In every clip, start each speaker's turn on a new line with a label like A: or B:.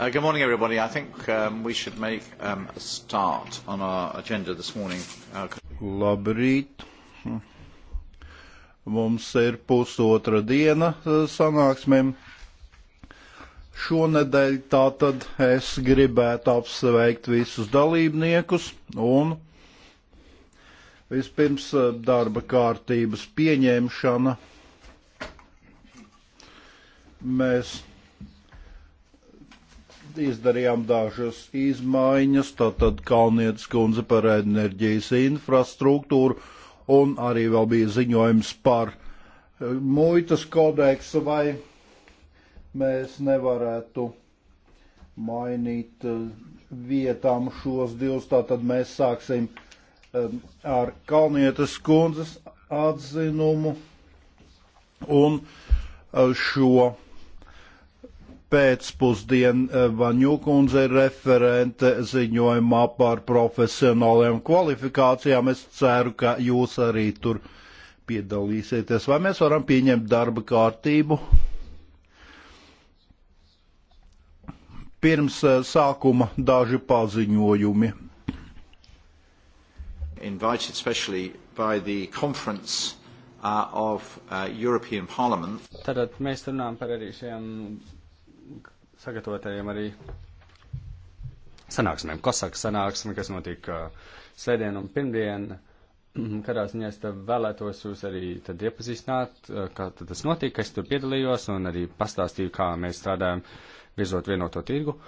A: Uh, good morning,
B: everybody. I think um, we should make um, a start on our agenda this morning. Uh, Labrīt. Mums ir pusotra diena uh, sanāksmēm. Šonedēļ tātad es gribētu apsveikt visus dalībniekus un vispirms uh, darba kārtības pieņemšana. Mēs izdarījām dažas izmaiņas, tātad Kalnietes kundze par enerģijas infrastruktūru un arī vēl bija ziņojums par eh, muitas kodeksu, vai mēs nevarētu mainīt eh, vietām šos divus, tātad mēs sāksim eh, ar Kalnietes kundzes atzinumu un šo pēcpusdien eh, Vaņūkundze ir referente ziņojumā par profesionāliem kvalifikācijām. Es ceru, ka jūs arī tur piedalīsieties. Vai mēs varam pieņemt darba kārtību? Pirms eh, sākuma daži paziņojumi.
C: Invited especially by the conference uh, of uh, European Parliament. Tātad mēs runājam par arī šiem sagatavotājiem arī sanāksmēm. Kosakas sanāksme, kas notika uh, sēdien un pirmdien. Kādā ziņā es vēlētos jūs arī tad iepazīstināt, uh, kā tad tas notika, es tur piedalījos un arī pastāstīju, kā mēs strādājam virzot vienoto tirgu.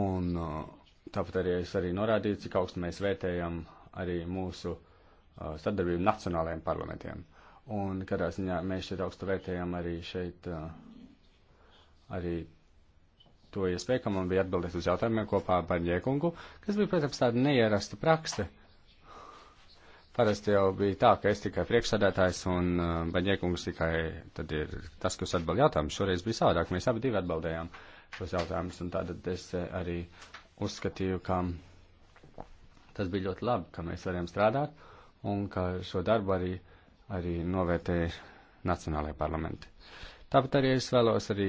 C: Un uh, tāpat arī es arī norādīju, cik augstu mēs vērtējam arī mūsu sadarbību nacionālajiem parlamentiem. Un kādā ziņā mēs šeit augstu vērtējam arī šeit arī to iespēju, ka man bija atbildēt uz jautājumiem kopā ar Barņiekungu, kas bija, protams, tāda neierasta prakse. Parasti jau bija tā, ka es tikai priekšsādātājs un uh, Baņiekungs tikai tad ir tas, kas atbild jautājumus. Šoreiz bija savādāk, mēs abi divi atbildējām šos jautājumus, un tātad es uh, arī uzskatīju, ka tas bija ļoti labi, ka mēs varējām strādāt, un ka šo darbu arī, arī novērtēja Nacionālajie parlamenti. Tāpat arī es vēlos arī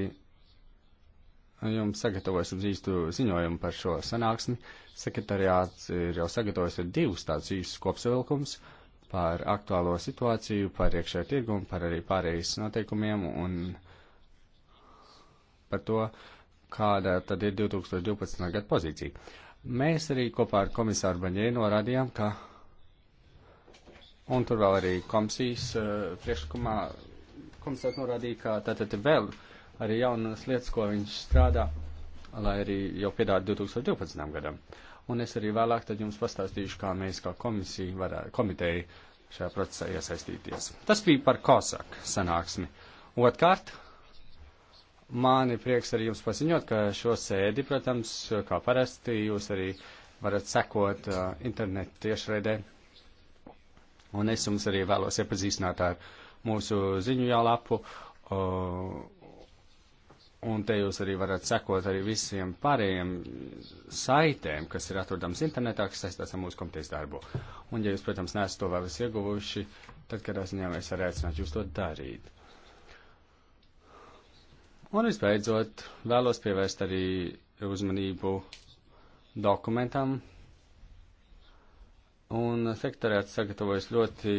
C: jums sagatavosim īstu ziņojumu par šo sanāksmi. Sekretariāts ir jau sagatavojis ir divus tādus īstus kopsavilkums par aktuālo situāciju, par iekšējo tirgumu, par arī pārējais noteikumiem un par to, kāda tad ir 2012. gada pozīcija. Mēs arī kopā ar komisāru Baņē norādījām, ka, un tur vēl arī komisijas uh, priekšlikumā komisārs norādīja, ka tātad vēl. Uh, arī jaunas lietas, ko viņš strādā, lai arī jau piedāvā 2012. gadam. Un es arī vēlāk tad jums pastāstīšu, kā mēs kā komisija varētu, komiteja šajā procesā iesaistīties. Tas bija par Kosaku sanāksmi. Otkārt, man ir prieks arī jums paziņot, ka šo sēdi, protams, kā parasti, jūs arī varat sekot uh, internetu tiešraidē. Un es jums arī vēlos iepazīstināt ar mūsu ziņu jālapu. Uh, Un te jūs arī varat sekot arī visiem pārējiem saitēm, kas ir atrodams internetā, kas saistās ar mūsu komitejas darbu. Un, ja jūs, protams, neesat to vēl es ieguvuši, tad, kad es viņam es arī aicinātu jūs to darīt. Un, visbeidzot, vēlos pievērst arī uzmanību dokumentam. Un sektorēts sagatavojas ļoti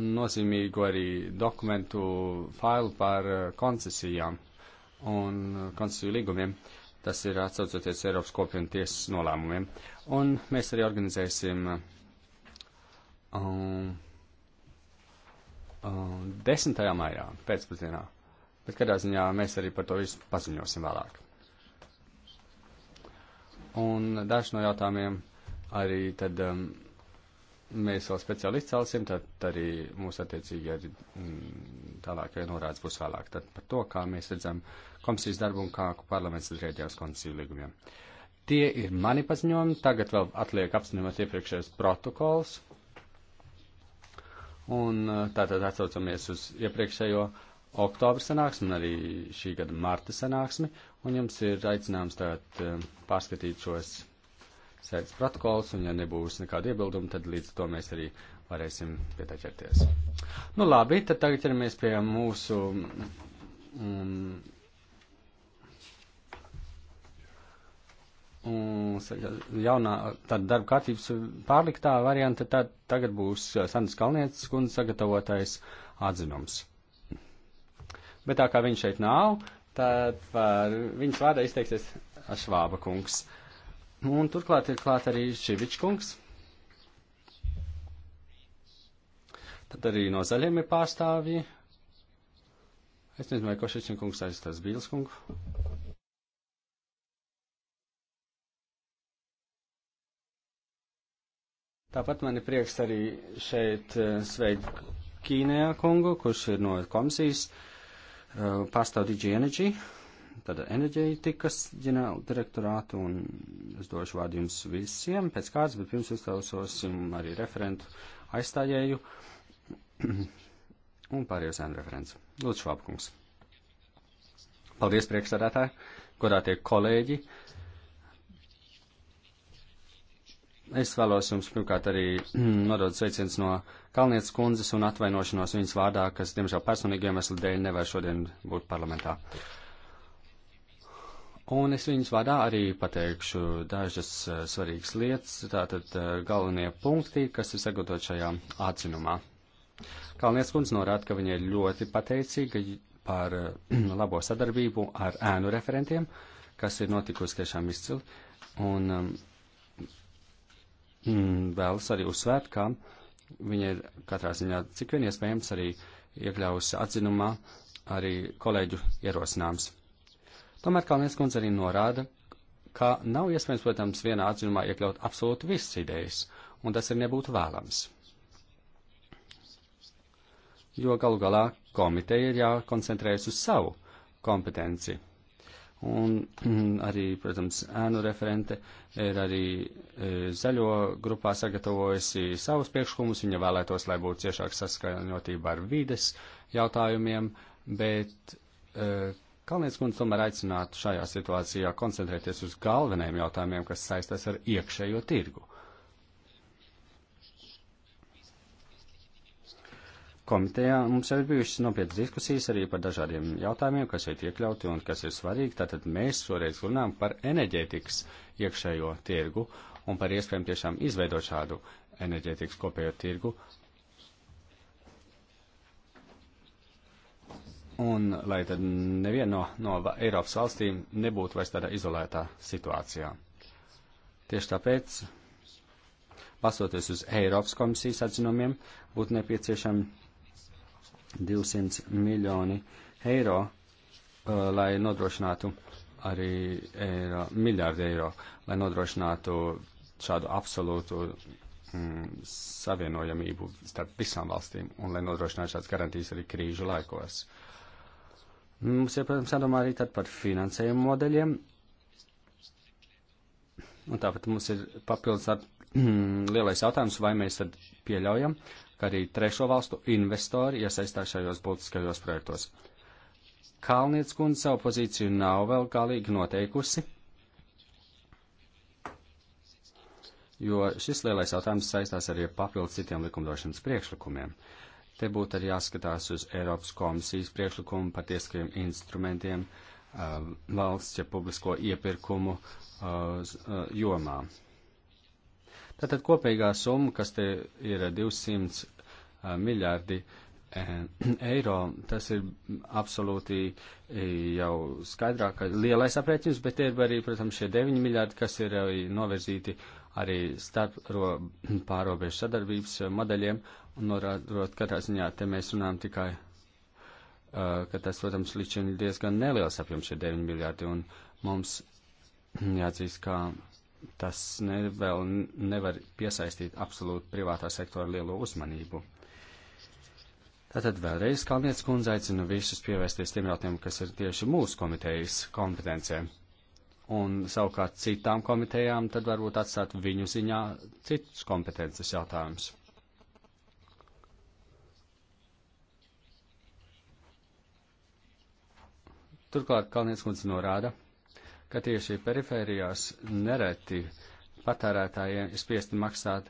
C: nozīmīgu arī dokumentu failu par eh, koncesijām un eh, koncesiju līgumiem. Tas ir atsaucoties Eiropas kopienu tiesas nolēmumiem. Un mēs arī organizēsim eh, um, um, 10. maijā pēcpusdienā. Bet kādā ziņā mēs arī par to visu paziņosim vēlāk. Un daži no jautājumiem arī tad. Um, mēs vēl speciālistu celsim, tad, tad arī mūsu attiecīgi arī mm, tālākie norādes būs vēlāk. Tad par to, kā mēs redzam komisijas darbu un kā parlaments rēģē uz komisiju līgumiem. Tie ir mani paziņojumi. Tagad vēl atliek apstiprināt iepriekšējos protokols. Un e, tātad atsaucamies uz iepriekšējo oktobra sanāksmi un arī šī gada marta sanāksmi. Un jums ir aicinājums tagad e, pārskatīt šos sēdes protokols, un ja nebūs nekāda iebilduma, tad līdz to mēs arī varēsim pie tā ķerties. Nu labi, tad tagad ķeramies pie mūsu. Um, mm, Un mm, jaunā tāda darba kārtības pārliktā varianta tad tagad būs Sandrs Kalnietis kundze sagatavotais atzinums. Bet tā kā viņš šeit nav, tad par viņas vārdā izteiksies Švāba kungs. Uh, Un turklāt ir klāt arī Šivičkungs. Tad arī no zaļiem ir pārstāvji. Es nezinu, vai Košičinkungs aizstās Bīlskungu. Tāpat man ir prieks arī šeit eh, sveikt Kīnējā kungu, kurš ir no komisijas, eh, pārstāv DigiEnergy. Energy tāda enerģētikas ģenerāla direktorātu, un es došu vārdu jums visiem pēc kāds, bet pirms uzklausosim um, arī referentu aizstājēju un pārējos ēnu referents. Lūdzu, Švābkungs. Paldies, priekšsādātāji, godā tie kolēģi. Es vēlos jums pirmkārt arī nodot sveiciens no Kalnietes kundzes un atvainošanos viņas vārdā, kas, diemžēl, personīgi iemeslu dēļ nevar šodien būt parlamentā. Uh, Un es viņus vadā arī pateikšu dažas uh, svarīgas lietas, tātad uh, galvenie punkti, kas ir sagatavot šajā atzinumā. Kalnies kundze norāda, ka viņa ir ļoti pateicīga par uh, labo sadarbību ar ēnu referentiem, kas ir notikusi tiešām izcili. Un um, mm, vēlas arī uzsvērt, ka viņa ir katrā ziņā cik vien iespējams arī iekļausi atzinumā arī kolēģu ierosinājums. Tomēr Kalnies kundze arī norāda, ka nav iespējams, protams, vienā atzinumā iekļaut absolūti visas idejas, un tas ir nebūtu vēlams. Jo galu galā komiteja ir jākoncentrējas uz savu kompetenci. Un mm, arī, protams, ēnu referente ir arī e, zaļo grupā sagatavojusi savus priekšlikumus. Viņa vēlētos, lai būtu ciešāk saskaņotība ar vides jautājumiem, bet e, Kalniņš kundze tomēr aicinātu šajā situācijā koncentrēties uz galvenajiem jautājumiem, kas saistās ar iekšējo tirgu. Komitejā mums jau ir bijušas nopietnas diskusijas arī par dažādiem jautājumiem, kas šeit iekļauti un kas ir svarīgi. Tātad mēs šoreiz runājam par enerģētikas iekšējo tirgu un par iespējām tiešām izveidot šādu enerģētikas kopējo tirgu, un lai tad neviena no, no Eiropas valstīm nebūtu vairs tādā izolētā situācijā. Tieši tāpēc, basoties uz Eiropas komisijas atzinumiem, būtu nepieciešami 200 miljoni eiro, uh, lai nodrošinātu arī eiro, miljārdu eiro, lai nodrošinātu šādu absolūtu mm, savienojamību starp visām valstīm un lai nodrošinātu šādas garantijas arī krīžu laikos. Uh, Mums ir, protams, jādomā arī tad par finansējumu modeļiem. Un tāpat mums ir papildus ar, lielais jautājums, vai mēs tad pieļaujam, ka arī trešo valstu investori iesaistās šajos būtiskajos projektos. Kalniec kundze savu pozīciju nav vēl galīgi noteikusi, jo šis lielais jautājums saistās arī ar papildus citiem likumdošanas priekšlikumiem. Uh, Te būtu arī jāskatās uz Eiropas komisijas priekšlikumu par tieskajiem instrumentiem uh, valsts ja publisko iepirkumu uh, uh, jomā. Tātad kopīgā summa, kas te ir 200 miljardi eh, eiro, tas ir absolūti eh, jau skaidrāk lielais aprēķins, bet ir arī, protams, šie 9 miljardi, kas ir eh, novirzīti arī starp pārobežu sadarbības modeļiem Un norādot, katrā ziņā te mēs runājam tikai, uh, ka tas, protams, līdz šim ir diezgan neliels apjoms šie 9 miljārdi, un mums jāatzīst, ka tas ne, vēl nevar piesaistīt absolūti privātā sektora lielo uzmanību. Tātad vēlreiz Kalnietis kundze aicinu visus pievērsties tiem jautājumiem, kas ir tieši mūsu komitejas kompetencē. Un savukārt citām komitejām tad varbūt atstāt viņu ziņā citus kompetences jautājumus. Turklāt Kalniņš kundze norāda, ka tieši perifērijās nereti patērētājiem ir spiesti maksāt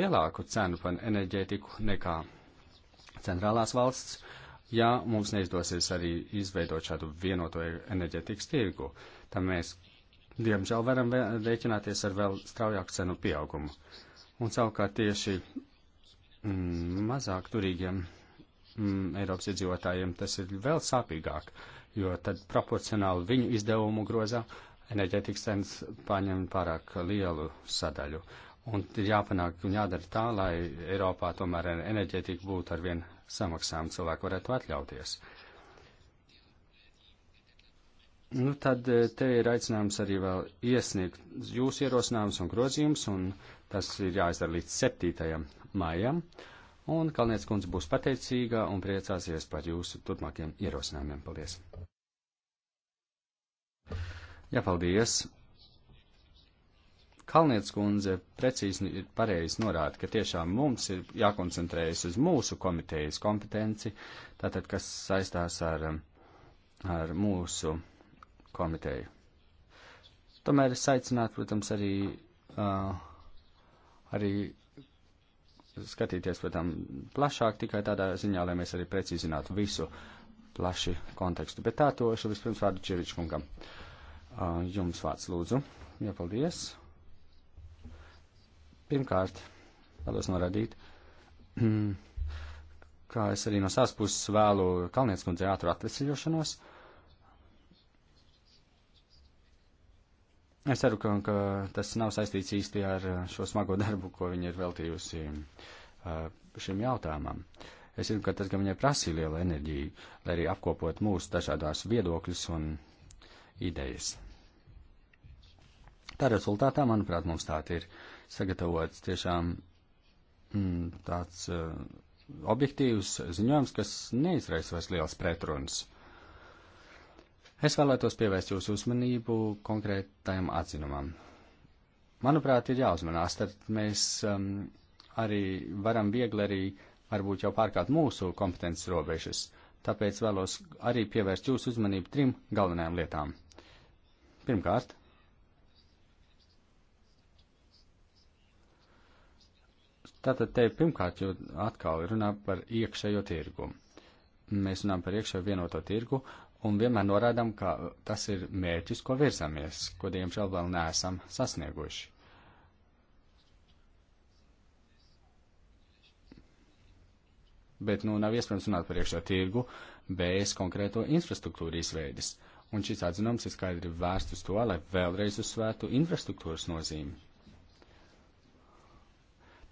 C: lielāku cenu par enerģētiku nekā centrālās valsts, ja mums neizdosies arī izveidot šādu vienoto enerģētikas tirgu. Tad mēs, diemžēl, varam rēķināties ar vēl straujāku cenu pieaugumu. Un savukārt tieši mm, mazāk turīgiem mm, Eiropas iedzīvotājiem tas ir vēl sāpīgāk. Uh, jo tad proporcionāli viņu izdevumu grozā enerģētikas cenas paņem pārāk lielu sadaļu. Un ir jāpanāk un jādara tā, lai Eiropā tomēr enerģētika būtu ar vien samaksām cilvēku varētu atļauties. Nu, tad eh, te ir aicinājums arī vēl iesniegt jūsu ierosinājums un grozījums, un tas ir jāizdara līdz 7. maijam. Un Kalniec kundze būs pateicīga un priecāsies par jūsu turpmākiem ierosinājumiem. Paldies! Jā, paldies. Kalnietis kundze precīzi ir pareizi norāda, ka tiešām mums ir jākoncentrējas uz mūsu komitejas kompetenci, tātad kas saistās ar, ar mūsu komiteju. Tomēr es aicinātu, protams, arī, uh, arī skatīties, protams, plašāk tikai tādā ziņā, lai mēs arī precīzinātu visu plaši kontekstu. Bet tā to es vispirms vārdu Čevičkungam. Uh, Jums vārds lūdzu. Jā, paldies. Pirmkārt, vēlos norādīt, kā es arī no savas puses vēlu Kalnietes kundzei ātru atvesļošanos. Es ceru, ka, ka tas nav saistīts īsti ar šo smago darbu, ko viņa ir veltījusi šim jautājumam. Es zinu, ka tas gan viņai prasīja lielu enerģiju, lai arī apkopot mūsu dažādās viedokļus un idejas. Tā rezultātā, manuprāt, mums tāds ir sagatavots tiešām mm, tāds uh, objektīvs ziņojums, kas neizraisa vairs liels pretruns. Es vēlētos pievērst jūsu uzmanību konkrētajam atzinumam. Manuprāt, ir jāuzmanās, tad mēs um, arī varam viegli arī varbūt jau pārkāpt mūsu kompetences robežas. Tāpēc vēlos arī pievērst jūsu uzmanību trim galvenajām lietām. Pirmkārt, Tātad te pirmkārt jau atkal runā par iekšējo tirgu. Mēs runājam par iekšējo vienoto tirgu un vienmēr norādām, ka tas ir mērķis, ko virzamies, ko diemžēl vēl neesam sasnieguši. Bet nu nav iespējams runāt par iekšējo tirgu bez konkrēto infrastruktūru izveides. Un šis atzinums ir skaidri vērsts uz to, lai vēlreiz uzsvērtu infrastruktūras nozīmi.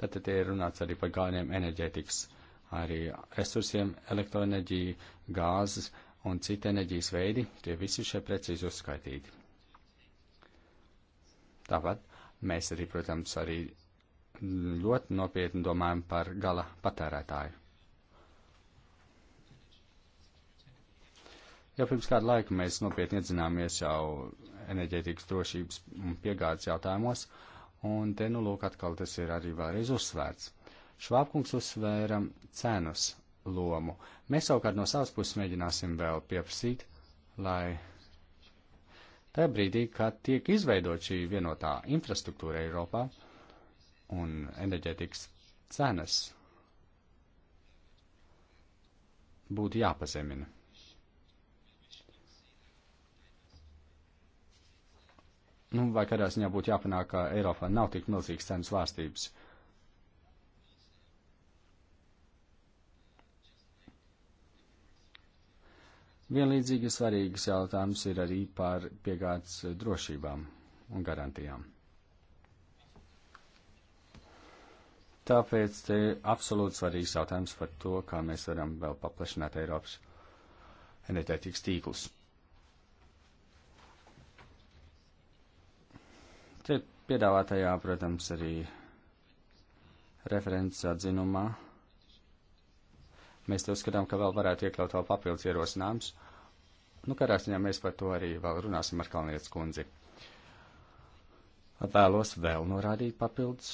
C: Tad te ir runāts arī par galveniem enerģētikas arī resursiem, elektroenerģiju, gāzes un citi enerģijas veidi, tie visi šeit precīzi uzskaitīti. Tāpat mēs arī, protams, arī ļoti nopietni domājam par gala patērētāju. Jau pirms kādu laiku mēs nopietni iedzināmies jau enerģētikas drošības un piegādes jautājumos, uh, Un te nu lūk atkal tas ir arī vēlreiz uzsvērts. Švābkungs uzsvēra cenas lomu. Mēs savukārt no savas puses mēģināsim vēl pieprasīt, lai tajā brīdī, kad tiek izveidot šī vienotā infrastruktūra Eiropā un enerģētikas cenas būtu jāpazemina. Nu, vai kādā ziņā būtu jāpanāk, ka Eiropā nav tik milzīgas cenu svārstības? Vienlīdzīgi svarīgs jautājums ir arī par piegādes drošībām un garantijām. Tāpēc te absolūti svarīgs jautājums par to, kā mēs varam vēl paplašināt Eiropas enerģētikas tīklus. Piedāvātajā, protams, arī referents atzinumā mēs te uzskatām, ka vēl varētu iekļaut vēl papildus ierosinājums. Nu, kādā ziņā mēs par to arī vēl runāsim ar Kalnietes kundzi. Vēlos vēl norādīt papildus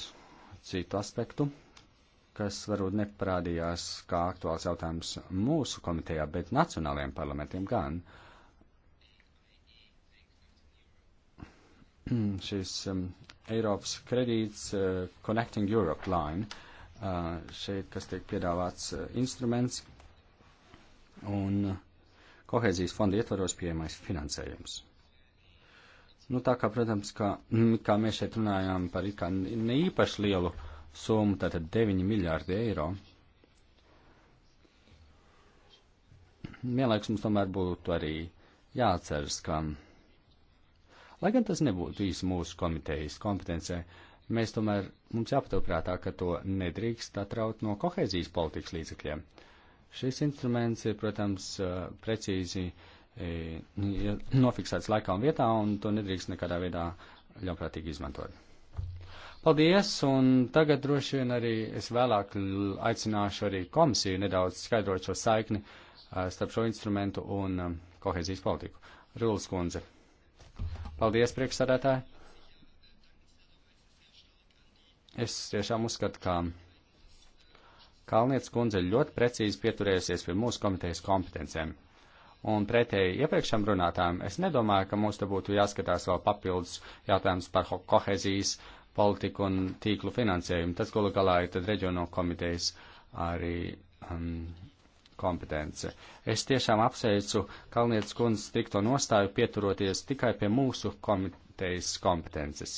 C: citu aspektu, kas varbūt neparādījās kā aktuāls jautājums mūsu komitejā, bet nacionālajiem parlamentiem gan. Uh, Hmm, šis um, Eiropas kredīts uh, Connecting Europe line, uh, šeit, kas tiek piedāvāts uh, instruments un uh, kohēzijas fonda ietvaros pieejamais finansējums. Nu, tā kā, protams, kā, mm, kā mēs šeit runājām par it kā neīpaši lielu summu, tātad 9 miljārdi eiro, vienlaiks mums tomēr būtu arī jāatceras, ka Lai gan tas nebūtu īsti mūsu komitejas kompetencē, mēs tomēr mums jāpaturprātā, ka to nedrīkst atraut no kohēzijas politikas līdzekļiem. Šis instruments ir, protams, precīzi nofiksēts laikā un vietā, un to nedrīkst nekādā veidā ļaunprātīgi izmantot. Paldies, un tagad droši vien arī es vēlāk aicināšu arī komisiju nedaudz skaidrot šo saikni starp šo instrumentu un kohēzijas politiku. Rūlis Kundze. Paldies, priekšsādātāji! Es tiešām uzskatu, ka Kalnietes kundze ļoti precīzi pieturējusies pie mūsu komitejas kompetencēm. Un pretēji iepriekšam runātājiem, es nedomāju, ka mums te būtu jāskatās vēl papildus jautājums par kohezijas politiku un tīklu finansējumu. Tas galu galā ir tad reģiono komitejas arī um, kompetence. Es tiešām apsveicu Kalnietes kundzes strikto nostāju pieturoties tikai pie mūsu komitejas kompetences.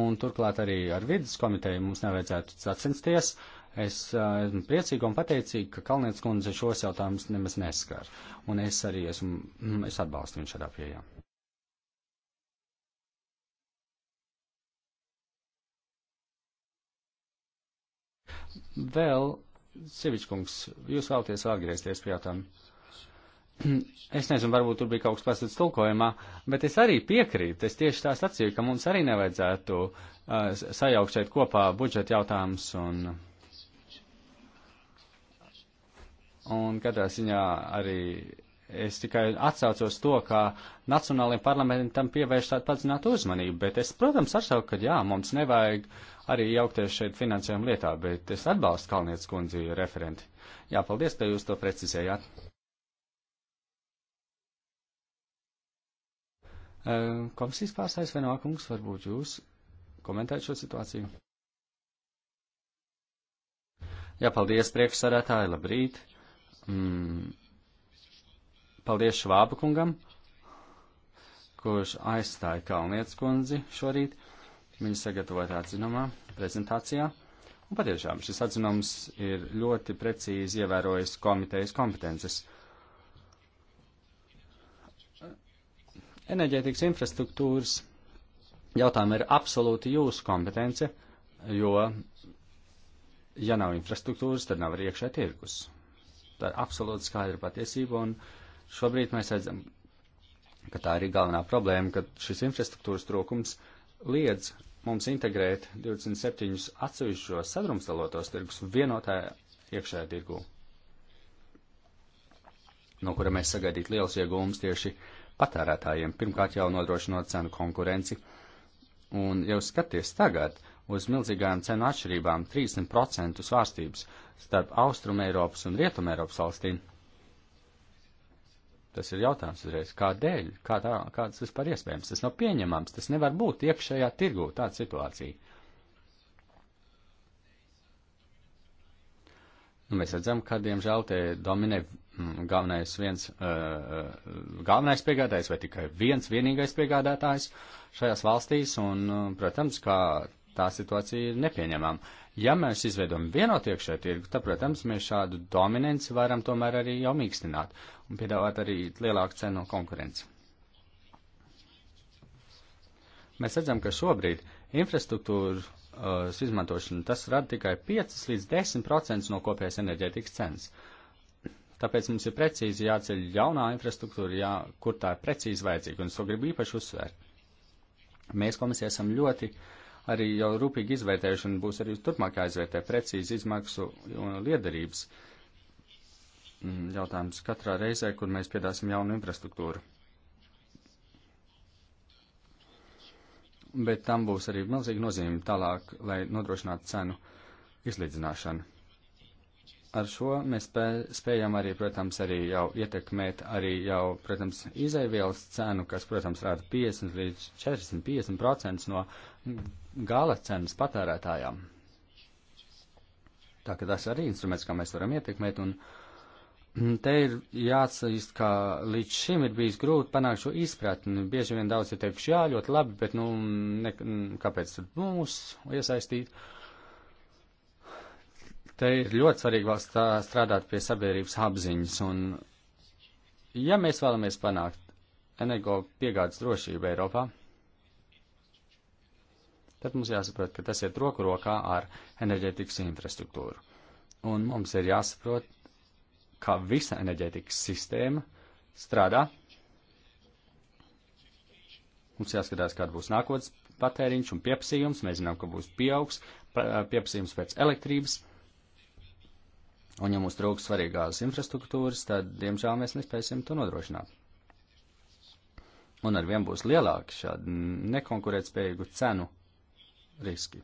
C: Un turklāt arī ar vidas komiteju mums nevajadzētu sacensties. Es uh, esmu priecīga un pateicīga, ka Kalnietes kundze šos jautājumus nemaz neskar. Un es arī esmu, mm, es atbalstu viņu šādā pieejā. Vēl, Sivičkungs, jūs vēlaties atgriezties pie tam. Es nezinu, varbūt tur bija kaut kas pasūtīts tulkojumā, bet es arī piekrītu. Es tieši tā sacīju, ka mums arī nevajadzētu uh, sajaukt šeit kopā budžeta jautājums un, un katrā ziņā arī Es tikai atsaucos to, ka nacionālajiem parlamentam pievērš tādu padzinātu uzmanību, bet es, protams, atsaucu, ka jā, mums nevajag arī jaukties šeit finansējuma lietā, bet es atbalstu Kalnietes kundzi referenti. Jā, paldies, ka jūs to precizējāt. Komisijas pārstāvis Venākungs, varbūt jūs komentējat šo situāciju? Jā, paldies, priekšsarētāji, labrīt. Mm Paldies Švāba kungam, kurš aizstāja Kalnietes kundzi šorīt. Viņa sagatavoja atzinumā, prezentācijā. Un patiešām šis atzinums ir ļoti precīzi ievērojis komitejas kompetences. Enerģētikas infrastruktūras jautājumi ir absolūti jūsu kompetence, jo, ja nav infrastruktūras, tad nav arī iekšē tirgus. Tā ir absolūti skaidra patiesība, un Šobrīd mēs redzam, ka tā ir galvenā problēma, ka šis infrastruktūras trūkums liedz mums integrēt 27 atsevišķos sadrumstalotos tirgus vienotā iekšējā tirgū, no kura mēs sagaidītu liels iegūmus tieši patērētājiem, pirmkārt jau nodrošinot cenu konkurenci. Un jau skaties tagad uz milzīgām cenu atšķirībām 30% svārstības starp Austrum Eiropas un Rietum Eiropas valstīm, Tas ir jautājums uzreiz, kādēļ, kādā, kāds vispār iespējams, tas nav pieņemams, tas nevar būt iekšējā tirgū tāda situācija. Nu, mēs redzam, ka, diemžēl, te dominē mm, galvenais viens, uh, uh, galvenais piegādājs vai tikai viens vienīgais piegādātājs šajās valstīs, un, uh, protams, kā Tā situācija ir nepieņemama. Ja mēs izveidojam vienotu iekšēju tirgu, tad, protams, mēs šādu dominanci varam tomēr arī jau mīkstināt un piedāvāt arī lielāku cenu konkurenci. Mēs redzam, ka šobrīd infrastruktūras uh, izmantošana tas rada tikai 5 līdz 10% no kopējās enerģētikas cenas. Tāpēc mums ir precīzi jāceļ jaunā infrastruktūra, jā, kur tā ir precīzi vajadzīga, un to gribu īpaši uzsvērt. Mēs komisija esam ļoti uh, arī jau rūpīgi izvērtējuši un būs arī turpmāk aizvērtē precīzi izmaksu un liederības mm, jautājums katrā reizē, kur mēs piedāsim jaunu infrastruktūru. Bet tam būs arī milzīga nozīme tālāk, lai nodrošinātu cenu izlīdzināšanu ar šo mēs spē, spējam arī, protams, arī jau ietekmēt arī jau, protams, izaivielas cenu, kas, protams, rāda 50 līdz 40-50% no gala cenas patērētājām. Tā ka tas arī instruments, kā mēs varam ietekmēt, un te ir jāatsaist, ka līdz šim ir bijis grūti panākt šo izpratni. Bieži vien daudz ir teikuši, jā, ļoti labi, bet, nu, ne, kāpēc tad mūs iesaistīt? Uh, Te ir ļoti svarīgi vēl strādāt pie sabiedrības apziņas, un ja mēs vēlamies panākt energo piegādes drošību Eiropā, tad mums jāsaprot, ka tas iet roku rokā ar enerģētikas infrastruktūru. Un mums ir jāsaprot, kā visa enerģētikas sistēma strādā. Mums jāskatās, kāda būs nākotnes patēriņš un pieprasījums. Mēs zinām, ka būs pieaugs pieprasījums pēc elektrības. Un ja mums trūks svarīgās infrastruktūras, tad, diemžēl, mēs nespēsim to nodrošināt. Un ar vien būs lielāki šādi nekonkurētspējīgu cenu riski.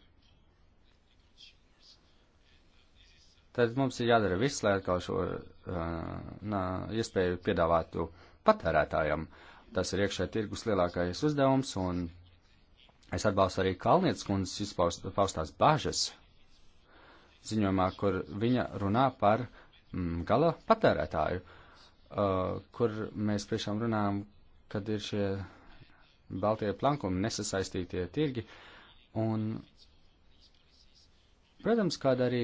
C: Tad mums ir jādara viss, lai atkal šo uh, nā, iespēju piedāvātu patērētājam. Tas ir iekšē tirgus lielākais uzdevums, un es atbalstu arī Kalnietes kundzes izpaustās bažas ziņojumā, kur viņa runā par mm, gala patērētāju, uh, kur mēs tiešām runājam, kad ir šie baltie plankumi, nesasaistītie tirgi. Un, protams, kāda arī,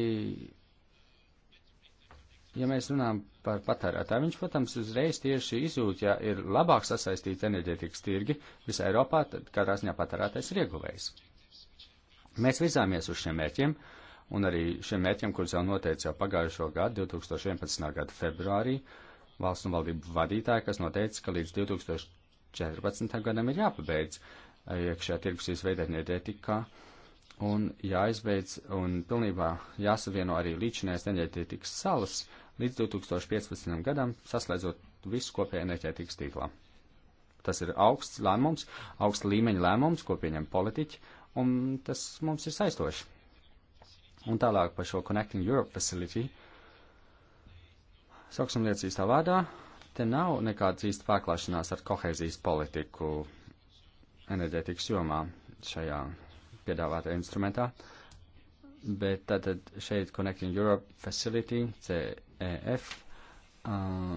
C: ja mēs runājam par patērētāju, viņš, protams, uzreiz tieši izjūt, ja ir labāk sasaistīti enerģētikas tirgi visā Eiropā, tad katrā ziņā patērētājs ir ieguvējis. Mēs virzāmies uz šiem mērķiem. Uh, un arī šiem mērķiem, kurus jau noteica jau pagājušo gadu, 2011. gada februārī, valsts un valdību vadītāji, kas noteica, ka līdz 2014. gadam ir jāpabeidz eh, iekšējā tirgus izveidē enerģētikā un jāizbeidz un pilnībā jāsavieno arī līdzinājās enerģētikas salas līdz 2015. gadam, saslēdzot visu kopējā enerģētikas tīklā. Tas ir augsts lēmums, augsta līmeņa lēmums, ko pieņem politiķi, un tas mums ir saistoši. Un tālāk par šo Connecting Europe Facility. Sauksim lietas īstā vārdā. Te nav nekādas īsta pārklāšanās ar kohēzijas politiku enerģētikas jomā šajā piedāvātajā instrumentā. Bet tātad šeit Connecting Europe Facility, CEF, uh,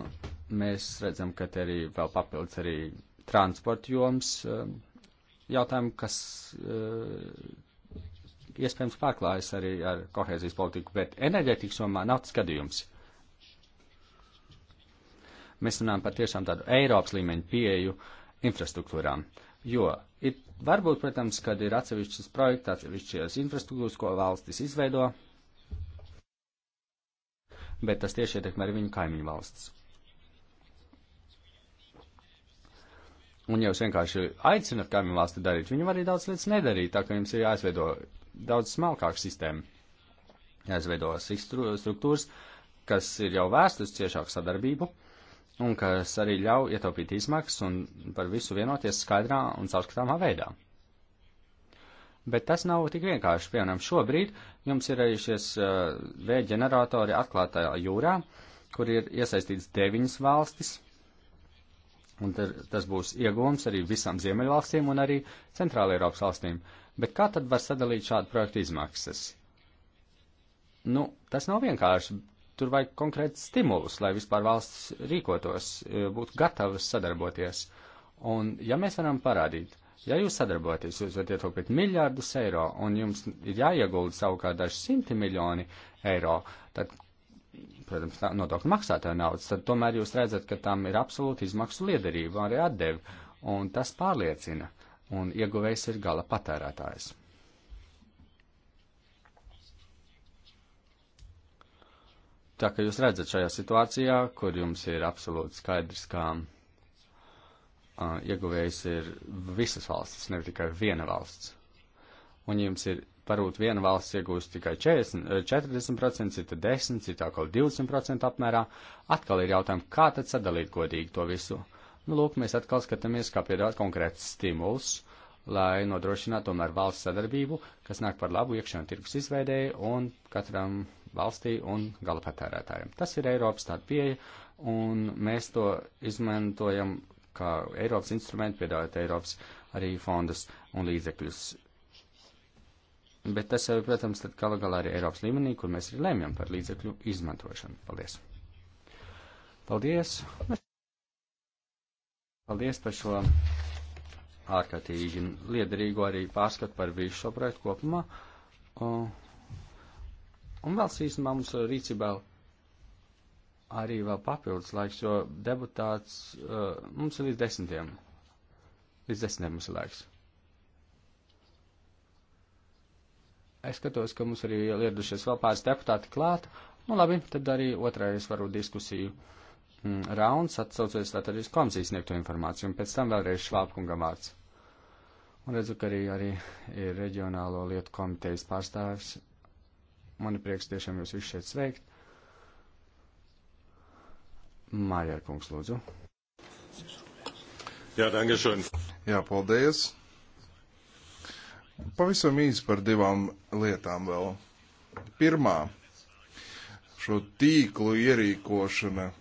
C: mēs redzam, ka te arī vēl papildus arī transporta joms uh, jautājumu, kas uh, iespējams pārklājas arī ar kohēzijas politiku, bet enerģētikas jomā nav skatījums. Mēs runājam par tiešām tādu Eiropas līmeņu pieeju infrastruktūrām, jo ir varbūt, protams, kad ir atsevišķas projekts, atsevišķas infrastruktūras, ko valstis izveido, bet tas tieši ietekmē arī viņu kaimiņu valsts. Un ja jūs vienkārši aicinat kaimiņu valsti darīt, viņi var arī daudz lietas nedarīt, tā ka jums ir jāizveido daudz smalkāka sistēma. Jāizveidojas struktūras, kas ir jau vērstas ciešāku sadarbību un kas arī ļauj ietaupīt izmaksas un par visu vienoties skaidrā un caurskatāmā veidā. Bet tas nav tik vienkārši. Piemēram, šobrīd jums ir arī šies uh, vēja ģeneratori atklātajā jūrā, kur ir iesaistīts deviņas valstis, un tar, tas būs iegūms arī visām Ziemeļvalstīm un arī Centrāla Eiropas valstīm. Uh, Bet kā tad var sadalīt šādu projektu izmaksas? Nu, tas nav vienkārši. Tur vajag konkrēti stimulus, lai vispār valsts rīkotos, e, būtu gatavas sadarboties. Un ja mēs varam parādīt, ja jūs sadarboties, jūs varat ietaupīt miljārdus eiro un jums ir jāiegulda savukārt daži simti miljoni eiro, tad, protams, nodokļu maksātāju naudas, tad tomēr jūs redzat, ka tam ir absolūti izmaksu liederība, arī atdevi. Un tas pārliecina. Uh, un ieguvējs ir gala patērētājs. Tā kā jūs redzat šajā situācijā, kur jums ir absolūti skaidrs, ka uh, ieguvējs ir visas valstis, ne tikai viena valsts. Un jums ir varbūt viena valsts iegūst tikai 40%, 40% e, cita 10%, citā kaut 20% apmērā. Atkal ir jautājums, kā tad sadalīt godīgi to visu. Nu, lūk, mēs atkal skatāmies, kā piedāvāt konkrēts stimuls, lai nodrošinātu tomēr valsts sadarbību, kas nāk par labu iekšējā tirgus izveidēji un katram valstī un gala patērētājiem. Tas ir Eiropas tāda pieeja, un mēs to izmantojam kā Eiropas instrumentu, piedāvājot Eiropas arī fondus un līdzekļus. Bet tas jau, protams, tad gala galā arī Eiropas līmenī, kur mēs arī lēmjam par līdzekļu izmantošanu. Paldies! Paldies! Paldies par šo ārkārtīgi liederīgo arī pārskatu par visu šo projektu kopumā. Un, un vēl īstenībā mums rīcībā arī vēl papildus laiks, jo deputāts uh, mums ir līdz desmitiem. Līdz desmitiem mums ir laiks. Es skatos, ka mums arī ieradušies vēl pāris deputāti klāt. Nu labi, tad arī otrais varbūt diskusiju. Uh, Mm, rauns, atsaucoties tātad uz komisijas sniegto informāciju, un pēc tam vēlreiz Švābkungam vārds. Un redzu, ka arī, arī ir reģionālo lietu komitejas pārstāvis. Man ir prieks tiešām jūs visus šeit sveikt. Mājā kungs, lūdzu.
D: Jā, dankeschön.
A: Jā, paldies. Pavisam īsi par divām lietām vēl. Pirmā, šo tīklu ierīkošana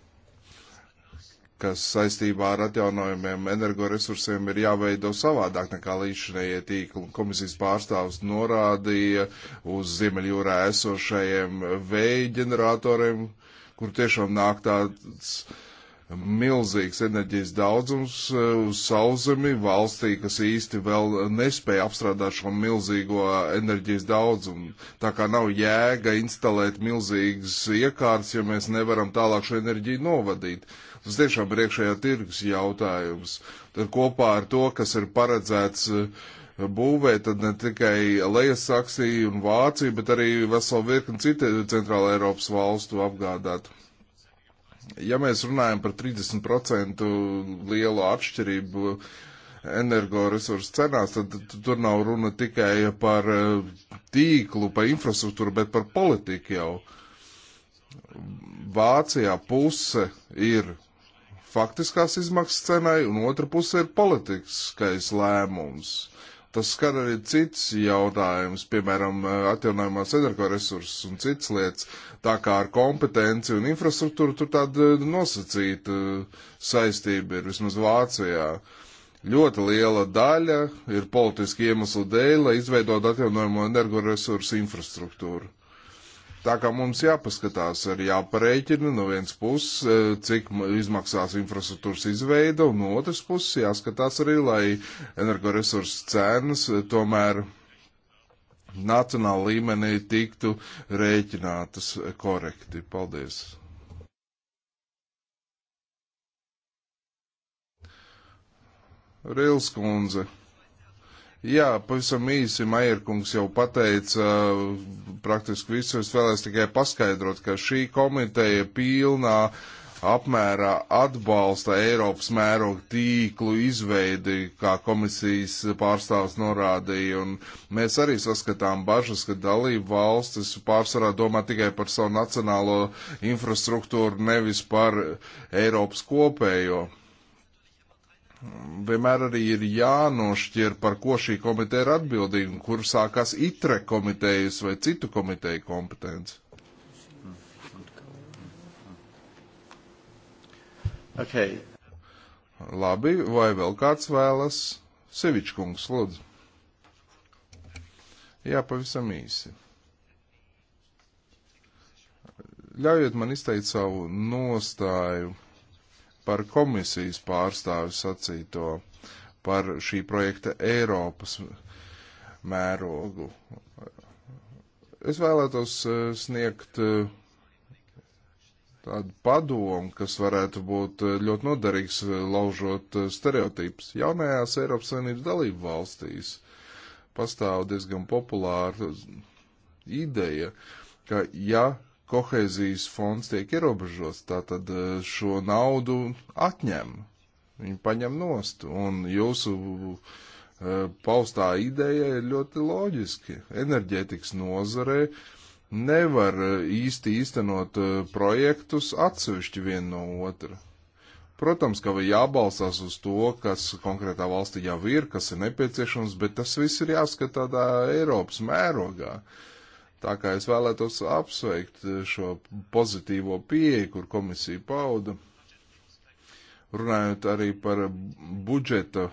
A: kas saistībā ar atjaunojumiem energoresursiem ir jāveido savādāk nekā līdzinējie tīkli. Komisijas pārstāvs norādīja uz Ziemeļjūrā esošajiem vēja ģeneratoriem, kur tiešām nāk tāds uh, milzīgs enerģijas daudzums e, uz sauszemi valstī, kas īsti vēl nespēja apstrādāt šo milzīgo enerģijas daudzumu. Tā kā nav jēga instalēt milzīgas iekārtas, ja mēs nevaram tālāk šo enerģiju novadīt. Tas tiešām ir iekšējā tirgus jautājums. Tad kopā ar to, kas ir paredzēts uh, e, būvē, tad ne tikai Lejasaksija un Vācija, bet arī vesela virkni citu centrāla Eiropas valstu apgādāt ja mēs runājam par 30% lielu atšķirību energoresursu cenās, tad tur nav runa tikai par eh, tīklu, par infrastruktūru, bet par politiku jau. Vācijā puse ir faktiskās izmaksas cenai, un otra puse ir politiskais lēmums. Uh, Tas skar arī cits jautājums, piemēram, eh, atjaunojumās energoresursus un cits lietas, tā kā ar kompetenci un infrastruktūru tur tāda eh, nosacīta eh, saistība ir vismaz Vācijā. Ļoti liela daļa ir politiski iemeslu dēļ, lai izveidot atjaunojumu energoresursu infrastruktūru. Tā kā mums jāpaskatās, ir jāpareiķina no vienas puses, e, cik izmaksās infrastruktūras izveida, un no otras puses jāskatās arī, lai energoresursu cenas e, tomēr nacionāla līmenī tiktu rēķinātas korekti. Paldies! Rils kundze. Jā, pavisam īsi Mairkungs jau pateica praktiski visu. Es vēlēs tikai paskaidrot, ka šī komiteja pilnā apmērā atbalsta Eiropas mēroga tīklu izveidi, kā komisijas pārstāvs norādīja, un mēs arī saskatām bažas, ka dalību valstis pārsvarā domā tikai par savu nacionālo infrastruktūru, nevis par Eiropas kopējo vienmēr arī ir jānošķir, par ko šī komiteja ir atbildīga un kur sākās itre komitejas vai citu komiteju kompetence. Okay. Labi, vai vēl kāds vēlas? Sevičkungs, lūdzu. Jā, pavisam īsi. Ļaujiet man izteikt savu nostāju par komisijas pārstāvi sacīto par šī projekta Eiropas mērogu. Es vēlētos eh, sniegt eh, tādu padomu, kas varētu būt eh, ļoti noderīgs, laužot stereotipus. Jaunajās Eiropas Savienības dalību valstīs pastāv diezgan populāra ideja, ka ja kohēzijas fonds tiek ierobežots, tātad e, šo naudu atņem, viņi paņem nost, un jūsu uh, paustā ideja ir ļoti loģiski. Enerģētikas nozarē nevar e, īsti īstenot projektus atsevišķi vien no otra. Protams, ka jābalstās uz to, kas konkrētā valstī jau ir, kas ir nepieciešams, bet tas viss ir jāskatā tādā Eiropas mērogā. Uh, Tā kā es vēlētos apsveikt šo pozitīvo pieeju, kur komisija pauda, runājot arī par budžeta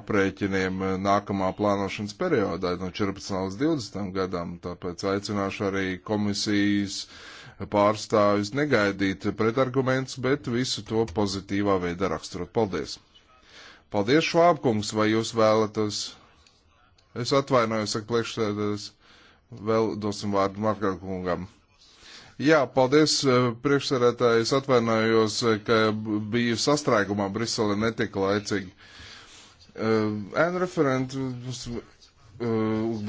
A: aprēķiniem nākamā plānošanas periodā no 14 līdz 20 gadam, tāpēc aicināšu arī komisijas pārstāvis negaidīt pretargumentus, bet visu to pozitīvā veidā raksturot. Paldies! Paldies, Švābkungs, vai jūs vēlaties? Es atvainojos, saka priekšsēdētājs vēl dosim vārdu Markam kungam. Jā, paldies, eh, priekšsarētāji, es atvainojos, eh, ka biju sastrēgumā Brisele netika laicīgi. Ēnu eh, uh, referentu uh,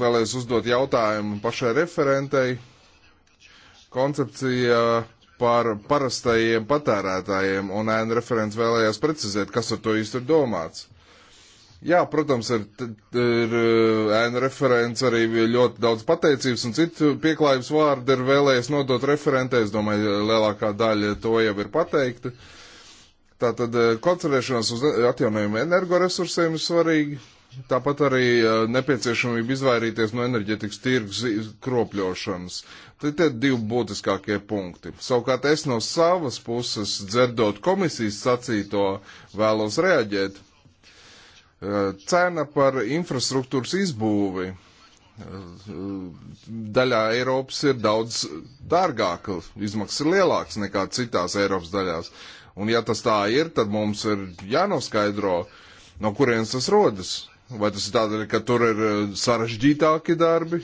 A: vēlēs uzdot jautājumu pašai referentei. Koncepcija par parastajiem patērētājiem, un ēnu referents vēlējās precizēt, kas ar to īsti ir domāts. Jā, protams, ir, ir e, ēna referents arī ļoti daudz pateicības un citu pieklājības vārdu ir vēlējies nodot referentē. Es domāju, lielākā daļa to jau ir pateikta. Tātad e, koncentrēšanās uz atjaunojumiem energoresursiem ir svarīgi. Tāpat arī e, nepieciešamība izvairīties no enerģetikas tirgus kropļošanas. Tad tie divi būtiskākie punkti. Savukārt es no savas puses, dzirdot komisijas sacīto, vēlos reaģēt Cena par infrastruktūras izbūvi daļā Eiropas ir daudz dārgāka, izmaksas ir lielākas nekā citās Eiropas daļās. Un ja tas tā ir, tad mums ir jānoskaidro, no kurienes tas rodas. Vai tas ir tādēļ, ka tur ir eh, sarežģītāki darbi,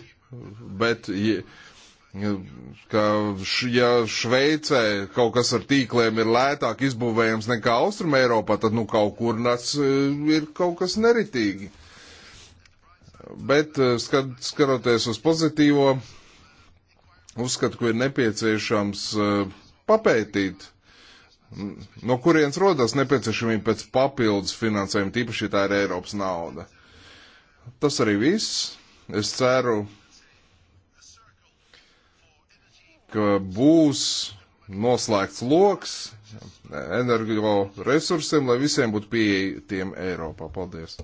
A: bet. Ja, Ka, š, ja Šveicē kaut kas ar tīkliem ir lētāk izbūvējams nekā Austrum Eiropā, tad nu kaut kur nāc e, ir kaut kas neritīgi. Bet e, skat, skatoties uz pozitīvo, uzskatu, ka ir nepieciešams e, papētīt, no kurienes rodas nepieciešamība pēc papildus finansējuma, tīpaši tā ir Eiropas nauda. Tas arī viss. Es ceru, ka būs noslēgts loks energo resursiem, lai visiem būtu pieeja tiem Eiropā. Paldies!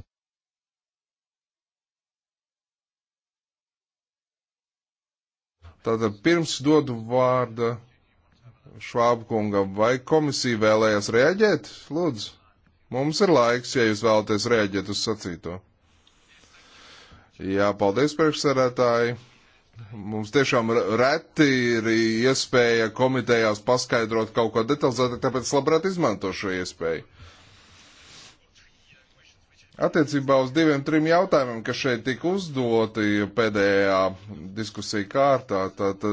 A: Tātad pirms dodu vārdu Švābkungam, vai komisija vēlējās reaģēt? Lūdzu, mums ir laiks, ja jūs vēlaties reaģēt uz sacīto. Jā, paldies priekšsēdētāji. Mums tiešām reti ir iespēja komitejās paskaidrot kaut ko detalizētāk, tāpēc labprāt izmanto šo iespēju. Attiecībā uz diviem, trim jautājumiem, kas šeit tika uzdoti pēdējā diskusija kārtā, tad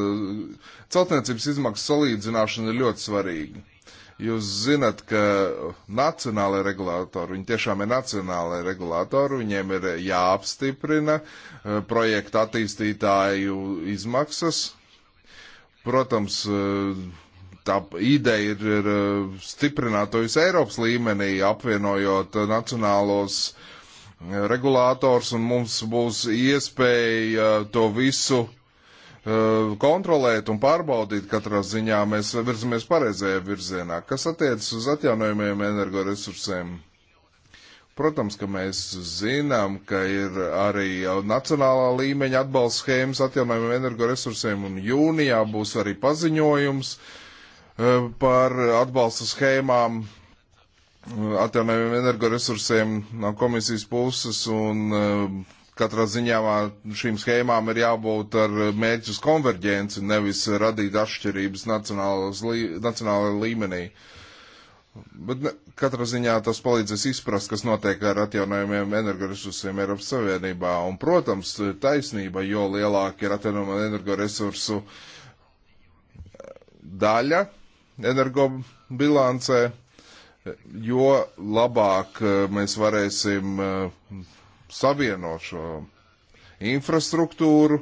A: celtniecības izmaksu salīdzināšana ir ļoti svarīga. Jūs zinat, ka nacionālai regulātori, viņi tiešām ir nacionālai regulātori, viņiem ir jāapstiprina eh, projekta attīstītāju izmaksas. Protams, eh, tā ideja ir, ir eh, stiprināt to visu Eiropas līmenī, apvienojot nacionālos regulātors, un mums būs iespēja to visu Uh, kontrolēt un pārbaudīt katrā ziņā, mēs virzamies pareizajā virzienā. Kas attiecas uz atjaunojumiem energoresursiem? Protams, ka mēs zinām, ka ir arī jau nacionālā līmeņa atbalsts schēmas atjaunojumiem energoresursiem, un jūnijā būs arī paziņojums uh, par atbalsta schēmām uh, atjaunojumiem energoresursiem no komisijas puses, un katrā ziņā šīm schēmām ir jābūt ar mērķus konverģenci, nevis radīt atšķirības nacionālajā līmenī. Bet ne, katrā ziņā tas palīdzēs izprast, kas notiek ar atjaunojumiem energoresursiem Eiropas Savienībā. Un, protams, taisnība, jo lielāka ir atjaunojuma energoresursu daļa energobilancē, jo labāk eh, mēs varēsim uh, savienot šo infrastruktūru.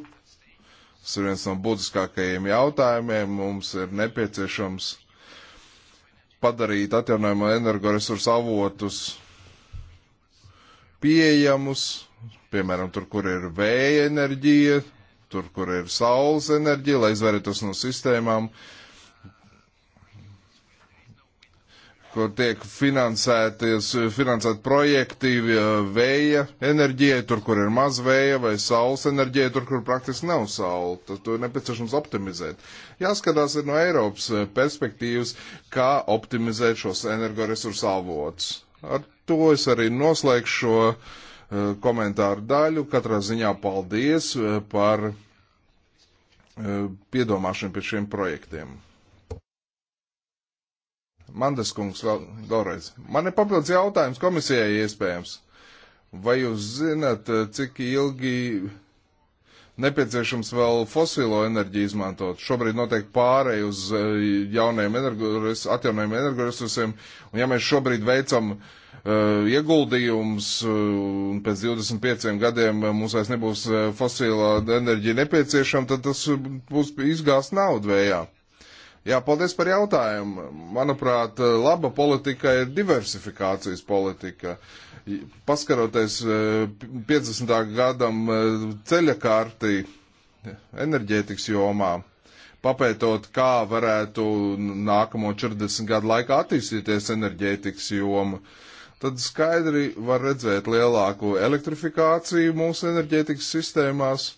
A: Tas ir viens no būtiskākajiem jautājumiem. Mums ir nepieciešams padarīt atjaunojumu energoresursu avotus pieejamus, piemēram, tur, kur ir vēja enerģija, tur, kur ir saules enerģija, lai izvairītos no sistēmām, uh, kur tiek finansēti projekti eh, vēja enerģijai, tur, kur ir maz vēja, vai saules enerģijai, tur, kur praktiski nav saule. Tad tur ir nepieciešams optimizēt. Jāskatās ir no Eiropas eh, perspektīvas, kā optimizēt šos energoresursu avotus. Ar to es arī noslēgšu šo uh, komentāru daļu. Katrā ziņā paldies par uh, piedomāšanu pie šiem projektiem. Mandas kungs vēl, vēlreiz. Man ir papildus jautājums komisijai iespējams. Vai jūs zinat, eh, cik ilgi nepieciešams vēl fosilo enerģiju izmantot? Šobrīd notiek pārēj uz eh, jauniem energores, atjaunojumiem energoresursiem, un ja mēs šobrīd veicam uh, ieguldījums, un pēc 25 gadiem mums vairs nebūs fosilā enerģija nepieciešama, tad tas būs izgāst naudu vējā. Jā, paldies par jautājumu. Manuprāt, laba politika ir diversifikācijas politika. Paskaroties 50. E, gadam e, ceļa kārtī e, enerģētikas jomā, papētot, kā varētu nākamo 40 gadu laikā attīstīties enerģētikas joma, tad skaidri var redzēt lielāku elektrifikāciju mūsu enerģētikas sistēmās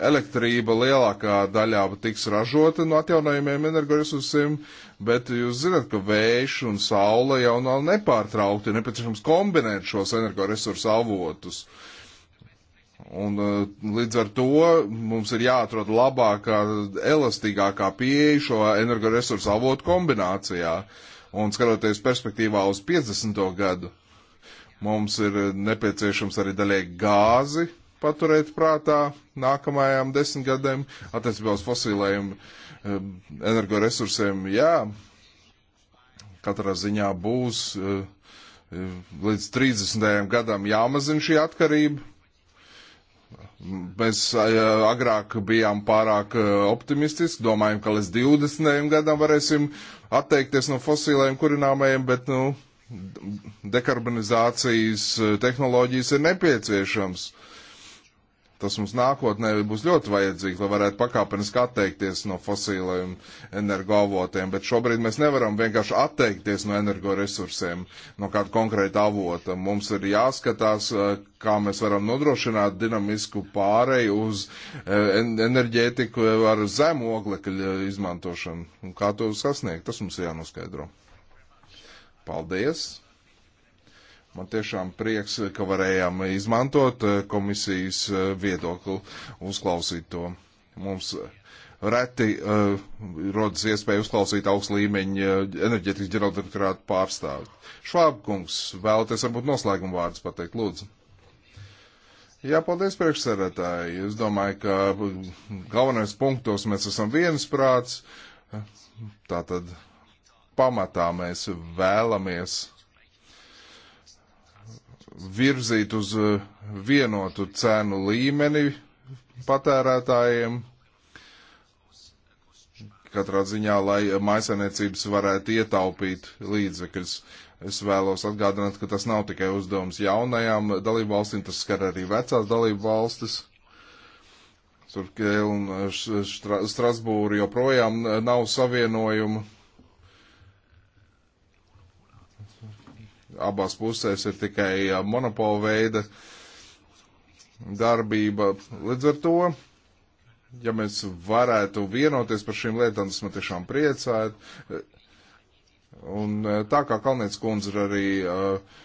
A: elektrība lielākā daļā tiks ražota no atjaunojumiem energoresursiem, bet jūs zināt, ka vējš un saule jau nav nepārtraukti, ir nepieciešams kombinēt šos energoresursu avotus. Un uh, līdz ar to mums ir jāatrod labākā, elastīgākā pieeja šo energoresursu avotu kombinācijā. Un skatoties perspektīvā uz 50. gadu, mums ir nepieciešams arī daļai gāzi, paturēt prātā nākamajām desmitgadēm attiecībā uz fosilējiem eh, energoresursiem. Jā, katrā ziņā būs eh, līdz 30. gadam jāmazina šī atkarība. Mēs eh, agrāk bijām pārāk optimistiski, domājam, ka līdz 20. gadam varēsim atteikties no fosilējiem kurināmajiem, bet nu, dekarbonizācijas tehnoloģijas ir nepieciešams. Uh, Tas mums nākotnē būs ļoti vajadzīgs, lai varētu pakāpeniski atteikties no fosīliem energoavotiem, bet šobrīd mēs nevaram vienkārši atteikties no energoresursiem, no kāda konkrēta avota. Mums ir jāskatās, eh, kā mēs varam nodrošināt dinamisku pāreju uz eh, enerģētiku ar zemu oglekļa izmantošanu un kā to sasniegt. Tas mums ir jānoskaidro. Paldies! Man tiešām prieks, ka varējām izmantot eh, komisijas eh, viedokli, uzklausīt to. Mums eh, reti uh, rodas iespēja uzklausīt augstu līmeņu enerģetikas ģenerāldirektorātu pārstāvi. Švābkungs, vēlaties varbūt noslēguma vārdus pateikt, lūdzu. Jā, paldies priekšsēdētāji. Es domāju, ka mm, galvenais punktos mēs esam viensprāts. Tātad pamatā mēs vēlamies virzīt uz eh, vienotu cenu līmeni patērētājiem. Katrā ziņā, lai maisainiecības varētu ietaupīt līdzekļus. Es vēlos atgādināt, ka tas nav tikai uzdevums jaunajām dalību valstīm, tas skar arī vecās dalību valstis. Tur Kēl un Strasbūra joprojām nav savienojuma abās pusēs ir tikai monopola veida darbība. Līdz ar to, ja mēs varētu vienoties par šīm lietām, tas man tiešām priecētu. Un eh, tā kā Kalnietis kundze ir arī uh,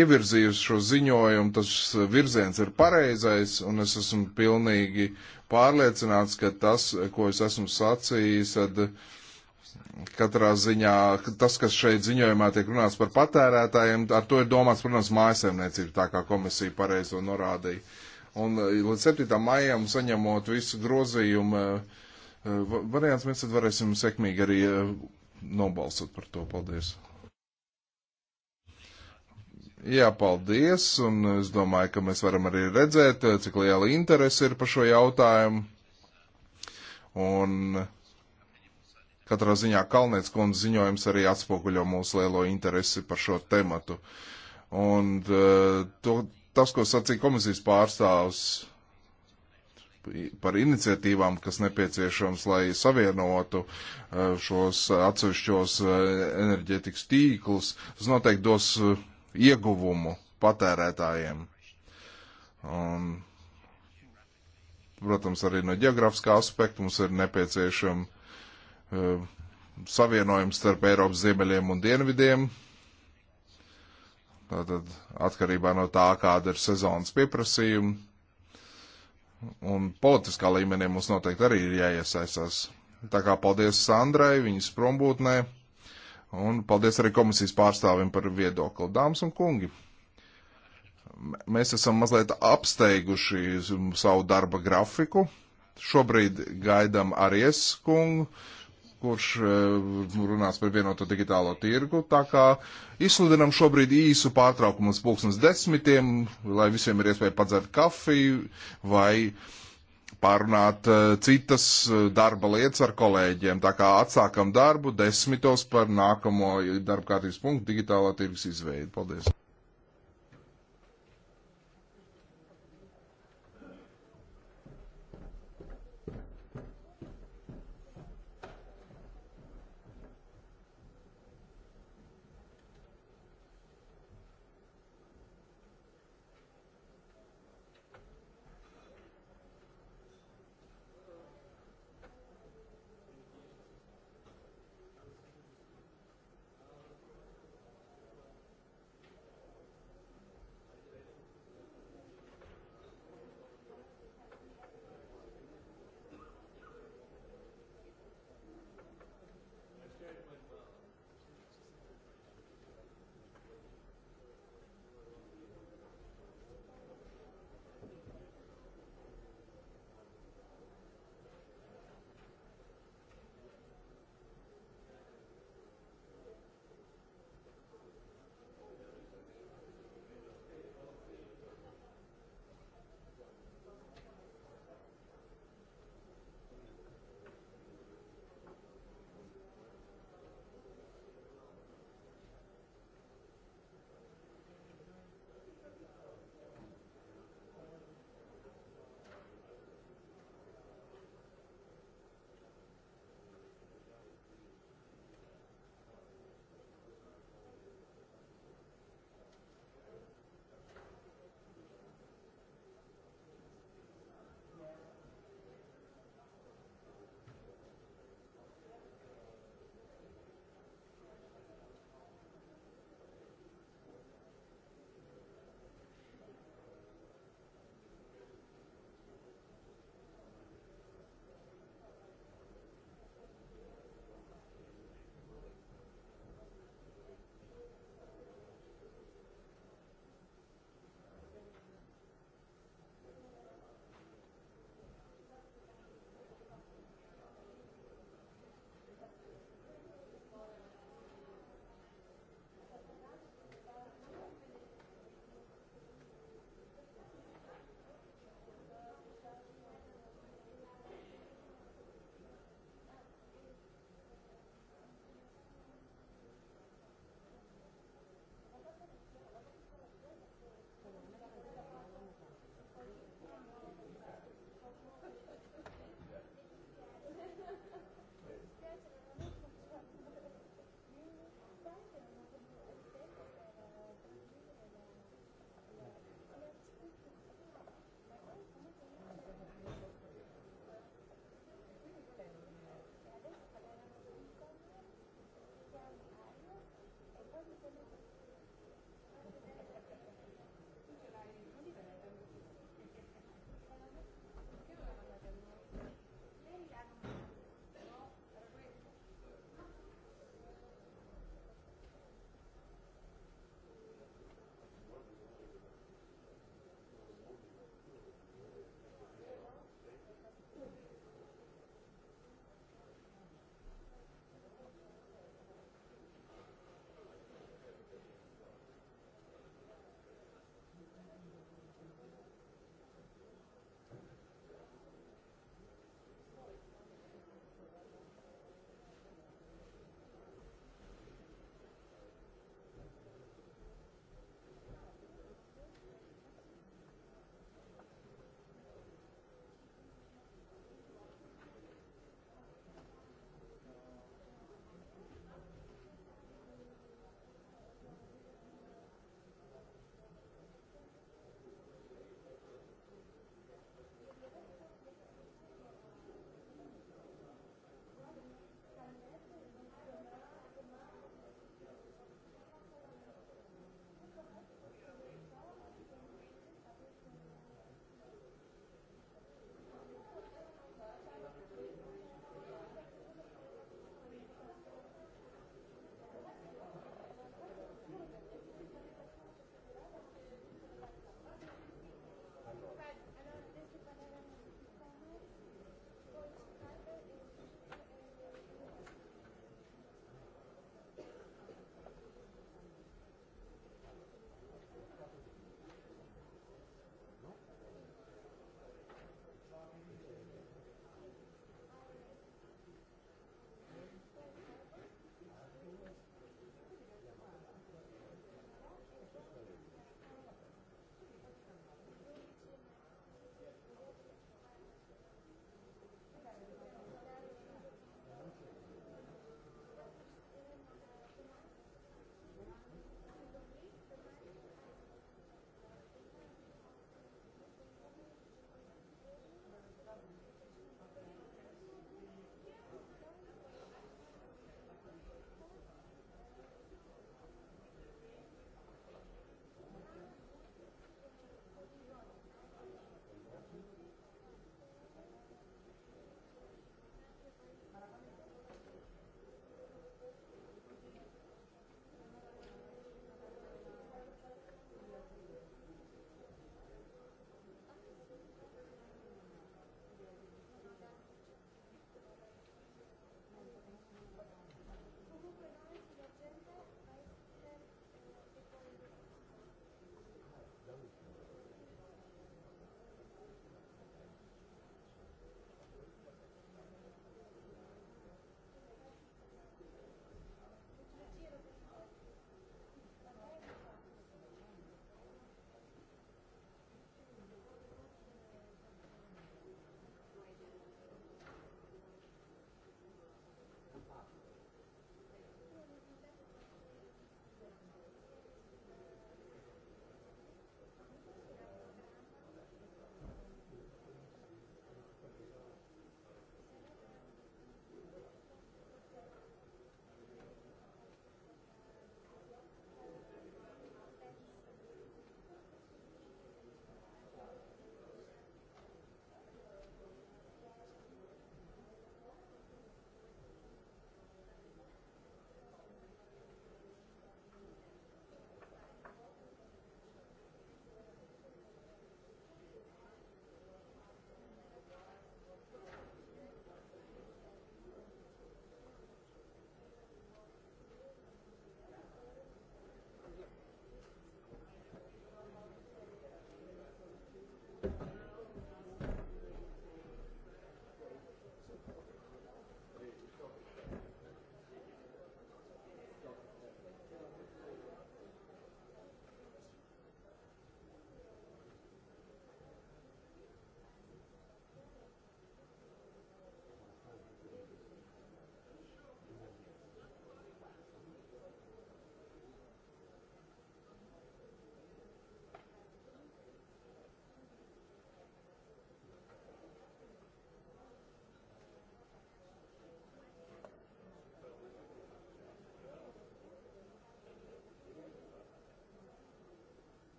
A: ievirzījusi šo ziņojumu, tas virziens ir pareizais, un es esmu pilnīgi pārliecināts, ka tas, ko es esmu sacījis, tad uh, Katrā ziņā tas, kas šeit ziņojumā tiek runāts par patērētājiem, ar to ir domāts, protams, mājasemniecība, tā kā komisija pareizo norādīja. Un eh, līdz 7. maijam saņemot visu grozījumu eh, variants, mēs tad varēsim sekmīgi arī eh, nobalsot par to. Paldies! Jā, paldies, un es domāju, ka mēs varam arī redzēt, cik liela interese ir par šo jautājumu. Un Katrā ziņā Kalnēts kundze ziņojums arī atspoguļo mūsu lielo interesi par šo tematu. Un e, to, tas, ko sacīja komisijas pārstāvs par iniciatīvām, kas nepieciešams, lai savienotu e, šos atsevišķos e, enerģetikas tīklus, tas noteikti dos ieguvumu patērētājiem. Un, protams, arī no geogrāfiskā aspekta mums ir nepieciešama Eh, savienojums starp Eiropas ziemeļiem un dienvidiem. Tātad atkarībā no tā, kāda ir sezonas pieprasījuma. Un politiskā līmenī mums noteikti arī ir jāiesaistās. Tā kā paldies Sandrai, viņas prombūtnē, un paldies arī komisijas pārstāvim par viedokli. Dāmas un kungi, mēs esam mazliet apsteiguši savu darba grafiku. Šobrīd gaidam Aries kungu kurš eh, nu, runās par vienoto digitālo tirgu. Tā kā izsludinam šobrīd īsu pārtraukumu uz pulksnes desmitiem, lai visiem ir iespēja padzert kafiju vai pārunāt eh, citas eh, darba lietas ar kolēģiem. Tā kā atsākam darbu desmitos par nākamo darba kārtības punktu digitālā tirgus izveidu. Paldies!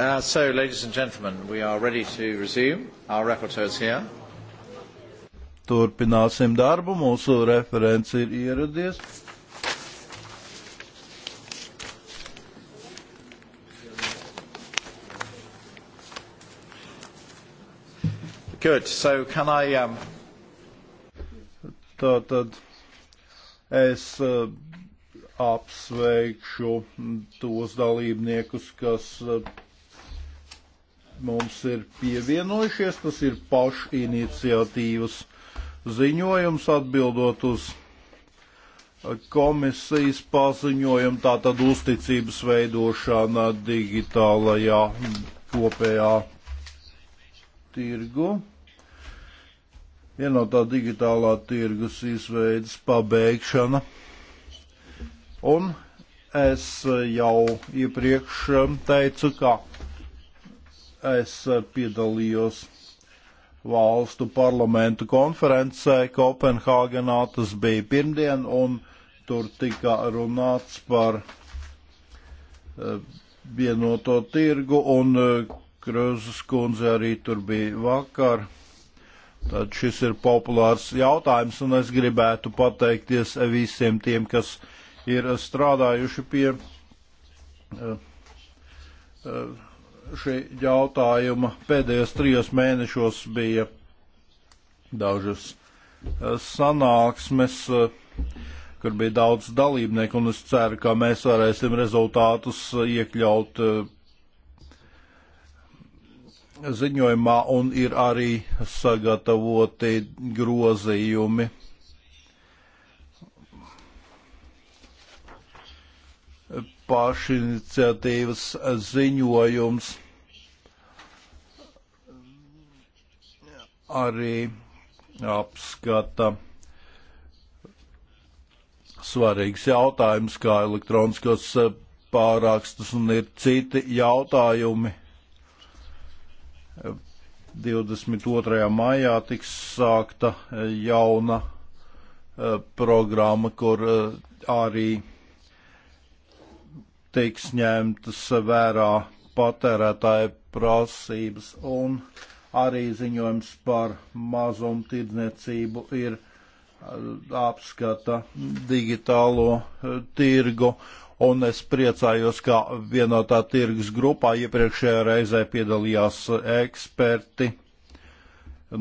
B: Uh, so, ladies and gentlemen, we are ready to resume. Our rapporteur is here. Turpināsim darbu. Mūsu referents ir ieradies. Good. So, can I? Um... Tātad es uh, apsveikšu tos dalībniekus, kas uh, mums ir pievienojušies. Tas ir pašiniciatīvas ziņojums atbildot uz komisijas paziņojumu, tātad uzticības veidošana digitālajā kopējā tirgu. Vienotā digitālā tirgus izveidas pabeigšana. Un es jau iepriekš teicu, ka Es eh, piedalījos valstu parlamentu konferencē Kopenhāgenā, tas bija pirmdien, un tur tika runāts par eh, vienoto tirgu, un eh, Kruzas kundze arī tur bija vakar. Tad šis ir populārs jautājums, un es gribētu pateikties visiem tiem, kas ir strādājuši pie uh, uh, šī jautājuma pēdējos trijos mēnešos bija dažas eh, sanāksmes, eh, kur bija daudz dalībnieku, un es ceru, ka mēs varēsim rezultātus eh, iekļaut ziņojumā, un ir arī sagatavoti grozījumi. Pašiniciatīvas ziņojums arī apskata svarīgs jautājums, kā elektroniskos eh, pārākstus un ir citi jautājumi. 22. maijā tiks sākta eh, jauna eh, programma, kur arī tiks ņemtas vērā patērētāja prasības un uh, Arī ziņojums par mazumtirdzniecību ir uh, apskata digitālo uh, tirgu. Un es priecājos, ka vienotā tirgus grupā iepriekšējā reizē piedalījās uh, eksperti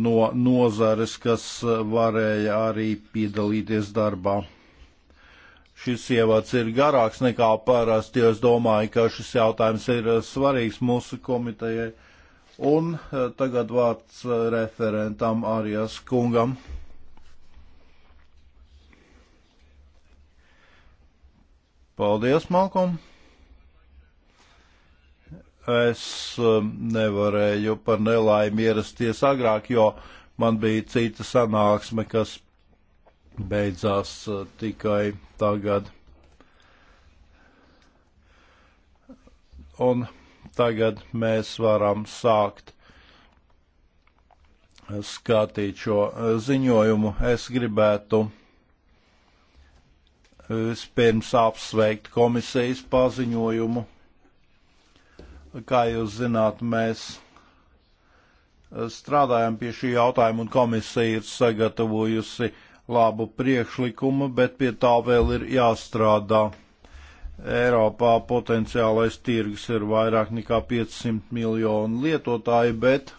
B: no nozares, kas varēja arī piedalīties darbā šis ievads ir garāks nekā parasti, jo es domāju, ka šis jautājums ir svarīgs mūsu komitejai. Un eh, tagad vārds eh, referentam Arijas kungam. Paldies, Malkom! Es eh, nevarēju par nelaimi ierasties agrāk, jo man bija cita sanāksme, kas beidzās tikai tagad. Un tagad mēs varam sākt skatīt šo ziņojumu. Es gribētu vispirms apsveikt komisijas paziņojumu. Kā jūs zināt, mēs strādājam pie šī jautājuma, un komisija ir sagatavojusi labu priekšlikumu, bet pie tā vēl ir jāstrādā. Eiropā potenciālais tirgus ir vairāk nekā 500 miljonu lietotāju, bet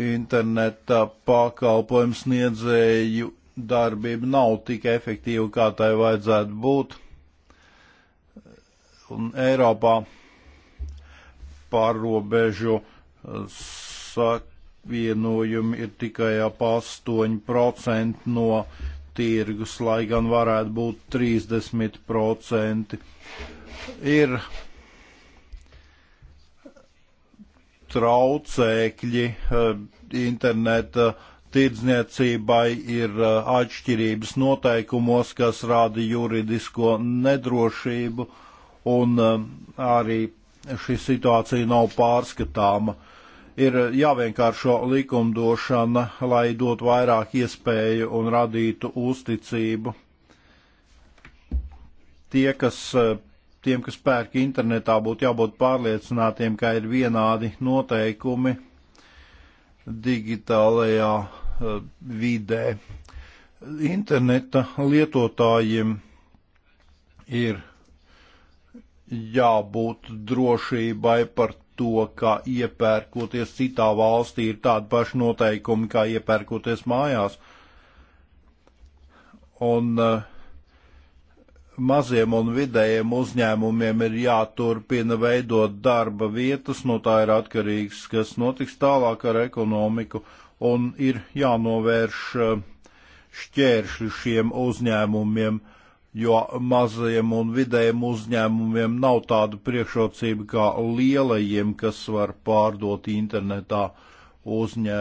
B: interneta pakalpojums sniedzēju darbība nav tik efektīva, kā tai vajadzētu būt. Un Eiropā pārrobežu uh, savienojumi ir tikai ap 8% no uh, tirgus, lai gan varētu būt 30%. Ir traucēkļi eh, interneta tirdzniecībai, ir eh, atšķirības noteikumos, kas rada juridisko nedrošību, un eh, arī šī situācija nav pārskatāma ir jāvienkāršo likumdošana, lai dot vairāk iespēju un radītu uzticību. Tie, kas, tiem, kas pērk internetā, būtu jābūt pārliecinātiem, ka ir vienādi noteikumi digitālajā eh, vidē. Interneta lietotājiem ir jābūt drošībai par to, ka iepērkoties citā valstī ir tādi paši noteikumi, kā iepērkoties mājās. Un uh, maziem un vidējiem uzņēmumiem ir jāturpina veidot darba vietas, no tā ir atkarīgs, kas notiks tālāk ar ekonomiku, un ir jānovērš eh, šķēršļi šiem uzņēmumiem. Uh, jo mazajiem un vidējiem uzņēmumiem nav tāda priekšrocība kā lielajiem, kas var pārdot internetā uzņē,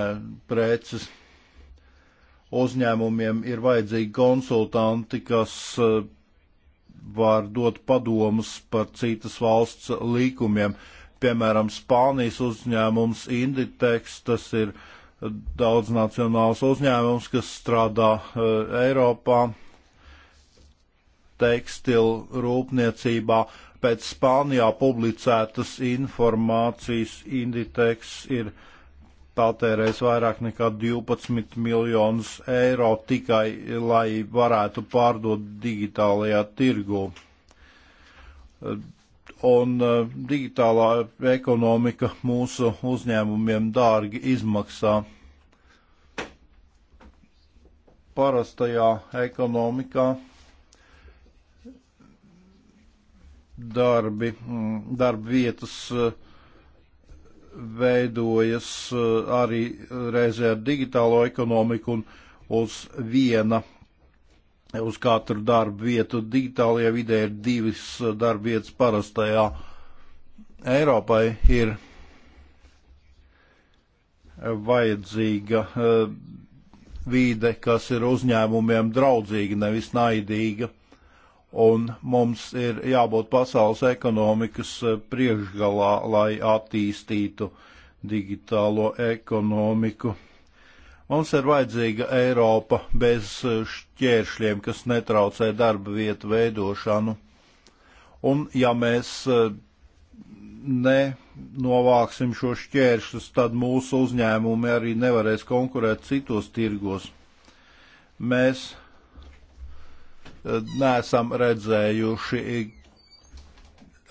B: preces. Uzņēmumiem ir vajadzīgi konsultanti, kas eh, var dot padomus par citas valsts līkumiem. Piemēram, Spānijas uzņēmums Inditex, tas ir eh, daudznacionāls uzņēmums, kas strādā uh, Eiropā, tekstilu rūpniecībā. Pēc Spānijā publicētas informācijas Inditeks ir patērējis vairāk nekā 12 miljonus eiro tikai, lai varētu pārdot digitālajā tirgu. Un e, digitālā ekonomika mūsu uzņēmumiem dārgi izmaksā parastajā ekonomikā darbi, mm, darba vietas eh, veidojas eh, arī reizē ar digitālo ekonomiku un uz viena, uz katru darba vietu digitālajā vidē ir divas eh, darba vietas parastajā Eiropai ir vajadzīga vīde, kas ir uzņēmumiem draudzīga, nevis naidīga un mums ir jābūt pasaules ekonomikas eh, priekšgalā, lai attīstītu digitālo ekonomiku. Mums ir vajadzīga Eiropa bez eh, šķēršļiem, kas netraucē darba vietu veidošanu. Un ja mēs eh, nenovāksim šo šķēršļus, tad mūsu uzņēmumi arī nevarēs konkurēt citos tirgos. Mēs neesam redzējuši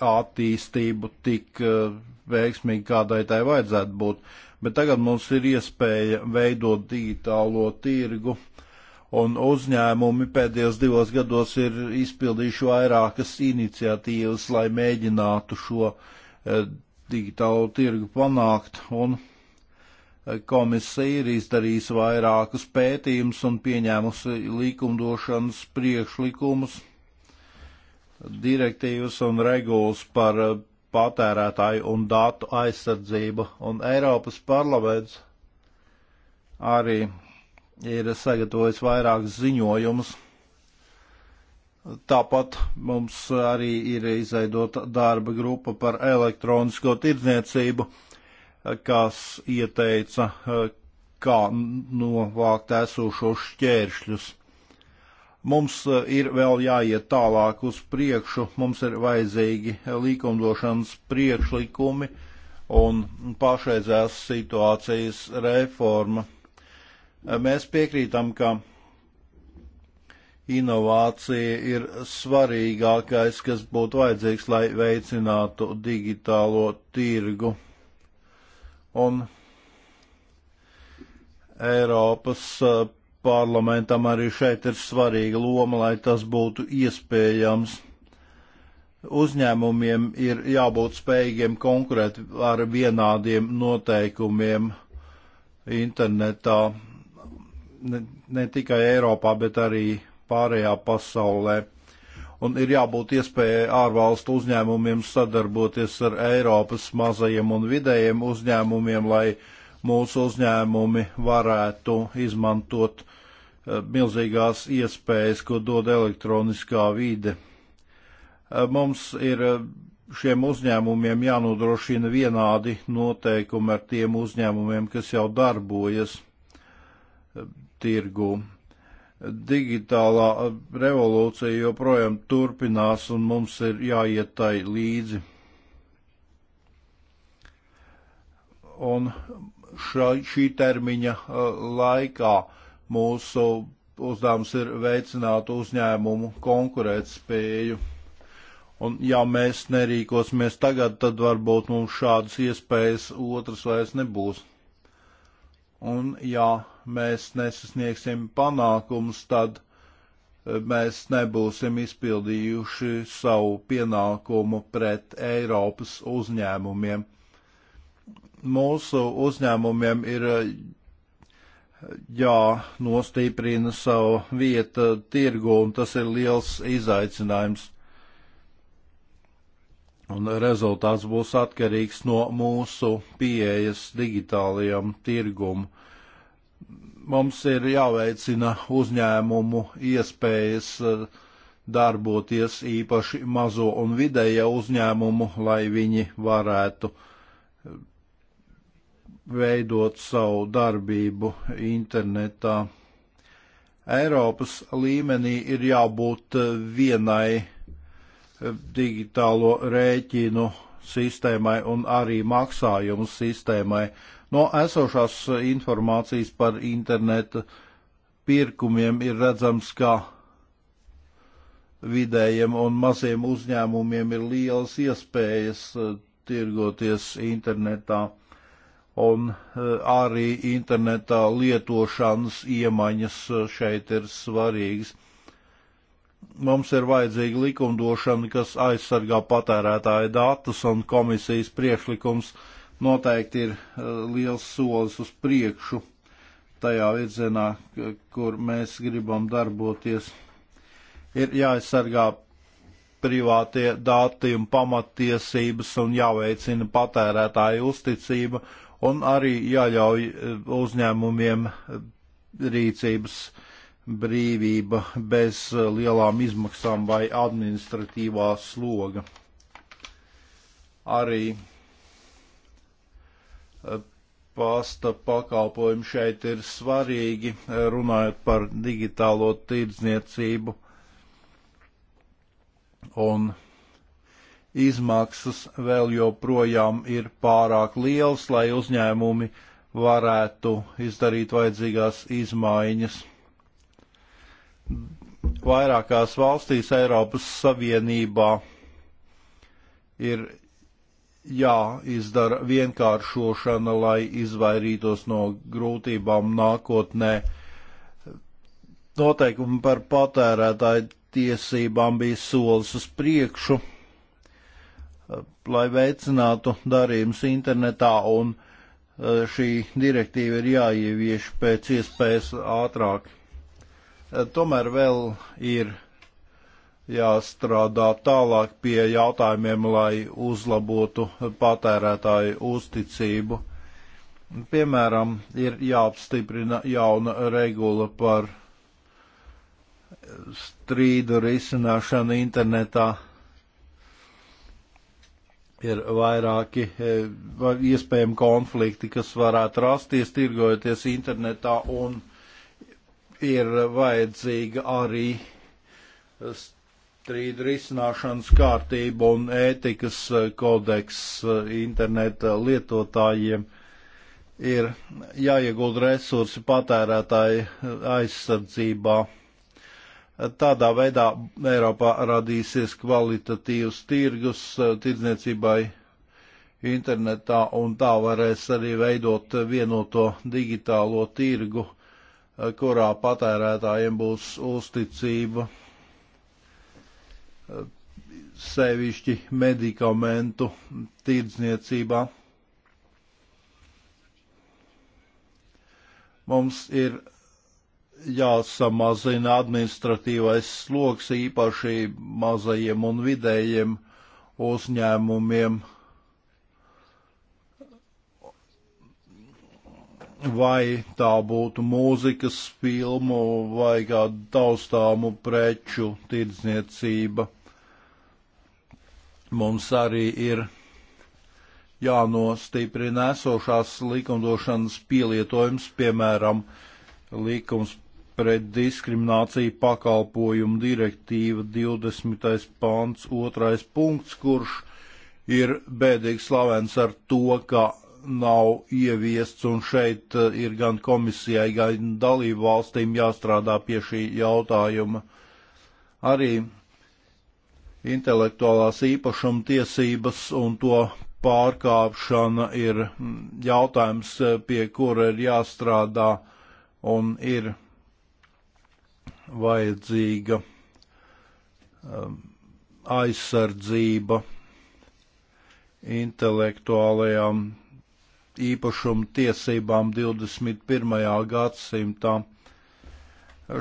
B: attīstību tik eh, veiksmīgi, kādai tai vajadzētu būt. Bet tagad mums ir iespēja veidot digitālo tirgu, un uzņēmumi pēdējos divos gados ir izpildījuši vairākas iniciatīvas, lai mēģinātu šo eh, digitālo tirgu panākt, un komisija ir izdarījusi vairākus pētījumus un pieņēmusi likumdošanas priekšlikumus, direktīvas un regulas par eh, patērētāju un datu aizsardzību, un Eiropas parlaments arī ir sagatavojis vairākus ziņojumus. Tāpat mums arī ir izveidota darba grupa par elektronisko tirdzniecību kas ieteica, e, kā novākt esošos šķēršļus. Mums e, ir vēl jāiet tālāk uz priekšu, mums ir vajadzīgi likumdošanas priekšlikumi un pašreizējās situācijas reforma. E, mēs piekrītam, ka inovācija ir svarīgākais, kas būtu vajadzīgs, lai veicinātu digitālo tirgu. Un Eiropas uh, parlamentam arī šeit ir svarīga loma, lai tas būtu iespējams. Uzņēmumiem ir jābūt spējīgiem konkurēt ar vienādiem noteikumiem internetā, ne, ne tikai Eiropā, bet arī pārējā pasaulē un ir jābūt iespējai ārvalstu uzņēmumiem sadarboties ar Eiropas mazajiem un vidējiem uzņēmumiem, lai mūsu uzņēmumi varētu izmantot eh, milzīgās iespējas, ko dod elektroniskā vide. Eh, mums ir eh, šiem uzņēmumiem jānodrošina vienādi noteikumi ar tiem uzņēmumiem, kas jau darbojas tirgū digitālā revolūcija joprojām turpinās un mums ir jāiet tai līdzi. Un šā, šī termiņa uh, laikā mūsu uzdevums ir veicināt uzņēmumu konkurētspēju. Un ja mēs nerīkosimies tagad, tad varbūt mums šādas iespējas otras vairs nebūs. Un jā. Ja mēs nesasniegsim panākumus, tad e, mēs nebūsim izpildījuši savu pienākumu pret Eiropas uzņēmumiem. Mūsu uzņēmumiem ir e, jānostiprina savu vietu tirgu, un tas ir liels izaicinājums. Un rezultāts būs atkarīgs no mūsu pieejas digitālajam tirgumam Mums ir jāveicina uzņēmumu iespējas eh, darboties īpaši mazo un vidēja uzņēmumu, lai viņi varētu eh, veidot savu darbību internetā. Eiropas līmenī ir jābūt eh, vienai digitālo rēķinu sistēmai un arī maksājumu sistēmai, No esošās informācijas par interneta pirkumiem ir redzams, ka vidējiem un maziem uzņēmumiem ir lielas iespējas eh, tirgoties internetā, un eh, arī internetā lietošanas iemaņas eh, šeit ir svarīgas. Mums ir vajadzīga likumdošana, kas aizsargā patērētāja datus, un komisijas priekšlikums uh, noteikti ir eh, liels solis uz priekšu tajā virzienā, kur mēs gribam darboties. Ir jāaizsargā privātie dati un pamatiesības un jāveicina patērētāju uzticība un arī jāļauj eh, uzņēmumiem eh, rīcības brīvība bez lielām izmaksām vai administratīvā sloga. Arī pasta pakalpojumi šeit ir svarīgi, runājot par digitālo tirdzniecību un izmaksas vēl joprojām ir pārāk liels, lai uzņēmumi varētu izdarīt vajadzīgās izmaiņas. Vairākās valstīs Eiropas Savienībā ir jāizdara vienkāršošana, lai izvairītos no grūtībām nākotnē. Noteikumi par patērētāju tiesībām bija solis uz priekšu, lai veicinātu darījumus internetā, un eh, šī direktīva ir jāievieš pēc iespējas ātrāk. Eh, tomēr vēl ir jāstrādā tālāk pie jautājumiem, lai uzlabotu patērētāju uzticību. Piemēram, ir jāapstiprina jauna regula par strīdu risināšanu internetā. Ir vairāki e, iespējami konflikti, kas varētu rasties tirgojoties internetā, un ir vajadzīga arī st strīdu risināšanas kārtība un ētikas eh, kodeks eh, interneta eh, lietotājiem ir jāiegulda resursi patērētāju aizsardzībā. Tādā veidā Eiropā radīsies kvalitatīvs tirgus tirdzniecībai internetā un tā varēs arī veidot vienoto digitālo tirgu, kurā patērētājiem būs uzticība sevišķi medikamentu tirdzniecībā. Mums ir jāsamazina administratīvais sloks īpaši mazajiem un vidējiem uzņēmumiem. Vai tā būtu mūzikas filmu vai kādu taustāmu preču tirdzniecība. Mums arī ir jānostiprina esošās likumdošanas pielietojums, piemēram, likums pret diskrimināciju pakalpojumu direktīva 20. pants 2. punkts, kurš ir bēdīgi slavens ar to, ka nav ieviests, un šeit eh, ir gan komisijai, gan dalību valstīm jāstrādā pie šī jautājuma. Arī intelektuālās īpašuma tiesības un to pārkāpšana ir mm, jautājums, eh, pie kura ir jāstrādā un ir vajadzīga ehm, aizsardzība intelektuālajām īpašuma tiesībām 21. gadsimtā.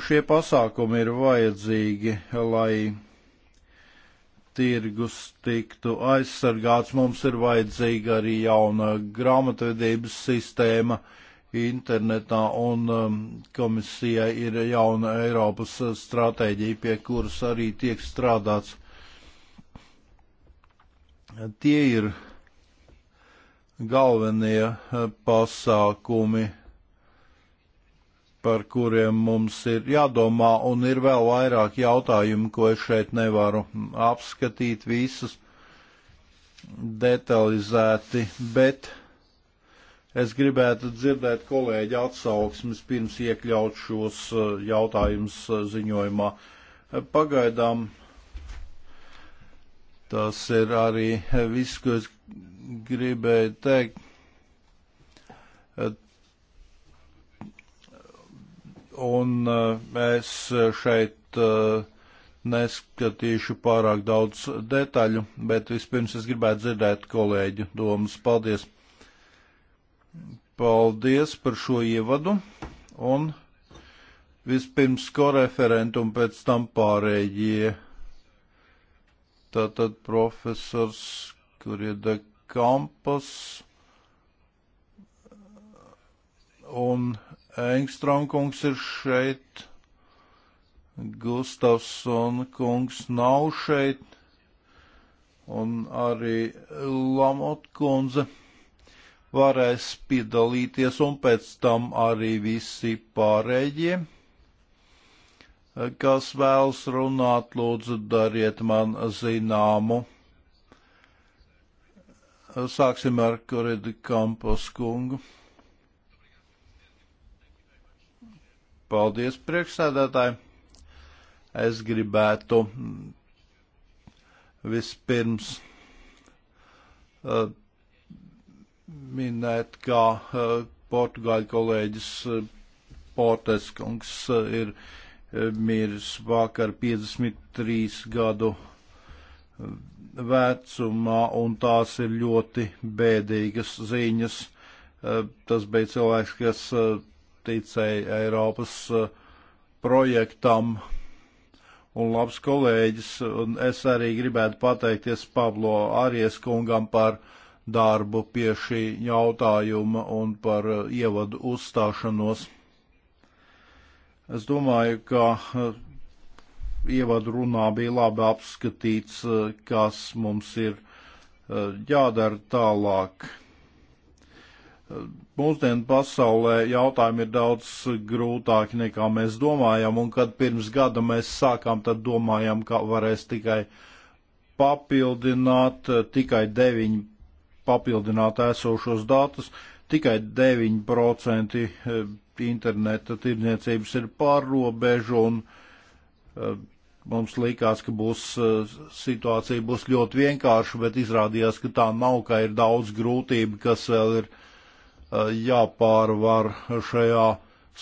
B: Šie pasākumi ir vajadzīgi, lai tirgus tiktu aizsargāts. Mums ir vajadzīga arī jauna grāmatvedības sistēma internetā, un um, komisijai ir jauna Eiropas stratēģija, pie kuras arī tiek strādāts. Tie ir galvenie uh, pasākumi par kuriem mums ir jādomā, un ir vēl vairāk jautājumu, ko es šeit nevaru apskatīt visus detalizēti, bet es gribētu dzirdēt kolēģi atsauksmes pirms iekļaut šos eh, jautājumus eh, ziņojumā. Eh, pagaidām tas ir arī viss, ko es gribēju teikt un uh, es uh, šeit uh, neskatīšu pārāk daudz detaļu, bet vispirms es gribētu dzirdēt kolēģu domas. Paldies! Paldies par šo ievadu un vispirms koreferentu un pēc tam pārējie. Tātad profesors, kur ir de Kampas un Engstromkungs ir šeit, Gustavson kungs nav šeit, un arī Lamot kundze varēs piedalīties, un pēc tam arī visi pārējie, kas vēlas runāt, lūdzu, dariet man zināmu. Sāksim ar Korida Kampos kungu. Paldies, priekšsēdētāji! Es gribētu vispirms uh, minēt, kā uh, portugāļu kolēģis uh, Poteskungs ir miris vakar 53 gadu vecumā, un tās ir ļoti bēdīgas ziņas. Tas bija cilvēks, kas ticēja Eiropas eh, projektam. Un labs kolēģis, un es arī gribētu pateikties Pablo Arijas kungam par darbu pie šī jautājuma un par eh, ievadu uzstāšanos. Es domāju, ka eh, ievadu runā bija labi apskatīts, kas mums ir jādara tālāk. Mūsdienu pasaulē jautājumi ir daudz grūtāki nekā mēs domājam, un kad pirms gada mēs sākām, tad domājam, ka varēs tikai papildināt, tikai deviņi papildināt esošos datus, tikai 9% eh, interneta tirdzniecības ir pārrobežu, un eh, mums likās, ka būs eh, situācija būs ļoti vienkārša, bet izrādījās, ka tā nav, ka ir daudz grūtību, kas vēl ir jāpārvar šajā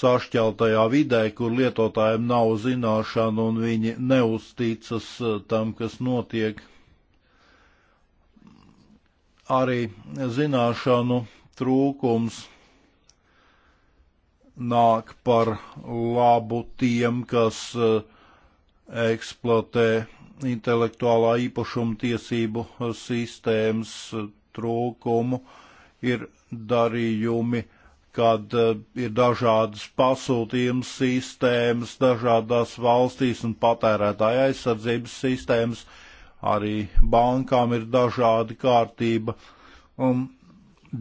B: sašķeltajā vidē, kur lietotājiem nav zināšana un viņi neusticas eh, tam, kas notiek. Arī zināšanu trūkums nāk par labu tiem, kas eh, eksploatē intelektuālā īpašuma tiesību sistēmas trūkumu. Ir darījumi, kad eh, ir dažādas pasūtījuma sistēmas dažādās valstīs un patērētāja aizsardzības sistēmas, arī bankām ir dažāda kārtība. Un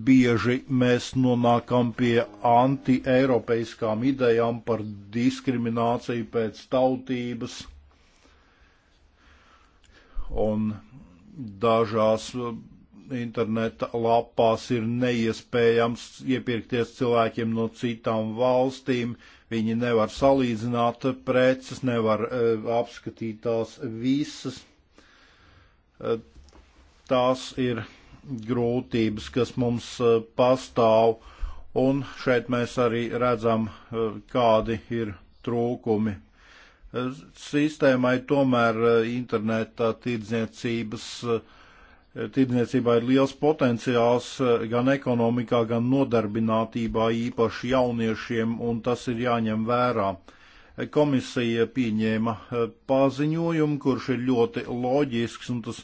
B: bieži mēs nonākam pie anti-eiropeiskām idejām par diskrimināciju pēc tautības. Un dažās interneta lapās ir neiespējams iepirkties cilvēkiem no citām valstīm. Viņi nevar salīdzināt preces, nevar uh, e, apskatīt tās visas. Uh, tās ir grūtības, kas mums uh, pastāv, un šeit mēs arī redzam, uh, kādi ir trūkumi sistēmai tomēr interneta tirdzniecības uh, tirdzniecībā ir liels potenciāls eh, gan ekonomikā, gan nodarbinātībā, īpaši jauniešiem, un tas ir jāņem vērā. Komisija pieņēma eh, paziņojumu, kurš ir ļoti loģisks, un tas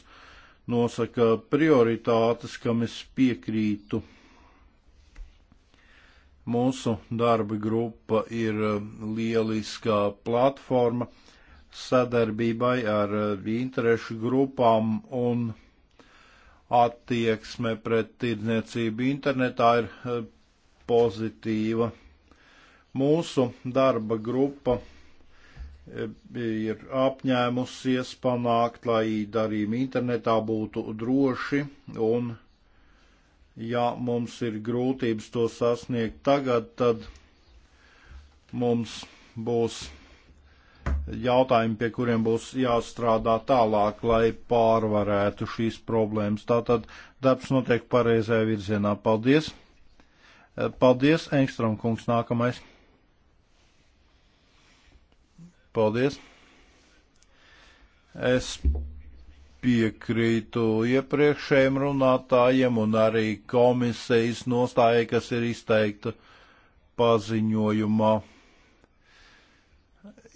B: nosaka prioritātes, kam es piekrītu. Mūsu darba grupa ir eh, lieliskā platforma sadarbībai ar interešu grupām un attieksme pret tirdzniecību internetā ir eh, pozitīva. Mūsu darba grupa eh, ir apņēmusies panākt, lai darījumi internetā būtu droši un, ja mums ir grūtības to sasniegt tagad, tad mums būs jautājumi, pie kuriem būs jāstrādā tālāk, lai pārvarētu šīs problēmas. Tātad darbs notiek pareizajā virzienā. Paldies! Paldies, Engstrom kungs, nākamais. Paldies! Es piekrītu iepriekšējiem runātājiem un arī komisijas nostājai, kas ir izteikta paziņojumā.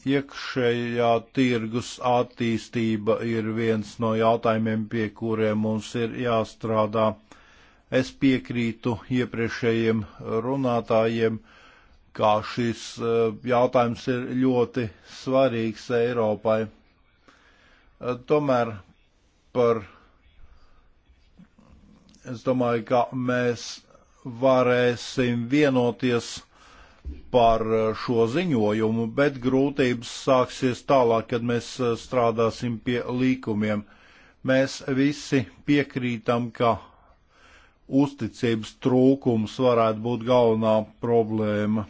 B: Iekšējā tirgus attīstība ir viens no jautājumiem, pie kuriem mums ir jāstrādā. Es piekrītu iepriekšējiem runātājiem, kā šis e, jautājums ir ļoti svarīgs Eiropai. E, tomēr par es domāju, ka mēs varēsim vienoties par eh, šo ziņojumu, bet grūtības sāksies tālāk, kad mēs eh, strādāsim pie līkumiem. Mēs visi piekrītam, ka uzticības trūkums varētu būt galvenā problēma.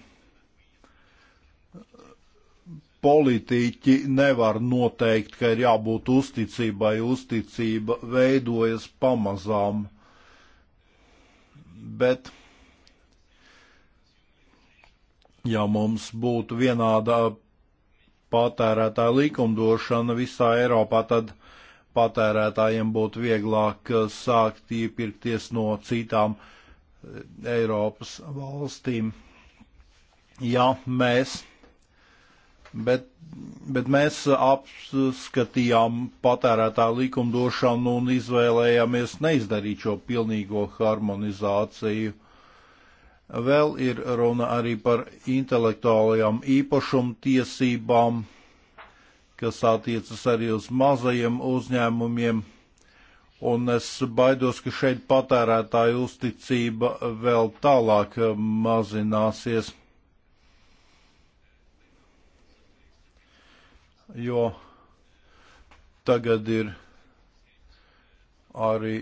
B: Politiķi nevar noteikt, ka ir jābūt uzticībai, uzticība veidojas pamazām, bet ja mums būtu vienāda patērētāja likumdošana visā Eiropā, tad patērētājiem būtu vieglāk eh, sākt iepirkties no citām eh, Eiropas valstīm. Ja mēs, bet, bet mēs apskatījām patērētāju likumdošanu un izvēlējāmies neizdarīt šo pilnīgo harmonizāciju Vēl ir runa arī par intelektuālajām īpašumtiesībām, kas attiecas arī uz mazajiem uzņēmumiem, un es baidos, ka šeit patērētāju uzticība vēl tālāk mazināsies. Jo tagad ir arī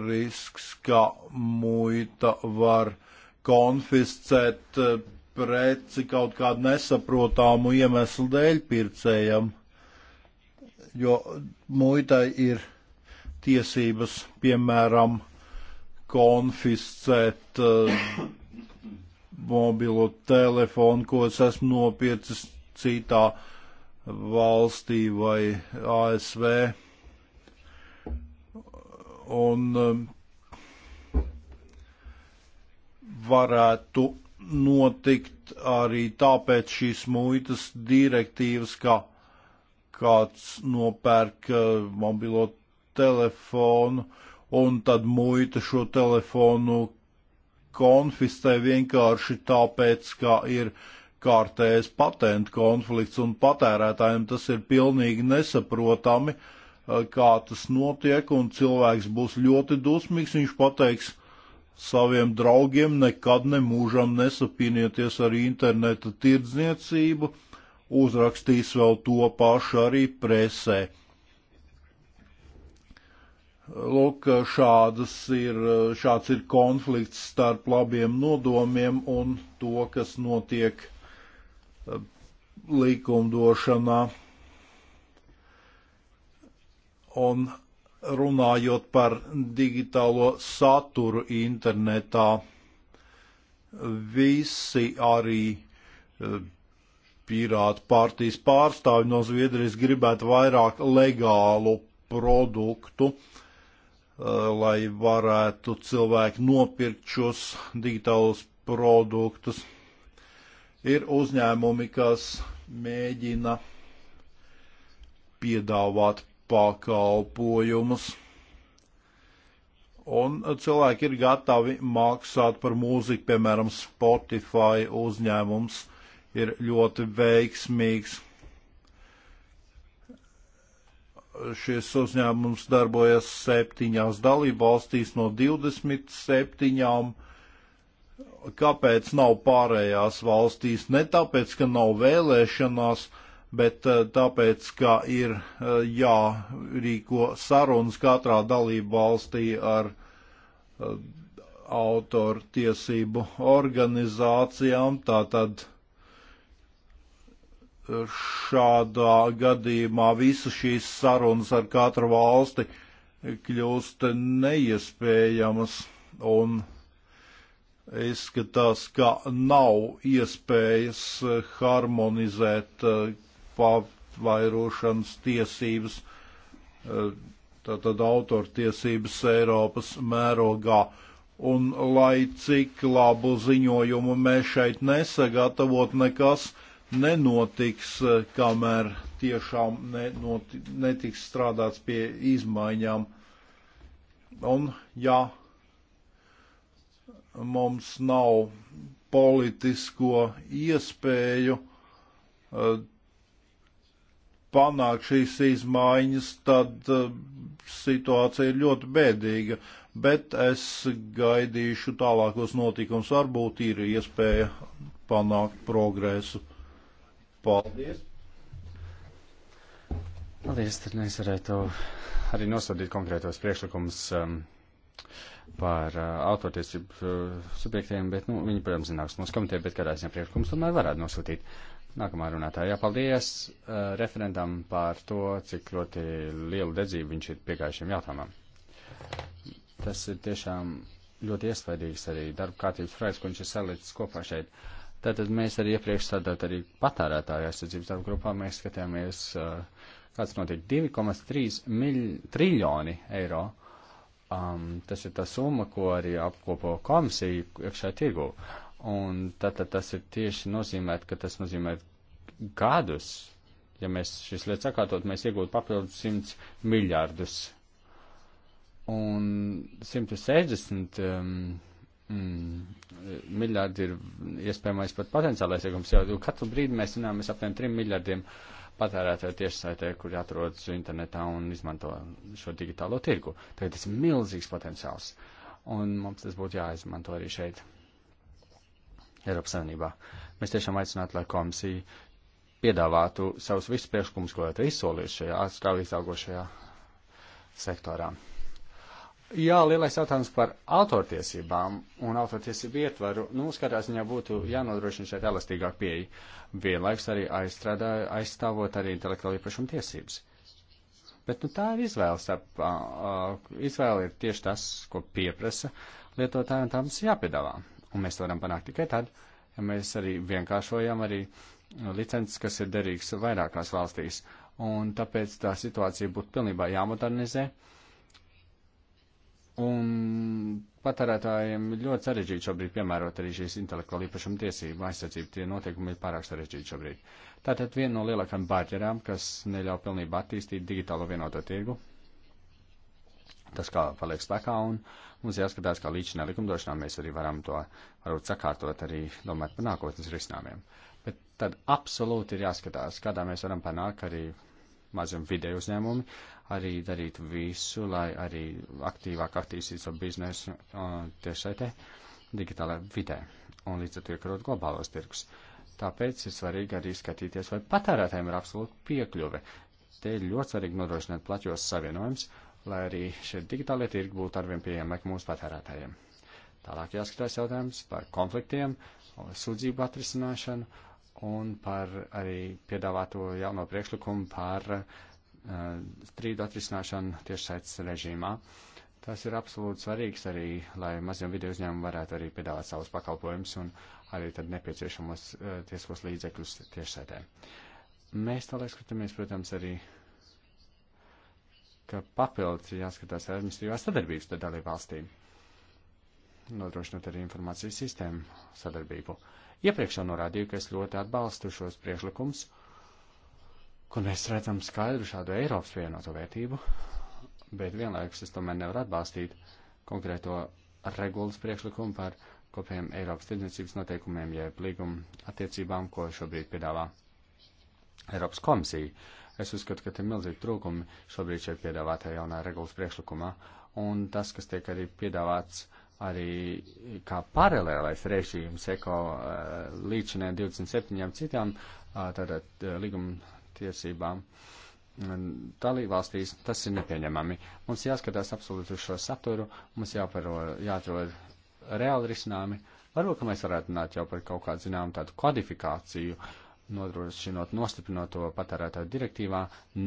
B: risks, ka muita var uh, konfiscēt eh, preci kaut kādu nesaprotamu iemeslu dēļ pircējam, jo muitai ir tiesības, piemēram, konfiscēt uh, mobilo telefonu, ko es esmu nopircis citā valstī vai ASV. Un eh, varētu notikt arī tāpēc šīs muitas direktīvas, ka kāds nopērk eh, mobilo telefonu, un tad muita šo telefonu konfiscē vienkārši tāpēc, ka ir kārtējs patentu konflikts, un patērētājiem tas ir pilnīgi nesaprotami, eh, kā tas notiek, un cilvēks būs ļoti dusmīgs, viņš pateiks, saviem draugiem nekad nemūžam nesapīnieties ar interneta tirdzniecību, uzrakstīs vēl to pašu arī presē. Lūk, šādas ir, šāds ir konflikts starp labiem nodomiem un to, kas notiek eh, likumdošanā. Un runājot par digitālo saturu internetā, visi arī eh, pirāta partijas pārstāvi no Zviedrijas gribētu vairāk legālu produktu, eh, lai varētu cilvēki nopirkt šos digitālos produktus. Ir uzņēmumi, kas mēģina piedāvāt pakalpojumus. Un cilvēki ir gatavi maksāt par mūziku, piemēram, Spotify uzņēmums ir ļoti veiksmīgs. Šis uzņēmums darbojas septiņās dalībvalstīs no 27 kāpēc nav pārējās valstīs, ne tāpēc, ka nav vēlēšanās, bet eh, tāpēc, ka ir eh, jārīko sarunas katrā dalību valstī ar eh, autortiesību organizācijām, tātad šādā gadījumā visas šīs sarunas ar katru valsti kļūst neiespējamas un izskatās, ka nav iespējas harmonizēt pavairošanas tiesības, eh, tātad autortiesības Eiropas mērogā. Un lai cik labu ziņojumu mēs šeit nesagatavot, nekas nenotiks, eh, kamēr tiešām nenoti, netiks strādāts pie izmaiņām. Un ja mums nav politisko iespēju eh, panākt šīs izmaiņas, tad eh, situācija ir ļoti bēdīga, bet es gaidīšu tālākos notikums. Varbūt ir iespēja
C: panākt progresu. Paldies! Paldies, tad mēs varētu arī nosodīt konkrētos priekšlikumus um, par uh, autortiesību uh, subjektiem, bet, nu, viņi, protams, zināms mūsu komitē, bet kādā ziņā priekšlikumus tomēr varētu nosūtīt. Uh, Nākamā runātāja, jāpaldies uh, eh, referentam par to, cik ļoti lielu dedzību viņš ir piegājušiem jautājumam. Tas ir tiešām ļoti iespaidīgs arī darba kārtības projekts, ko viņš ir salicis kopā šeit. Tātad mēs arī iepriekš strādājot arī patērētāju aizsardzības darba grupā, mēs skatījāmies, uh, kāds notiek 2,3 triljoni eiro. Um, tas ir tā summa, ko arī apkopo komisija iekšā tirgū. Uh, Un tātad tas ir tieši nozīmēt, ka tas nozīmē gadus, ja mēs šis lietas sakārtot, mēs iegūtu papildus 100 miljārdus. Un 160 um, mm, miljārdi ir iespējamais pat potenciālais iegums, jo katru brīdi mēs runājam, mēs apmēram 3 miljārdiem patērētāju tiešsaitē, kur atrodas internetā un izmanto šo digitālo tirgu. Tagad tas ir milzīgs potenciāls. Un mums tas būtu jāizmanto arī šeit. Eiropas Savienībā. Mēs tiešām aicinātu, lai komisija piedāvātu savus visus priekšlikumus, ko ir izsolījuši šajā strauji izaugošajā sektorā. Jā, lielais jautājums par autortiesībām un autortiesību ietvaru. Nu, skatās, viņā būtu jānodrošina šeit elastīgāk pieeja. Vienlaiks arī aizstrādā, aizstāvot arī intelektuālu īpašumu tiesības. Bet nu, tā ir izvēle. Starp, uh, izvēle ir tieši tas, ko pieprasa lietotāji, un tā mums jāpiedāvā. Un mēs to varam panākt tikai tad, ja mēs arī vienkāršojam arī licences, kas ir derīgas vairākās valstīs. Un tāpēc tā situācija būtu pilnībā jāmodernizē. Un patērētājiem ir ļoti sarežģīti šobrīd piemērot arī šīs intelektuāla īpašuma tiesību aizsardzību. Tie noteikumi ir pārāk sarežģīti šobrīd. Tātad viena no lielākajām bāķerām, kas neļauj pilnībā attīstīt digitālo vienoto tirgu, tas kā paliek spēkā, un mums jāskatās, kā līdz šim likumdošanā mēs arī varam to varbūt sakārtot, arī domāt par nākotnes risinājumiem. Bet tad absolūti ir jāskatās, kādā mēs varam panākt arī maziem video uzņēmumi, arī darīt visu, lai arī aktīvāk attīstītu savu biznesu tiešsaitē, digitālajā vidē, un līdz ar to iekarot globālos tirgus. Tāpēc ir svarīgi arī skatīties, vai patērētājiem ir absolūta piekļuve. Te ir ļoti svarīgi nodrošināt plaķos savienojums, uh, lai arī šie digitālie tirgi būtu arvien pieejamāki mūsu patērētājiem. Tālāk jāskatās jautājums par konfliktiem, sūdzību atrisināšanu un par arī piedāvāto jauno priekšlikumu par uh, strīdu atrisināšanu tiešsaits režīmā. Tas ir absolūti svarīgs arī, lai maziem video uzņēmumi varētu arī piedāvāt savus pakalpojumus un arī tad nepieciešamos uh, eh, tieskos līdzekļus tiešsaitē. Mēs tālāk skatāmies, protams, arī ka papildus ir jāskatās administratīvās sadarbības ar dalībvalstīm, nodrošinot arī informācijas sistēmu sadarbību. Iepriekš jau norādīju, ka es ļoti atbalstu šos priešlikumus, kur mēs redzam skaidru šādu Eiropas vienoto vērtību, bet vienlaikus es tomēr nevaru atbalstīt konkrēto regulas priekšlikumu par kopējiem Eiropas tirdzniecības noteikumiem, jeb līguma attiecībām, ko šobrīd piedāvā Eiropas komisija. Es uzskatu, ka ir milzīgi trūkumi šobrīd šeit piedāvātajā jaunā regulas priekšlikumā, un tas, kas tiek arī piedāvāts arī kā paralēlais režīms eko eh, līdšanai 27 citām eh, tātad eh, līguma tiesībām dalībvalstīs, tas ir nepieņemami. Mums jāskatās absolūti uz šo saturu, mums jāparo, jāatrod reāli risinājumi. Varbūt, ka mēs varētu runāt jau par kaut kādu, zinām, tādu kodifikāciju, uh, nodrošinot nostiprināto patērētāju direktīvā,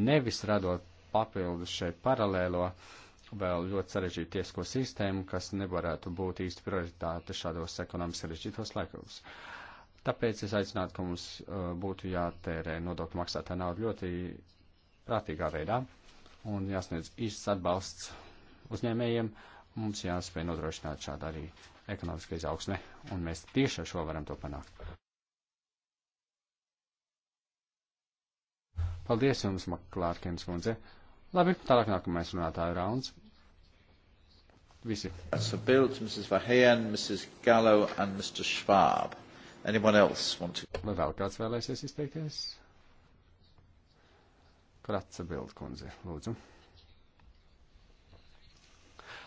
C: nevis radot papildus šeit paralēlo vēl ļoti sarežģītu tiesko sistēmu, kas nevarētu būt īsti prioritāte šādos ekonomiski sarežģītos laikos. Tāpēc es aicinātu, ka mums uh, būtu jātērē nodokļu maksātā nauda ļoti prātīgā veidā un jāsniedz īsts atbalsts uzņēmējiem. Mums jāspēj nodrošināt šādu arī ekonomiskais augsne, un mēs tieši ar šo varam to panākt. Paldies jums, Maklārkins kundze. Labi, tālāk nākamais runātāju rauns. Visi. That's a build, Mrs. Vaheyan, Mrs. Gallo and Mr. Schwab. Anyone else want to? Vai vēl kāds vēlēsies izteikties? Kratsa Bild kundze, lūdzu.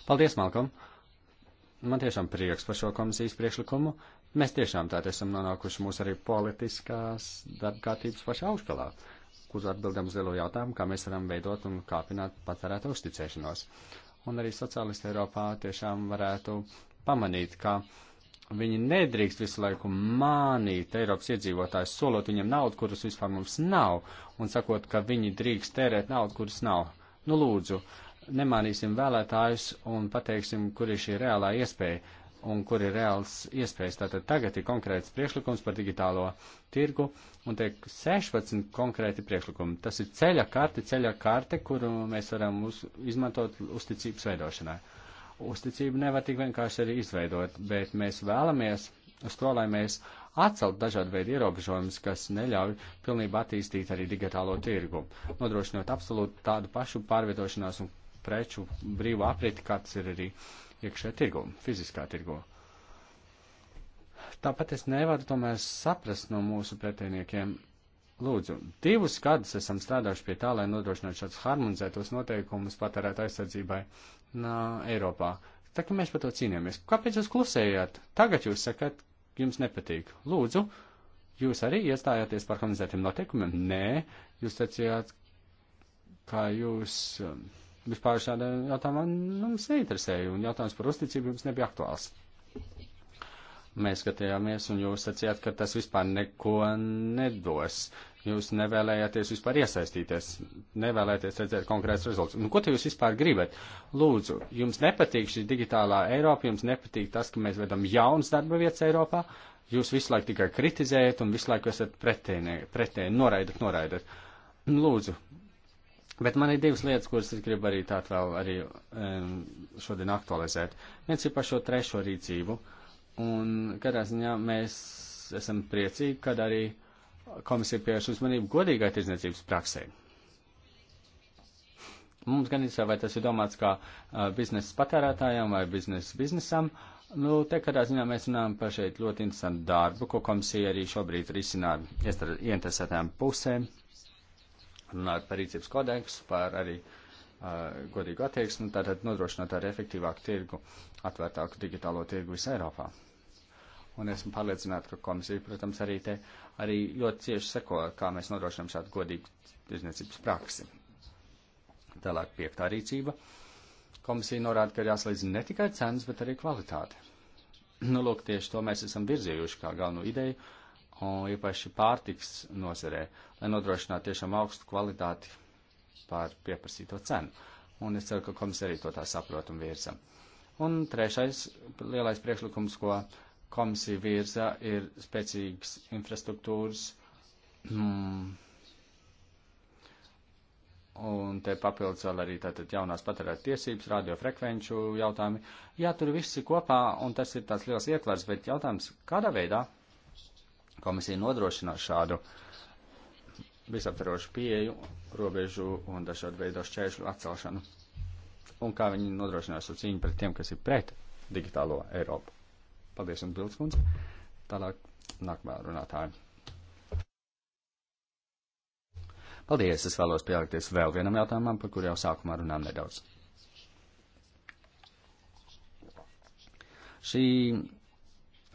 C: Paldies, Malkom! Man tiešām prieks par šo komisijas priekšlikumu. Mēs tiešām tādā esam nonākuši mūsu arī politiskās darbkārtības pašā augšgalā uz atbildam uz lielo jautājumu, kā mēs varam veidot un kāpināt patērēta uzticēšanos. Un arī sociālisti Eiropā tiešām varētu pamanīt, ka viņi nedrīkst visu laiku mānīt Eiropas iedzīvotājus, solot viņam naudu, kuras vispār mums nav, un sakot, ka viņi drīkst tērēt naudu, kuras nav. Nu lūdzu, nemānīsim vēlētājus un pateiksim, kur ir šī reālā iespēja un kur ir reāls iespējas. Tātad tagad ir konkrēts priekšlikums par digitālo tirgu un tiek 16 konkrēti priekšlikumi. Tas ir ceļa karte, ceļa karte, kuru mēs varam uz, izmantot uzticības veidošanai. Uzticību nevar tik vienkārši arī izveidot, bet mēs vēlamies uz to, lai mēs atcelt dažādu veidu ierobežojumus, kas neļauj pilnībā attīstīt arī digitālo tirgu, nodrošinot absolūti tādu pašu pārvietošanās un preču brīvu apriti, kāds ir arī uh, iekšē tirgu, fiziskā tirgu. Tāpat es nevaru tomēr saprast no mūsu pretiniekiem. Lūdzu, divus gadus esam strādājuši pie tā, lai nodrošinātu šādus harmonizētos noteikumus patērēt aizsardzībai nā, Eiropā. Tā kā mēs par to cīnījāmies. Kāpēc jūs klusējāt? Tagad jūs sakat, jums nepatīk. Lūdzu, jūs arī iestājāties par harmonizētiem noteikumiem? Nē, jūs teicāt, kā jūs. Um, vispār šāda jautājuma nu, mums neinteresēja, un jautājums par uzticību jums nebija aktuāls. Mēs skatījāmies, un jūs sacījāt, ka tas vispār neko nedos. Jūs nevēlējāties vispār iesaistīties, nevēlējāties redzēt konkrēts rezultāts. Nu, ko te jūs vispār gribat? Lūdzu, jums nepatīk šī digitālā Eiropa, jums nepatīk tas, ka mēs vedam jaunas darba vietas Eiropā, jūs visu laiku tikai kritizējat un visu laiku esat pretēji, pretēji noraidat, noraidat. Nu, lūdzu, Bet man ir divas lietas, kuras es gribu arī tā vēl arī um, šodien aktualizēt. Viens ir par šo trešo rīcību, un katrā ziņā mēs esam priecīgi, kad arī komisija pievērš uzmanību godīgai tirdzniecības praksē. Mums gan ir, vai tas ir domāts kā uh, biznesa patērētājiem vai biznesa biznesam, nu, te katrā ziņā mēs runājam par šeit ļoti interesantu darbu, ko komisija arī šobrīd risina ar ieinteresētām pusēm. Uh, runājot par rīcības kodeksu, par arī uh, godīgu attieksmi, tātad nodrošināt ar efektīvāku tirgu, atvērtāku digitālo tirgu visā Eiropā. Un esmu pārliecināta, ka komisija, protams, arī te arī ļoti cieši seko, kā mēs nodrošinām šādu godīgu tirzniecības praksi. Tālāk piektā rīcība. Komisija norāda, ka ir jāslīdzina ne tikai cenas, bet arī kvalitāte. nu, lūk, tieši to mēs esam virzījuši kā galveno ideju, uh, un īpaši pārtiks nozerē, lai nodrošinātu tiešām augstu kvalitāti par pieprasīto cenu. Un es ceru, ka komisija arī to tā saprot un virza. Un trešais lielais priekšlikums, ko komisija virza, ir spēcīgas infrastruktūras.
D: Mm,
C: Un te papildus vēl arī tātad jaunās patērēt tiesības, radiofrekvenču jautājumi. Jā, tur viss ir kopā, un tas ir tāds liels ietvers, bet jautājums, kādā veidā Komisija nodrošinās šādu visaptverošu pieeju, robežu un dažādu veidu šķēršļu atcelšanu. Un kā viņi nodrošinās šo cīņu pret tiem, kas ir pret digitālo Eiropu. Paldies, un Bilds kundze. Tālāk nākamā runātāja. Paldies, es vēlos pielikties vēl vienam jautājumam, par kur jau sākumā runām nedaudz. Šī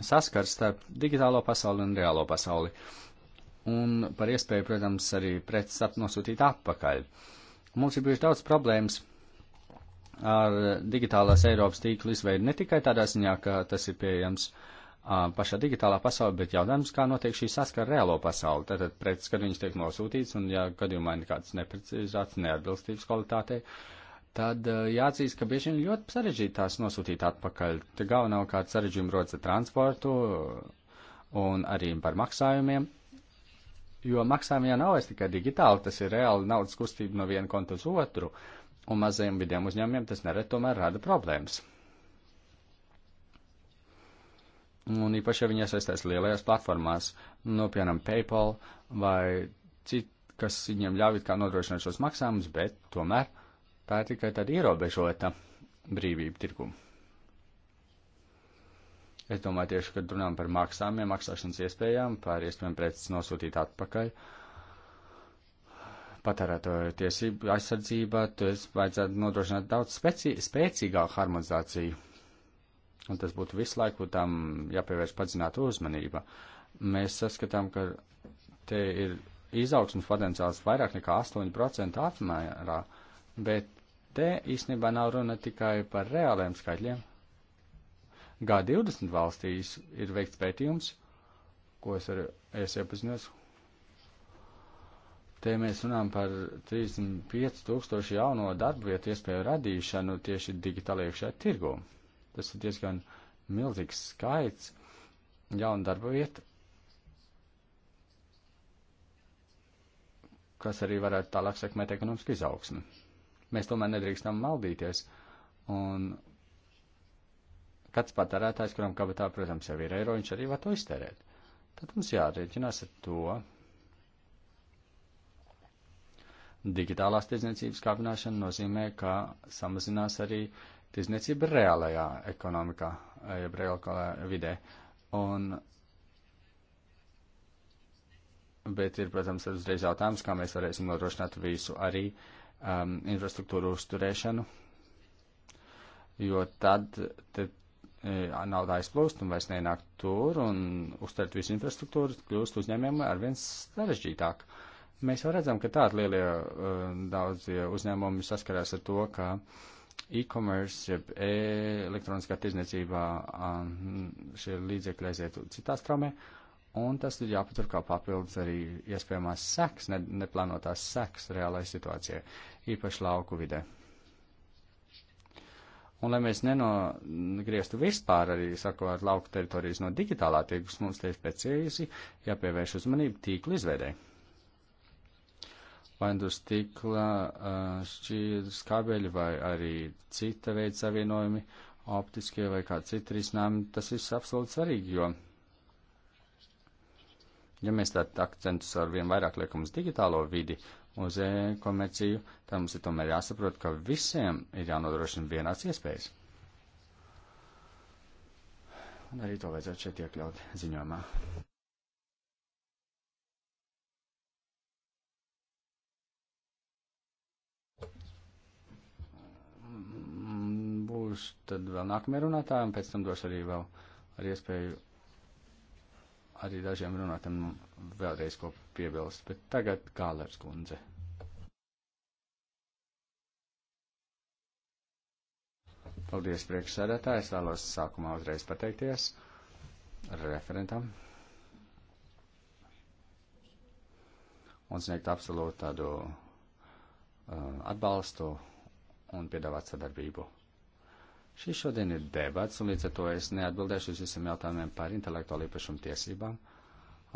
C: saskars starp digitālo pasauli un reālo pasauli. Un par iespēju, protams, arī preces nosūtīt atpakaļ. Mums ir bijuši daudz problēmas ar digitālās Eiropas tīklu izveidu ne tikai tādā ziņā, ka tas ir pieejams a, pašā digitālā pasaulē, bet jautājums, kā notiek šī saskara reālo pasauli. Tātad preces, kad viņas tiek nosūtīts un, ja gadījumā ir kāds neprecizēts, neatbilstības kvalitātei, uh, tad eh, jāatzīst, ka bieži vien ļoti sarežģīti tās nosūtīt atpakaļ. Te galvenokārt sarežģījumi rodas ar transportu eh, un arī par maksājumiem, jo maksājumi jau nav vairs tikai digitāli, tas ir reāli naudas kustība no viena konta uz otru, un mazajiem vidiem uzņēmumiem tas nereti tomēr rada problēmas. Un īpaši, ja viņi iesaistās lielajās platformās, nu, piemēram, PayPal vai citas, kas viņiem ļauj kā nodrošināt šos maksājumus, bet tomēr Tā ir tikai tāda ierobežota brīvība tirgu. Es domāju, tieši, kad runājam par maksājumiem, maksāšanas iespējām, par iespējām preces nosūtīt atpakaļ, patērētāju tiesību aizsardzībā, tu es vajadzētu nodrošināt daudz speci spēcīgāku harmonizāciju. Un tas būtu visu laiku tam jāpievērš padzināta uzmanība. Mēs saskatām, ka te ir izaugsmas potenciāls vairāk nekā 8% apmērā, bet Te īstenībā nav runa tikai par reāliem skaitļiem. G20 valstīs ir veikts pētījums, ko es arī es iepazinos. Te mēs runājam par 35 tūkstošu jauno darba vietu iespēju radīšanu tieši digitālajā tirgū. Tas ir diezgan milzīgs skaits jaunu darba vietu, kas arī varētu tālāk sekmēt ekonomisku izaugsmu. Mēs tomēr nedrīkstam maldīties. Un kāds patērētājs, kuram kabatā, protams, jau ir eiro, viņš arī var to iztērēt. Tad mums jārēķinās ar to. Digitālās tirdzniecības kāpināšana nozīmē, ka samazinās arī tirdzniecība reālajā ekonomikā, jeb reālajā vidē. Un bet ir, protams, uzreiz jautājums, kā mēs varēsim nodrošināt visu arī um, infrastruktūru uzturēšanu, jo tad te, e, nauda aizplūst un vairs nenāk tur, un uzturēt visu infrastruktūru kļūst uzņēmējiem arvien sarežģītāk. Mēs jau redzam, ka tādi lielie e, daudzie uzņēmumi saskarās ar to, ka e-commerce, jeb e elektroniskā tirdzniecībā šie līdzekļi aiziet citā straumē. Uh, Un tas ir jāpatur kā papildus arī iespējamās seks, ne, neplānotās seks reālai situācijai, īpaši lauku vidē. Un, lai mēs nenogrieztu vispār arī, sakot, lauku teritorijas no digitālā tirgus, mums tieši precīzi jāpievērš uzmanība tīklu izveidē. Vai nu uz tīkla šķīdus kabeļi vai arī cita veida savienojumi, optiskie vai kā citi risinājumi, tas viss absolūti svarīgi, jo Ja mēs tādu akcentus ar vien vairāk liekam uz digitālo vidi, uz e-komerciju, tad mums ir tomēr jāsaprot, ka visiem ir jānodrošina vienāds iespējas. Un arī to vajadzētu šeit iekļaut ziņojumā. Mm, būs tad vēl nākamie runātāji, un pēc tam došu arī vēl ar iespēju arī dažiem runātam vēlreiz ko piebilst, bet tagad Kālers kundze. Paldies priekšsēdētāji, es vēlos sākumā uzreiz pateikties referentam un sniegt absolūtu tādu uh, atbalstu un piedāvāt sadarbību. Šis šodien ir debats, un līdz ar to es neatbildēšu uz visiem jautājumiem par intelektuālu īpašumu tiesībām,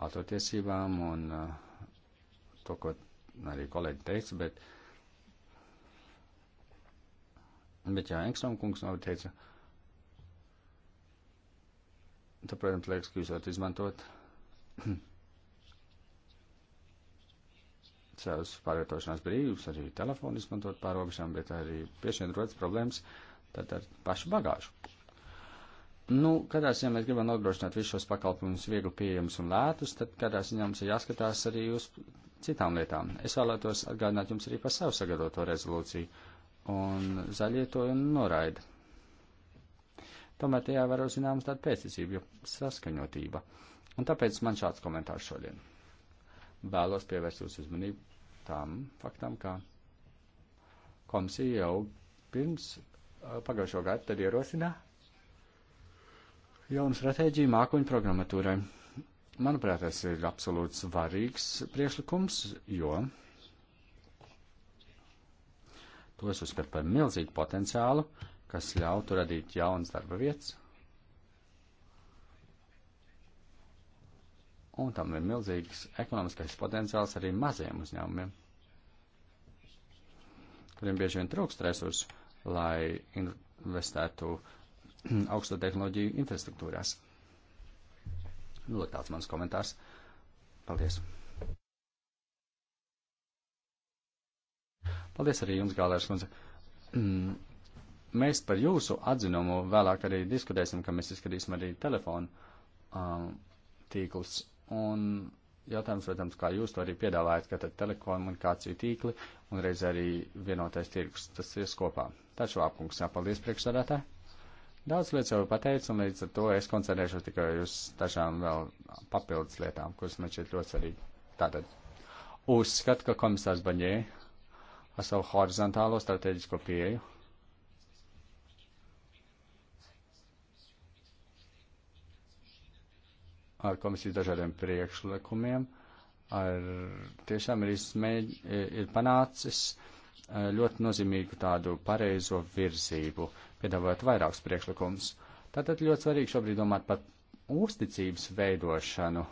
C: autortiesībām un uh, to, ko arī kolēģi teica, bet, bet jā, Engstrom kungs nav teica, tad, protams, liekas, ka jūs varat izmantot savus pārvietošanās brīvības, arī telefonu izmantot pārobežām, bet arī piešķirot problēmas. Uh, tad ar pašu bagāžu. Nu, kādā ziņā ja mēs gribam nodrošināt visus šos pakalpojumus viegli pieejamus un lētus, tad kādā ziņā ja mums ir jāskatās arī uz citām lietām. Es vēlētos atgādināt jums arī par savu sagatavoto rezolūciju, un zaļie to noraida. Tomēr tajā var uzzināms tāda pēcticība, jo saskaņotība. Un tāpēc man šāds komentārs šodien. Vēlos pievērst jūsu uzmanību tam faktam, ka komisija jau pirms Eh, pagājušo gadu tad ierosina jaunu stratēģiju mākoņu programmatūrai. Manuprāt, tas ir absolūti svarīgs priekšlikums, jo to es uzskatu par milzīgu potenciālu, kas ļautu radīt jaunas darba vietas. Un tam ir milzīgs ekonomiskais potenciāls arī maziem uzņēmumiem, kuriem bieži vien trūkst resursu lai investētu augsto tehnoloģiju infrastruktūrās. Nu, tāds mans komentārs. Paldies! Paldies arī jums, Gālērs kundze. Mm, mēs par jūsu atzinumu vēlāk arī diskutēsim, ka mēs izskatīsim arī telefonu um, tīklus. Un jautājums, protams, kā jūs to arī piedāvājat, ka tad telekomunikāciju tīkli un reiz arī vienotais tirgus, tas ir kopā. Taču Vāpkungs, jāpaldies priekšsādātā. Daudz lietas jau pateicu, un līdz ar to es koncentrēšos tikai uz dažām vēl papildus lietām, kuras man šķiet ļoti svarīgi. Tātad, uzskatu, ka komisārs Baņē ar savu horizontālo strateģisko pieeju ar komisijas dažādiem priekšlikumiem, ar tiešām ir, izmēģ, ir panācis Eh, ļoti nozīmīgu tādu pareizo virzību, piedāvājot vairākus priekšlikumus. Tātad ļoti svarīgi šobrīd domāt par uzticības veidošanu.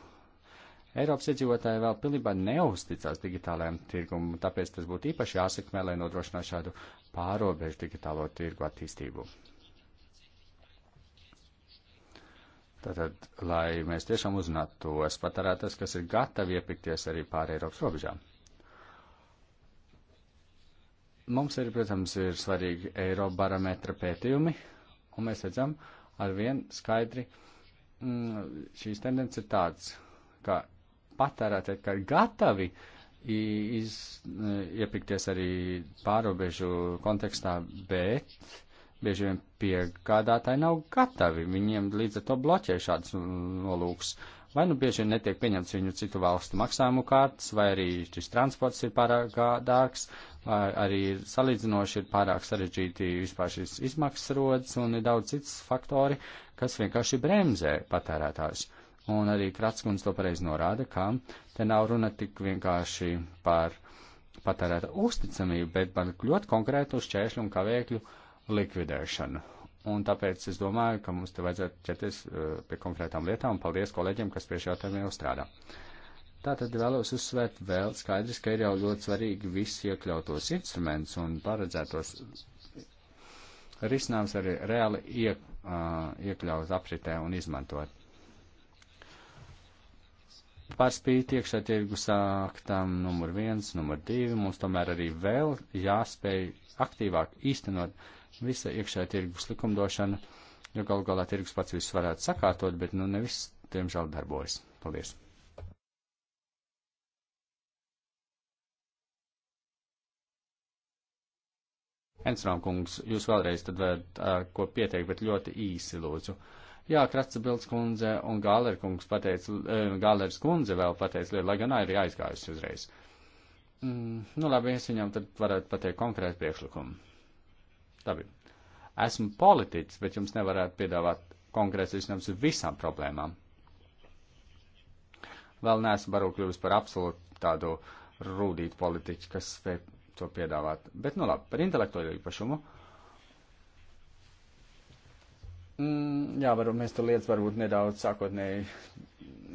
C: Eiropas iedzīvotāji vēl pilnībā neusticās digitālajiem tirgumu, tāpēc tas būtu īpaši jāsekmē, lai nodrošinātu šādu pārobežu digitālo tirgu attīstību. Tātad, lai mēs tiešām uzzinātu tos patērētājus, kas ir gatavi iepirkties arī pāri Eiropas robežām. Mums ir, protams, ir svarīgi Eirobarometra pētījumi, un mēs redzam ar vien skaidri, mm, šīs tendences ir tādas, ka patērētāji, ka ir gatavi iz, e, iepikties arī pārobežu kontekstā, bet bieži vien piegādātāji nav gatavi, viņiem līdz ar to bloķē šāds nolūks. Mm, Vai nu bieži vien netiek pieņemts viņu citu valstu maksājumu kārtas, vai arī šis transports ir pārāk dārgs, vai arī salīdzinoši ir pārāk sarežģīti vispār šis izmaksas rodas, un ir daudz cits faktori, kas vienkārši bremzē patērētājus. Un arī Kratskunds to pareizi norāda, ka te nav runa tik vienkārši par patērēta uzticamību, bet par ļoti konkrētu šķēršļu un kavēkļu likvidēšanu. Un tāpēc es domāju, ka mums te vajadzētu ķerties eh, pie konkrētām lietām, un paldies kolēģiem, kas pie šī jautājuma jau strādā. Tātad vēlos uzsvērt vēl skaidrs, ka ir jau ļoti svarīgi visi iekļautos instruments un paredzētos risinājums arī reāli iek, uh, iekļaut apritē un izmantot. Par spīti iekšā tirgus aktam numur viens, numur divi, mums tomēr arī vēl jāspēj aktīvāk īstenot visa iekšējā tirgus likumdošana, jo gal galā tirgus pats viss varētu sakārtot, bet nu nevis, diemžēl, darbojas. Paldies! Enstrām kungs, jūs vēlreiz tad varat uh, ko pieteikt, bet ļoti īsi lūdzu. Jā, Kratsa Bilds kundze un Gāler kungs pateica, uh, Gālers kundze vēl pateica lietu, lai gan arī aizgājusi uzreiz. Mm, nu labi, es viņam tad varētu pateikt konkrētu priekšlikumu. Labi. Esmu politiķis, bet jums nevarētu piedāvāt konkrēts risinājums visām problēmām. Vēl neesmu varu kļuvis par absolūtu tādu rūdītu politiķu, kas spēj to piedāvāt. Bet, nu labi, par intelektuālo īpašumu. Mm, jā, varbūt mēs tur lietas varbūt nedaudz sākotnēji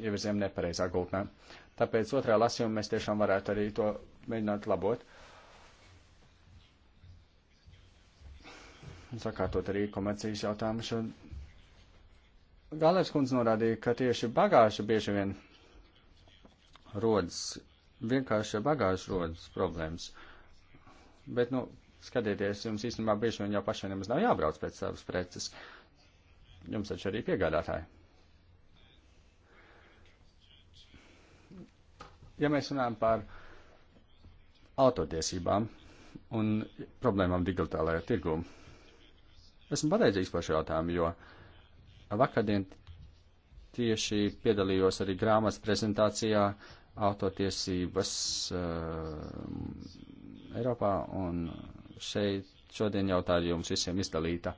C: ievirzījām nepareizā gultnē. Tāpēc otrā lasījuma mēs tiešām varētu arī to mēģināt labot. un sakārtot arī komercijas jautājumu. Šo... Galērs kundze norādīja, ka tieši bagāža bieži vien rodas, vienkārši bagāža rodas problēmas. Bet, nu, skatieties, jums īstenībā bieži vien jau pašai nemaz nav jābrauc pēc savas preces. Jums taču arī piegādātāji. Ja mēs runājam par autotiesībām un problēmām digitālajā tirgū, Esmu pateicīgs par šo jautājumu, jo vakardien tieši piedalījos arī grāmatas prezentācijā autotiesības uh, Eiropā, un šeit šodien jautāju jums visiem izdalīta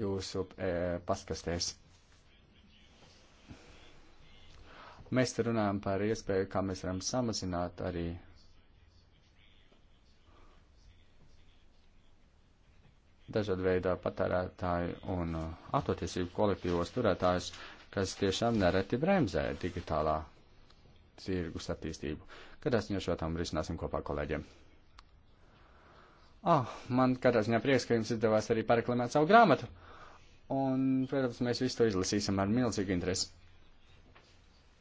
C: jūsu e, paskastēs. Mēs runājam par iespēju, kā mēs varam samazināt arī dažādu veidā patērētāju un uh, autotiesību kolektīvos turētājus, kas tiešām nereti bremzē digitālā tirgus attīstību. Kad es viņu šo tam risināsim kopā ar kolēģiem. Ah, oh, man katrā ziņā prieks, ka jums izdevās arī pareklamēt savu grāmatu. Un, protams, mēs visu to izlasīsim ar milzīgu interesi.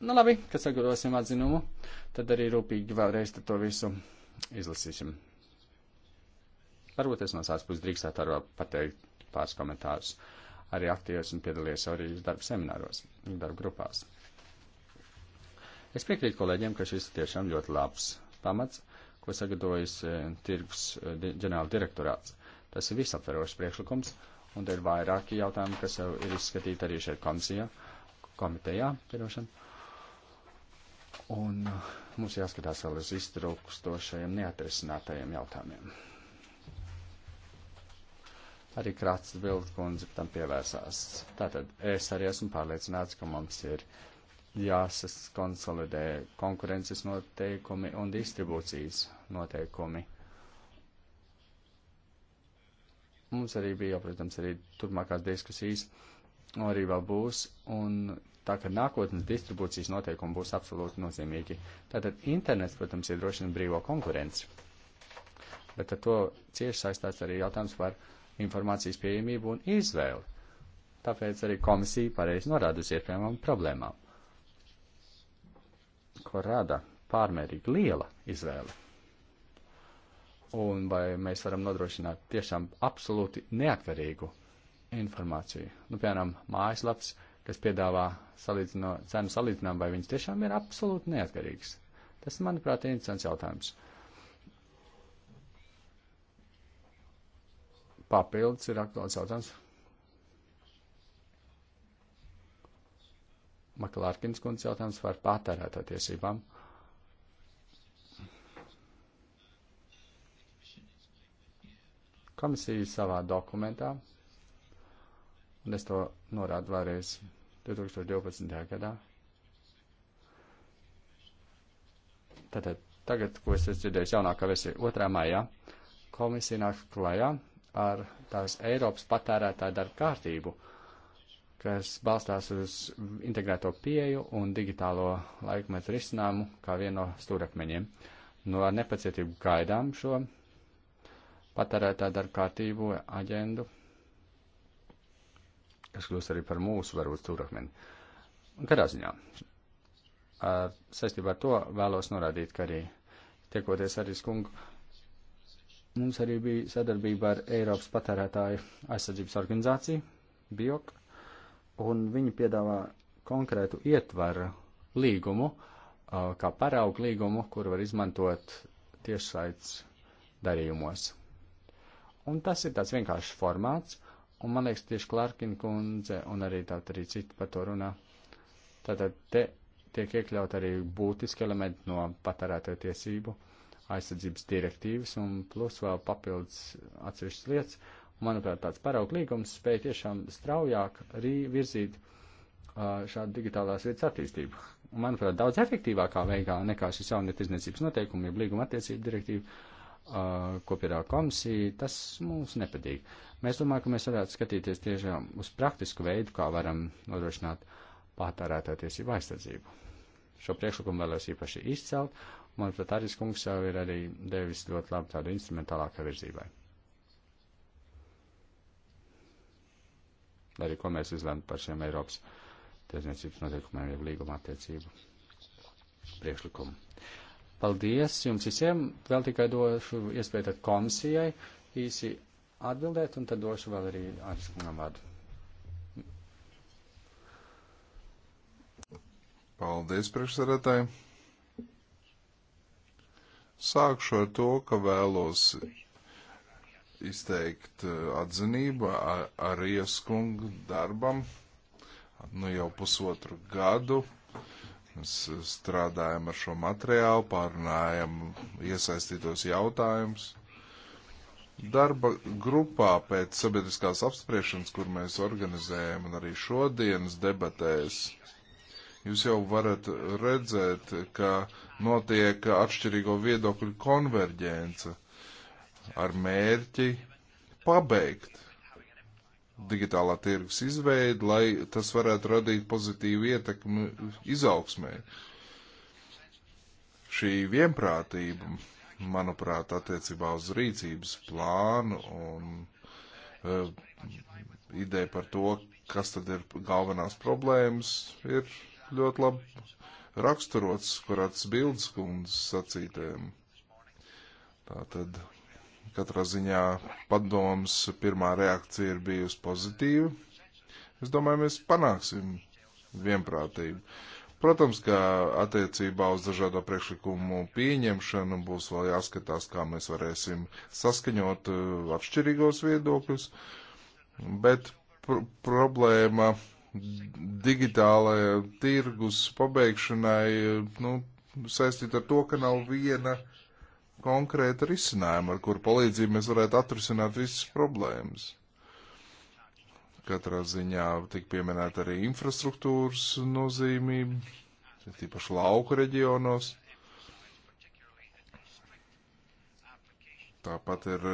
C: Nu labi, kad sagatavosim atzinumu, tad arī rūpīgi vēlreiz to visu izlasīsim. Varbūt es no savas puses drīkstētu arī pateikt pāris komentārus. Arī aktīvs un piedalījies arī darba semināros, darba grupās. Es piekrītu kolēģiem, ka šis ir tiešām ļoti labs pamats, ko sagatavojas eh, tirgus eh, ģenerāla direktorāts. Tas ir visaptverošs priekšlikums, un te ir vairāki jautājumi, kas jau ir izskatīti arī šeit komisijā, komitejā, piedošana. Un eh, mums jāskatās vēl uz iztrūkstošajiem neatrisinātajiem jautājumiem. Arī Kratas Bildkundze tam pievērsās. Tātad es arī esmu pārliecināts, ka mums ir jāsaskonsolidē konkurences noteikumi un distribūcijas noteikumi. Mums arī bija, protams, arī turpmākās diskusijas, arī vēl būs, un tā kā nākotnes distribūcijas noteikumi būs absolūti nozīmīgi. Tātad internets, protams, iedrošina brīvo konkurenci, bet ar to cieši saistās arī jautājums par informācijas pieejamību un izvēli. Tāpēc arī komisija pareizi norāda uz iespējamām problēmām, ko rada pārmērīgi liela izvēle. Un vai mēs varam nodrošināt tiešām absolūti neatkarīgu informāciju? Nu, piemēram, mājaslaps, kas piedāvā salīdzino, cenu salīdzinām, vai viņš tiešām ir absolūti neatkarīgs. Tas, manuprāt, ir interesants jautājums. Uh, papildus ir aktuāls jautājums. Maklārkins kundze jautājums par patērētā tiesībām. Komisija savā dokumentā, un es to norādu vēlreiz 2012. gadā, tātad tagad, ko es esmu dzirdējis jaunākā versija, 2. maijā, komisija nāk klajā ar tās Eiropas patērētāju darba kārtību, kas balstās uz integrēto pieju un digitālo laikmetu risinājumu kā vienu no stūrakmeņiem. No nu, ar nepacietību gaidām šo patērētāju darba kārtību aģendu, kas kļūst arī par mūsu varbūt stūrakmeni. Garā ziņā. Ar, saistībā ar to vēlos norādīt, ka arī tiekoties arī skungu Mums arī bija sadarbība ar Eiropas patērētāju aizsardzības organizāciju, BIOK, un viņi piedāvā konkrētu ietvaru līgumu, kā paraugu līgumu, kur var izmantot tiešsaits darījumos. Un tas ir tāds vienkāršs formāts, un man liekas, tieši Klārkina kundze un arī tātad arī citi par to runā. Tātad te tiek iekļaut arī būtiski elementi no patērētāju tiesību aizsardzības direktīvas un plus vēl papildus atsevišķas lietas. Manuprāt, tāds parauglīgums spēja tiešām straujāk virzīt šādu digitālās vietas attīstību. Un, manuprāt, daudz efektīvākā veidā nekā šis jaunie tirdzniecības noteikumi, ja līguma attiecība direktīva, ko piedāvā komisija, tas mums nepatīk. Mēs domājam, ka mēs varētu skatīties tiešām uz praktisku veidu, kā varam nodrošināt patērētāju tiesību aizsardzību. Šo priekšlikumu vēlos īpaši izcelt manuprāt, Aris kungs jau ir arī devis ļoti labu tādu instrumentālākai virzībai. Arī ko mēs izlēmām par šiem Eiropas tiesniecības noteikumiem, jau līguma attiecību priekšlikumu. Paldies jums visiem. Vēl tikai došu iespēju tad komisijai īsi atbildēt, un tad došu vēl arī Aris kungam vārdu. Paldies,
A: priekšsarētāji! Sākšu ar to, ka vēlos izteikt eh, atzinību Arijas ar kungu darbam. Nu jau pusotru gadu mēs eh, strādājam ar šo materiālu, pārunājam iesaistītos jautājumus. Darba grupā pēc sabiedriskās apspriešanas, kur mēs organizējam un arī šodienas debatēs, jūs jau varat redzēt, ka notiek atšķirīgo viedokļu konverģence ar mērķi pabeigt digitālā tirgus izveidi, lai tas varētu radīt pozitīvu ietekmi izaugsmē. Šī vienprātība, manuprāt, attiecībā uz rīcības plānu un uh, ideja par to, kas tad ir galvenās problēmas, ir ļoti labi raksturots kurāts bildes kundzes sacītēm. Tātad katrā ziņā padoms pirmā reakcija ir bijusi pozitīva. Es domāju, mēs panāksim vienprātību. Protams, ka attiecībā uz dažādo priekšlikumu pieņemšanu būs vēl jāskatās, kā mēs varēsim saskaņot uh, atšķirīgos viedokļus, bet pr problēma digitālajā tirgus pabeigšanai nu, saistīta ar to, ka nav viena konkrēta risinājuma, ar kuru palīdzību mēs varētu atrisināt visas problēmas. Katrā ziņā tik pieminēta arī infrastruktūras nozīmība, tīpaši lauku reģionos. Tāpat ir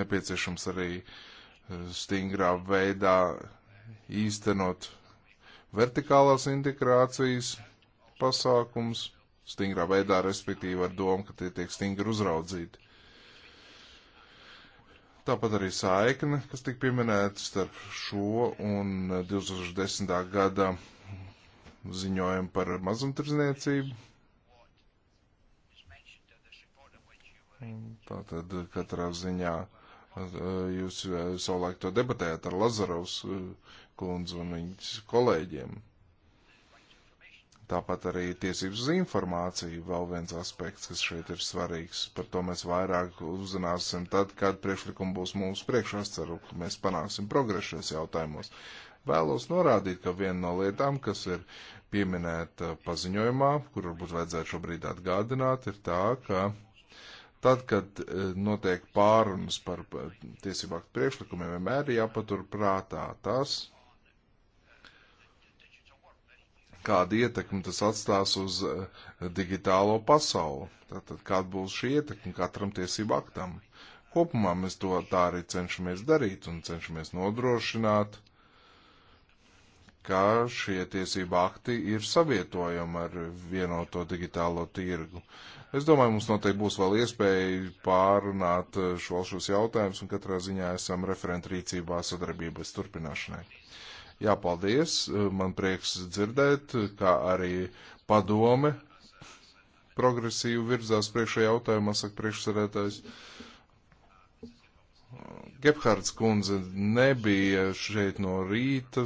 A: nepieciešams arī stingrā veidā īstenot vertikālās integrācijas pasākums stingrā veidā, respektīvi ar domu, ka tie tiek stingri uzraudzīti. Tāpat arī saikne, kas tika pieminēta starp šo un 2010. gada ziņojumu par mazumtirdzniecību. Tātad katrā ziņā uh, jūs uh, savulaik to debatējat ar Lazarovs uh, kundze un viņas kolēģiem. Tāpat arī tiesības uz informāciju vēl viens aspekts, kas šeit ir svarīgs. Par to mēs vairāk uzzināsim tad, kad priekšlikumi būs mūsu priekšā. Es ceru, ka mēs panāksim progresu šajos jautājumos. Vēlos norādīt, ka viena no lietām, kas ir pieminēta paziņojumā, kur varbūt vajadzētu šobrīd atgādināt, ir tā, ka tad, kad e, notiek pārunas par tiesību aktu priekšlikumiem, vienmēr jāpatur prātā tas, kādu ietekmi tas atstās uz eh, digitālo pasauli. Tātad, kāda būs šī ietekme katram tiesību aktam. Kopumā mēs to tā arī cenšamies darīt un cenšamies nodrošināt, ka šie tiesību akti ir savietojami ar vienoto digitālo tirgu. Es domāju, mums noteikti būs vēl iespēja pārunāt eh, šos, šos jautājumus, un katrā ziņā esam referentu rīcībā sadarbības turpināšanai. Jā, paldies. Man prieks dzirdēt, kā arī padome progresīvi virzās priekšā jautājumā, saka priekšsarētājs. Gebhards kundze nebija šeit no rīta,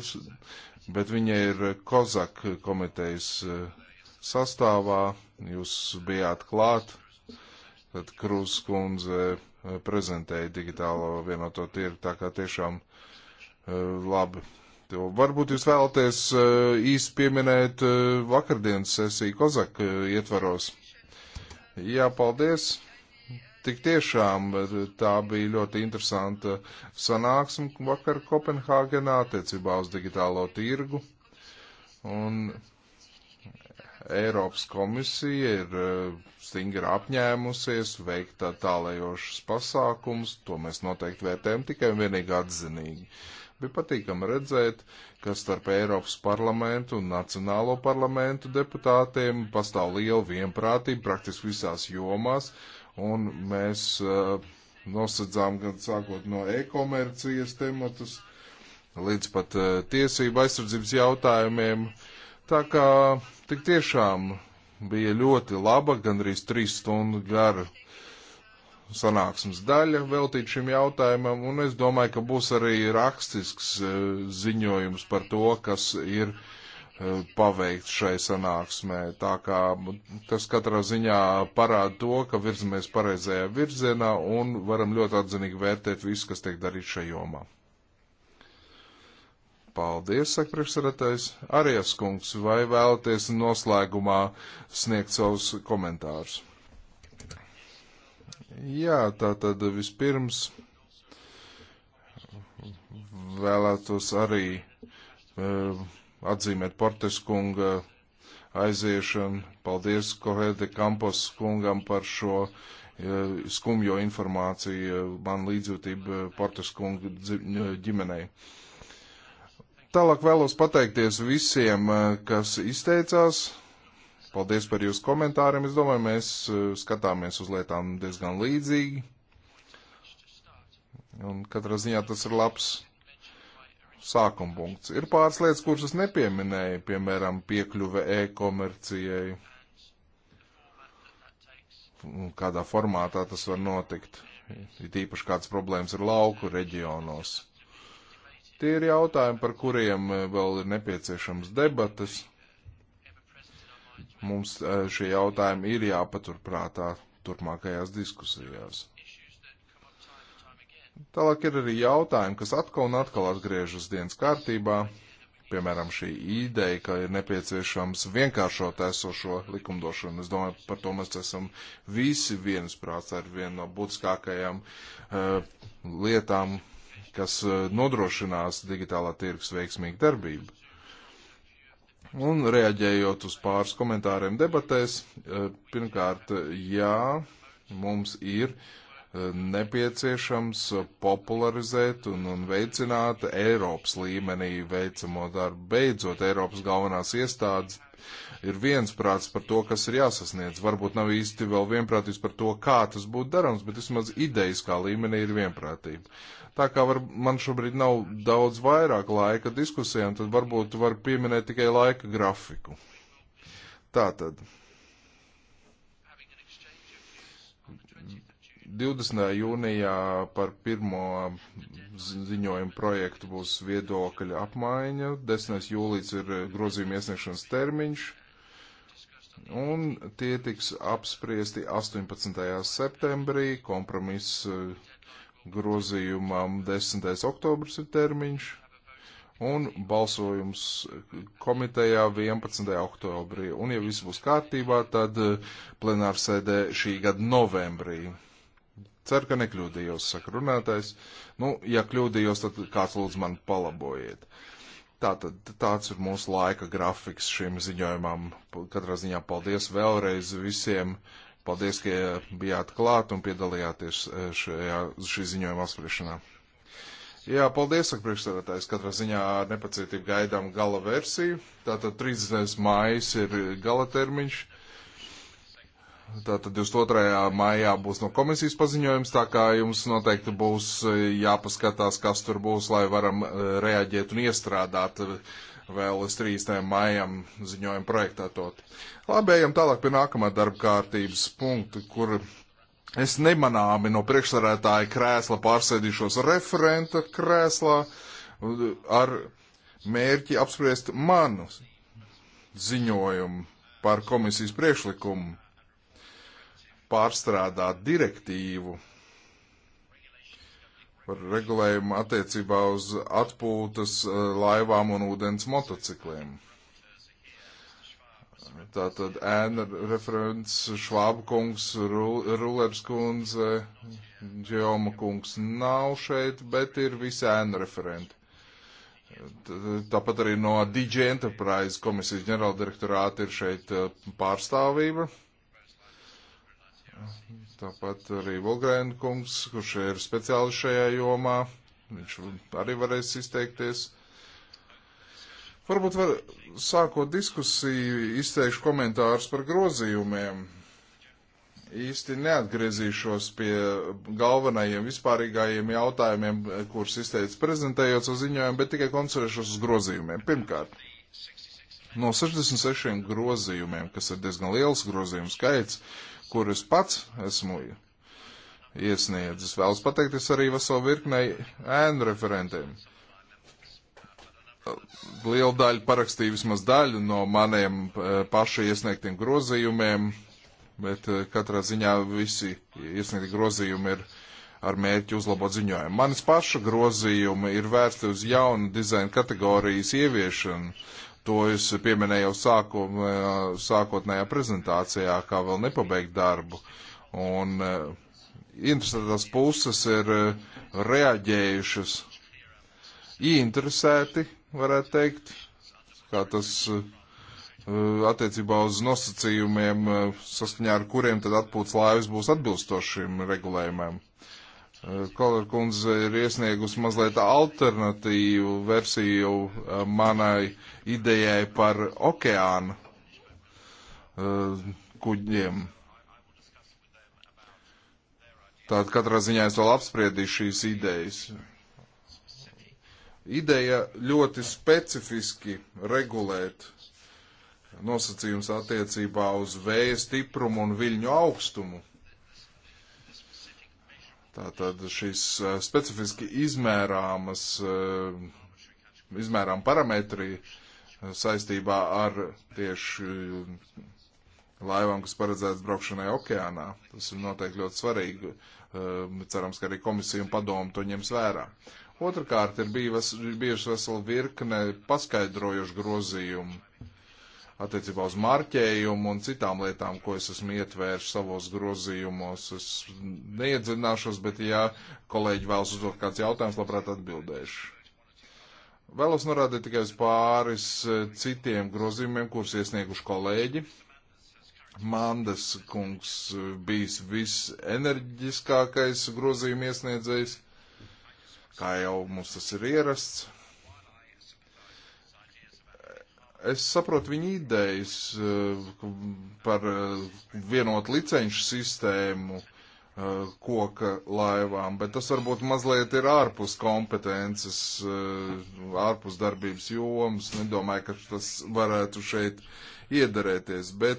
A: bet viņa ir Kozak komitejas eh, sastāvā. Jūs bijāt klāt, tad Krūz kundze eh, prezentēja digitālo vienoto tirgu, tā kā tiešām eh, labi To varbūt jūs vēlaties eh, īsti pieminēt eh, vakardienas sesiju Kozak eh, ietvaros. Jā, paldies. Tik tiešām tā bija ļoti interesanta sanāksme vakar Kopenhāgenā attiecībā uz digitālo tirgu. Un Eiropas komisija ir stingri apņēmusies veikt tālējošus pasākums, to mēs noteikti vērtējam tikai un vienīgi atzinīgi. Uh, Bija patīkami redzēt, ka starp Eiropas parlamentu un Nacionālo parlamentu deputātiem pastāv liela vienprātība praktiski visās jomās, un mēs uh, nosedzām gan sākot no e-komercijas tematus līdz pat uh, tiesību aizsardzības jautājumiem. Tā kā tik tiešām bija ļoti laba, gandrīz trīs stundu gara sanāksmes daļa veltīt šim jautājumam, un es domāju, ka būs arī rakstisks e, ziņojums par to, kas ir e, paveikts šai sanāksmē. Tā kā tas katrā ziņā parāda to, ka virzamies pareizajā virzienā un varam ļoti atzinīgi vērtēt visu, kas tiek darīts šajā jomā. Paldies, saka priekšsarētais. Arijas kungs, vai vēlaties noslēgumā sniegt savus komentārus? Jā, tā tad vispirms vēlētos arī uh, atzīmēt Portes kunga aiziešanu. Paldies Kohēde Kampos kungam par šo uh, skumjo informāciju man līdzjūtību uh, Portes kunga uh, ģimenei. Tālāk vēlos pateikties visiem, uh, kas izteicās Paldies par jūsu komentāriem. Es domāju, mēs eh, skatāmies uz lietām diezgan līdzīgi. Un katrā ziņā tas ir labs sākuma punkts. Ir pāris lietas, kuras es nepieminēju, piemēram, piekļuve e-komercijai. Kādā formātā tas var notikt. Ir tīpaši kāds problēmas ar lauku reģionos. Tie ir jautājumi, par kuriem eh, vēl ir nepieciešams debatas. Mums eh, šie jautājumi ir jāpaturprātā turpmākajās diskusijās. Tālāk ir arī jautājumi, kas atkal un atkal atgriežas dienas kārtībā. Piemēram, šī ideja, ka ir nepieciešams vienkāršot esošo likumdošanu. Es domāju, par to mēs esam visi viensprāts ar vienu no būtiskākajām uh, lietām, kas eh, nodrošinās digitālā tirgus veiksmīgu darbību. Un reaģējot uz pāris komentāriem debatēs, eh, pirmkārt, jā, mums ir eh, nepieciešams popularizēt un, un veicināt Eiropas līmenī veicamo darbu. Beidzot, Eiropas galvenās iestādes ir viensprāts par to, kas ir jāsasniedz. Varbūt nav īsti vēl vienprātības par to, kā tas būtu darams, bet vismaz idejas kā līmenī ir vienprātība. Tā kā var, man šobrīd nav daudz vairāk laika diskusijām, tad varbūt var pieminēt tikai laika grafiku. Tātad. 20. jūnijā par pirmo ziņojumu projektu būs viedokļa apmaiņa, 10. jūlīts ir grozījuma iesniegšanas termiņš, un tie tiks apspriesti 18. septembrī, kompromiss eh, grozījumam 10. oktobrs ir termiņš, un balsojums eh, komitejā 11. oktobrī. Un, ja viss būs kārtībā, tad eh, plenārsēdē šī gada novembrī. Ceru, ka nekļūdījos, saka runātājs. Nu, ja kļūdījos, tad kāds lūdzu man palabojiet. Uh, Tātad tāds ir mūsu laika grafiks šim ziņojumam. Katrā ziņā paldies vēlreiz visiem. Paldies, ka e, bijāt klāt un piedalījāties e, šajā, šī ziņojuma apspriešanā. Jā, paldies, saka priekšstādātājs. Katrā ziņā ar nepacietību gaidām gala versiju. Tātad 30. mājas ir gala termiņš. Tātad 22. maijā būs no komisijas paziņojums, tā kā jums noteikti būs e, jāpaskatās, kas tur būs, lai varam e, reaģēt un iestrādāt e, vēl uz 3. maijam ziņojumu projektā tot. Labi, ejam tālāk pie nākamā darba kārtības punkta, kur es nemanāmi no priekšsarētāja krēsla pārsēdīšos referenta krēslā ar mērķi apspriest manu ziņojumu par komisijas priekšlikumu pārstrādāt direktīvu par regulējumu attiecībā uz atpūtas eh, laivām un ūdens motocikliem. Tātad ēna referents Švāba kungs, Rulers kungs, Džioma kungs nav šeit, bet ir visi ēna referenti. Tāpat arī no DJ Enterprise komisijas ģenerāldirektorāta ir šeit eh, pārstāvība. Tāpat arī Volgrēna kungs, kurš ir speciāli šajā jomā, viņš arī varēs izteikties. Varbūt var, sākot diskusiju, izteikšu komentārus par grozījumiem. Īsti neatgriezīšos pie galvenajiem vispārīgajiem jautājumiem, kurus izteica prezentējot savu ziņojumu, bet tikai koncentrēšos uz grozījumiem. Pirmkārt, no 66 grozījumiem, kas ir diezgan liels grozījumu skaits, kurus pats esmu iesniedzis. Vēlos pateikties arī veselu virknei ēnu referentiem. Liela daļa parakstīja vismaz daļu no maniem eh, pašu iesniegtiem grozījumiem, bet eh, katrā ziņā visi iesniegti grozījumi ir ar mērķi uzlabot ziņojumu. Manis paša grozījumi ir vērsti uz jaunu dizaina kategorijas ieviešanu, To es pieminēju jau sākum, eh, sākotnējā prezentācijā, kā vēl nepabeigt darbu. Un eh, interesētās puses ir eh, reaģējušas ieinteresēti, varētu teikt, kā tas attiecībā uz nosacījumiem, saskaņā ar kuriem tad atpūtas laivas būs atbilstošiem regulējumiem. Kolerkundze ir iesniegusi mazliet alternatīvu versiju eh, manai idejai par okeānu eh, kuģiem. Tātad katrā ziņā es vēl apspriedīšu šīs idejas. Ideja ļoti specifiski regulēt nosacījums attiecībā uz vēja stiprumu un viļņu augstumu Tātad šīs eh, specifiski izmērāmas, eh, izmērām parametri eh, saistībā ar tieši laivām, kas paredzētas braukšanai okeānā. Tas ir noteikti ļoti svarīgi. Cerams, ka arī komisija un padomu to ņems vērā. Otrakārt ir bijusi vesela virkne paskaidrojušu grozījumu attiecībā uz marķējumu un citām lietām, ko es esmu ietvērš savos grozījumos. Es neiedzināšos, bet ja kolēģi vēlas uzdot kāds jautājums, labprāt atbildēšu. Vēlos norādīt tikai uz pāris e, citiem grozījumiem, kurus iesnieguši kolēģi. Mandas kungs e, bijis visenerģiskākais grozījuma iesniedzējs, kā jau mums tas ir ierasts Es saprotu viņa idejas eh, par eh, vienotu licenšu sistēmu eh, koka laivām, bet tas varbūt mazliet ir ārpus kompetences, ārpus darbības jomas. Nedomāju, ka tas varētu šeit iederēties, bet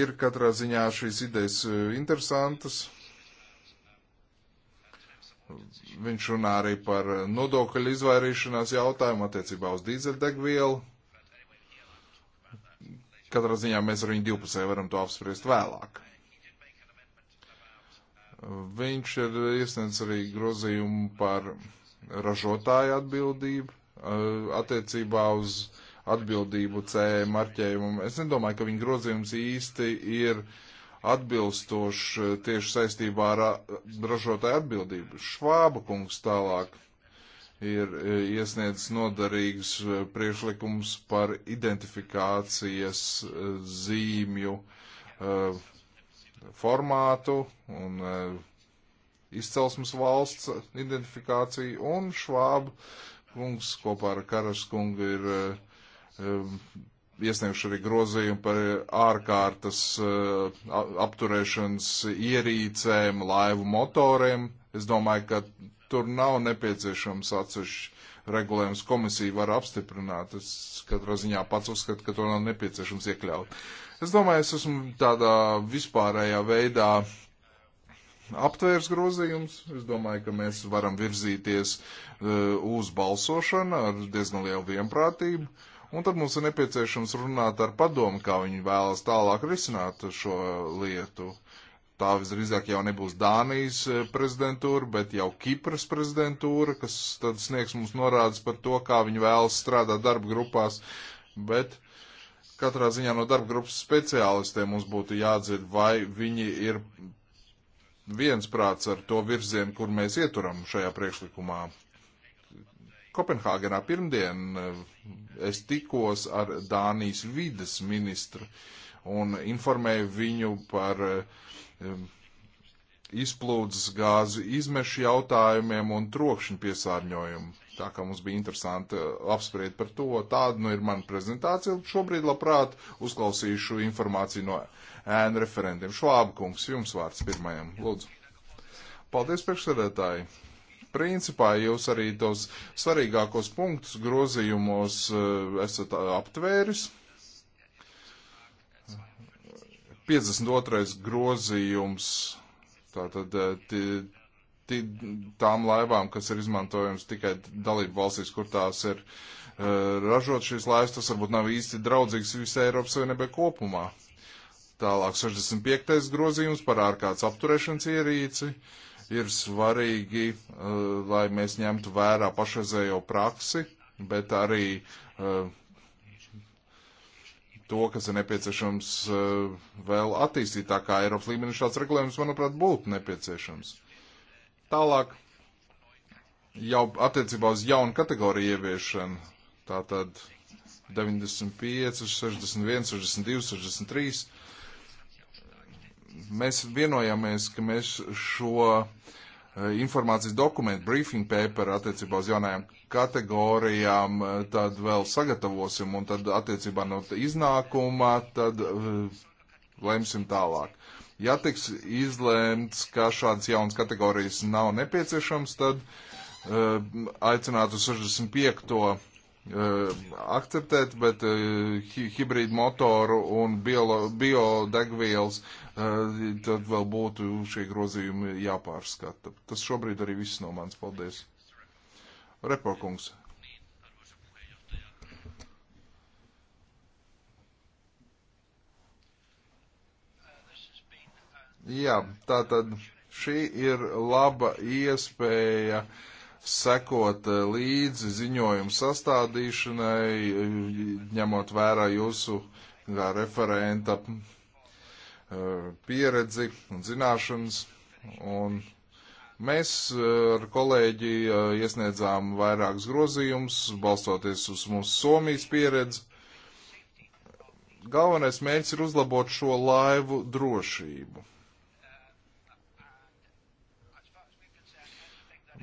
A: ir katrā ziņā šīs idejas interesantas Viņš runā arī par nodokļu izvairīšanās jautājumu attiecībā uz dīzeļdegvielu. Katrā ziņā mēs ar viņu divpusē varam to apspriest vēlāk. Viņš ir iesniedzis arī grozījumu par ražotāju atbildību attiecībā uz atbildību C marķējumam. Es nedomāju, ka viņa grozījums īsti ir uh, atbilstoši eh, tieši saistībā ar eh, ražotāju atbildību. Švāba kungs tālāk ir eh, iesniedzis nodarīgs priešlikums par identifikācijas zīmju formātu un izcelsmes valsts identifikāciju, un Švāba kungs kopā ar Karas kungu ir iesniegšu arī grozījumu par eh, ārkārtas eh, apturēšanas ierīcēm, laivu motoriem. Es domāju, ka tur nav nepieciešams atsevišķi regulējums komisija var apstiprināt. Es katrā ziņā pats uzskatu, ka to nav nepieciešams iekļaut. Es domāju, es esmu tādā vispārējā veidā aptvērs grozījums. Es domāju, ka mēs varam virzīties uh, uz balsošanu ar diezgan lielu vienprātību. Uh, Un tad mums ir nepieciešams runāt ar padomu, kā viņi vēlas tālāk risināt šo lietu. Tā visdrīzāk jau nebūs Dānijas e, prezidentūra, bet jau Kipras prezidentūra, kas tad sniegs mums norādes par to, kā viņi vēlas strādāt darba grupās. Bet katrā ziņā no darba grupas speciālistiem mums būtu jādzird, vai viņi ir viensprāts ar to virzienu, kur mēs ieturam šajā priekšlikumā. Kopenhāgenā pirmdien eh, es tikos ar Dānijas vides ministru un informēju viņu par eh, izplūdes gāzu izmešu jautājumiem un trokšņu piesārņojumu. Tā kā mums bija interesanti eh, apspriest par to, tāda nu ir mana prezentācija. Šobrīd labprāt uzklausīšu informāciju no ēnu referentiem. Švāba kungs, jums vārds pirmajam. Lūdzu. Paldies, priekšsēdētāji principā jūs arī tos svarīgākos punktus grozījumos eh, esat eh, aptvēris. 52. grozījums tātad eh, tām laivām, kas ir izmantojams tikai dalību valstīs, kur tās ir ražot šīs laivas, tas varbūt nav īsti draudzīgs visai Eiropas Savienībai kopumā. Tālāk 65. grozījums par ārkārtas apturēšanas ierīci. Uh, ir svarīgi, eh, lai mēs ņemtu vērā pašreizējo praksi, bet arī eh, to, kas ir nepieciešams eh, vēl attīstīt, tā kā Eiropas līmenī šāds regulējums, manuprāt, būtu nepieciešams. Tālāk, jau attiecībā uz jaunu kategoriju ieviešanu, tātad 95, 61, 62, 63 Mēs vienojāmies, ka mēs šo eh, informācijas dokumentu, briefing paper attiecībā uz jaunajām kategorijām, eh, tad vēl sagatavosim un tad attiecībā no iznākuma, tad eh, lemsim tālāk. Ja tiks izlēmts, ka šādas jaunas kategorijas nav nepieciešams, tad uh, aicinātu 65 akceptēt, bet hibrīdu motoru un biodegvielas bio tad vēl būtu šie grozījumi jāpārskata. Tas šobrīd arī viss no mans. Paldies. Repokungs. Jā, tā tad šī ir laba iespēja uh, sekot eh, līdzi ziņojumu sastādīšanai, eh, ņemot vērā jūsu kā referenta eh, pieredzi un zināšanas. Un mēs ar kolēģi iesniedzām vairākus grozījumus, balstoties uz mūsu Somijas pieredzi. Galvenais mērķis ir uzlabot šo laivu drošību.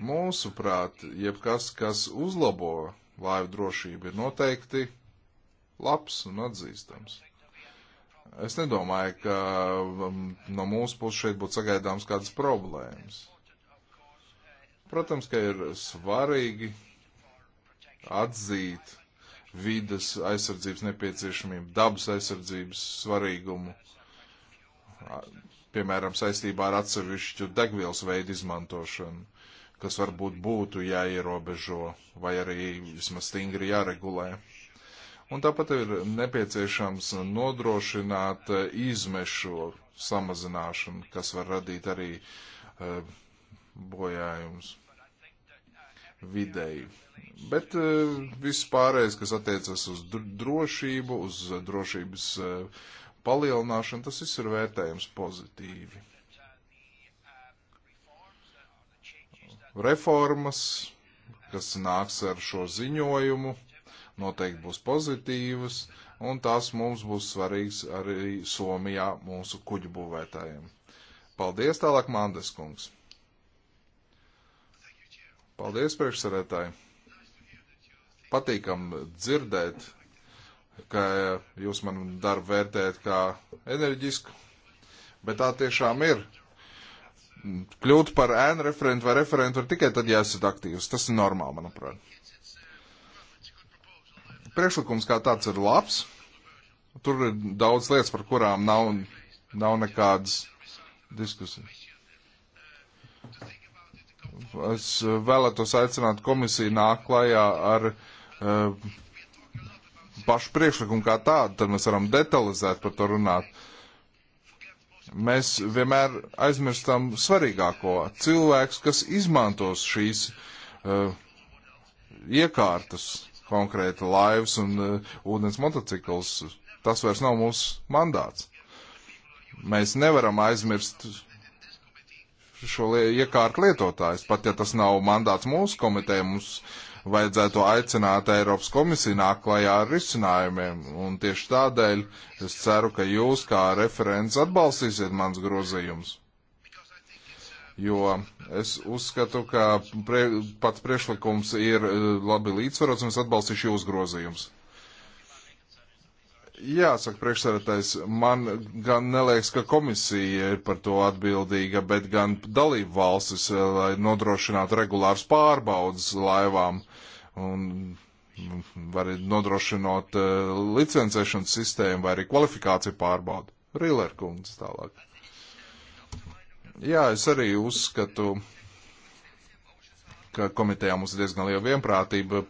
A: Mūsuprāt, jebkas, kas uzlabo laivu drošību, ir noteikti labs un atzīstams. Es nedomāju, ka um, no mūsu puses šeit būtu sagaidāms kādas problēmas. Protams, ka ir svarīgi atzīt vidas aizsardzības nepieciešamību, dabas aizsardzības svarīgumu, piemēram, saistībā ar atsevišķu degvielas veidu izmantošanu kas varbūt būtu jāierobežo vai arī vismaz stingri jāregulē. Un tāpat ir nepieciešams nodrošināt eh, izmešu samazināšanu, kas var radīt arī uh, eh, bojājums videi. Bet uh, viss pārējais, kas attiecas uz drošību, uz drošības uh, palielināšanu, tas viss ir vērtējums pozitīvi. reformas, kas nāks ar šo ziņojumu, noteikti būs pozitīvas, un tās mums būs svarīgs arī Somijā mūsu kuģu būvētājiem. Paldies tālāk, Mandes kungs! Paldies, priekšsarētāji! Patīkam dzirdēt, ka jūs man darbu vērtējat kā enerģisku, bet tā tiešām ir kļūt par ēnu referentu vai referentu var tikai tad, ja esat aktīvs. Tas ir normāli, manuprāt. Priekšlikums kā tāds ir labs. Tur ir daudz lietas, par kurām nav, nav nekādas diskusijas. Es vēlētos aicināt komisiju nāk klajā ar uh, pašu priekšlikumu kā tādu, tad mēs varam detalizēt par to runāt. Uh, Mēs vienmēr aizmirstam svarīgāko - cilvēks, kas izmantos šīs uh, iekārtas, konkrēti laivas un uh, ūdens motocikls. Tas vairs nav mūsu mandāts. Mēs nevaram aizmirst šo li iekārtu lietotājs, pat ja tas nav mandāts mūsu komitē, mums uh, vajadzētu aicināt Eiropas komisiju nāk klajā ar risinājumiem, un tieši tādēļ es ceru, ka jūs kā referents atbalstīsiet mans grozījums. Jo es uzskatu, ka prie, pats priešlikums ir eh, labi līdzsvarots, un es atbalstīšu jūs grozījums. Jāsaka, priekšsēdētājs, man gan neliekas, ka komisija ir par to atbildīga, bet gan dalību valstis, eh, lai nodrošinātu regulārs pārbaudas laivām. Uh, un mm, var nodrošinot eh, licencēšanas sistēmu vai arī kvalifikāciju pārbaudu. Riller kundze tālāk. Jā, es arī uzskatu, ka komitejā mums ir diezgan liela vienprātība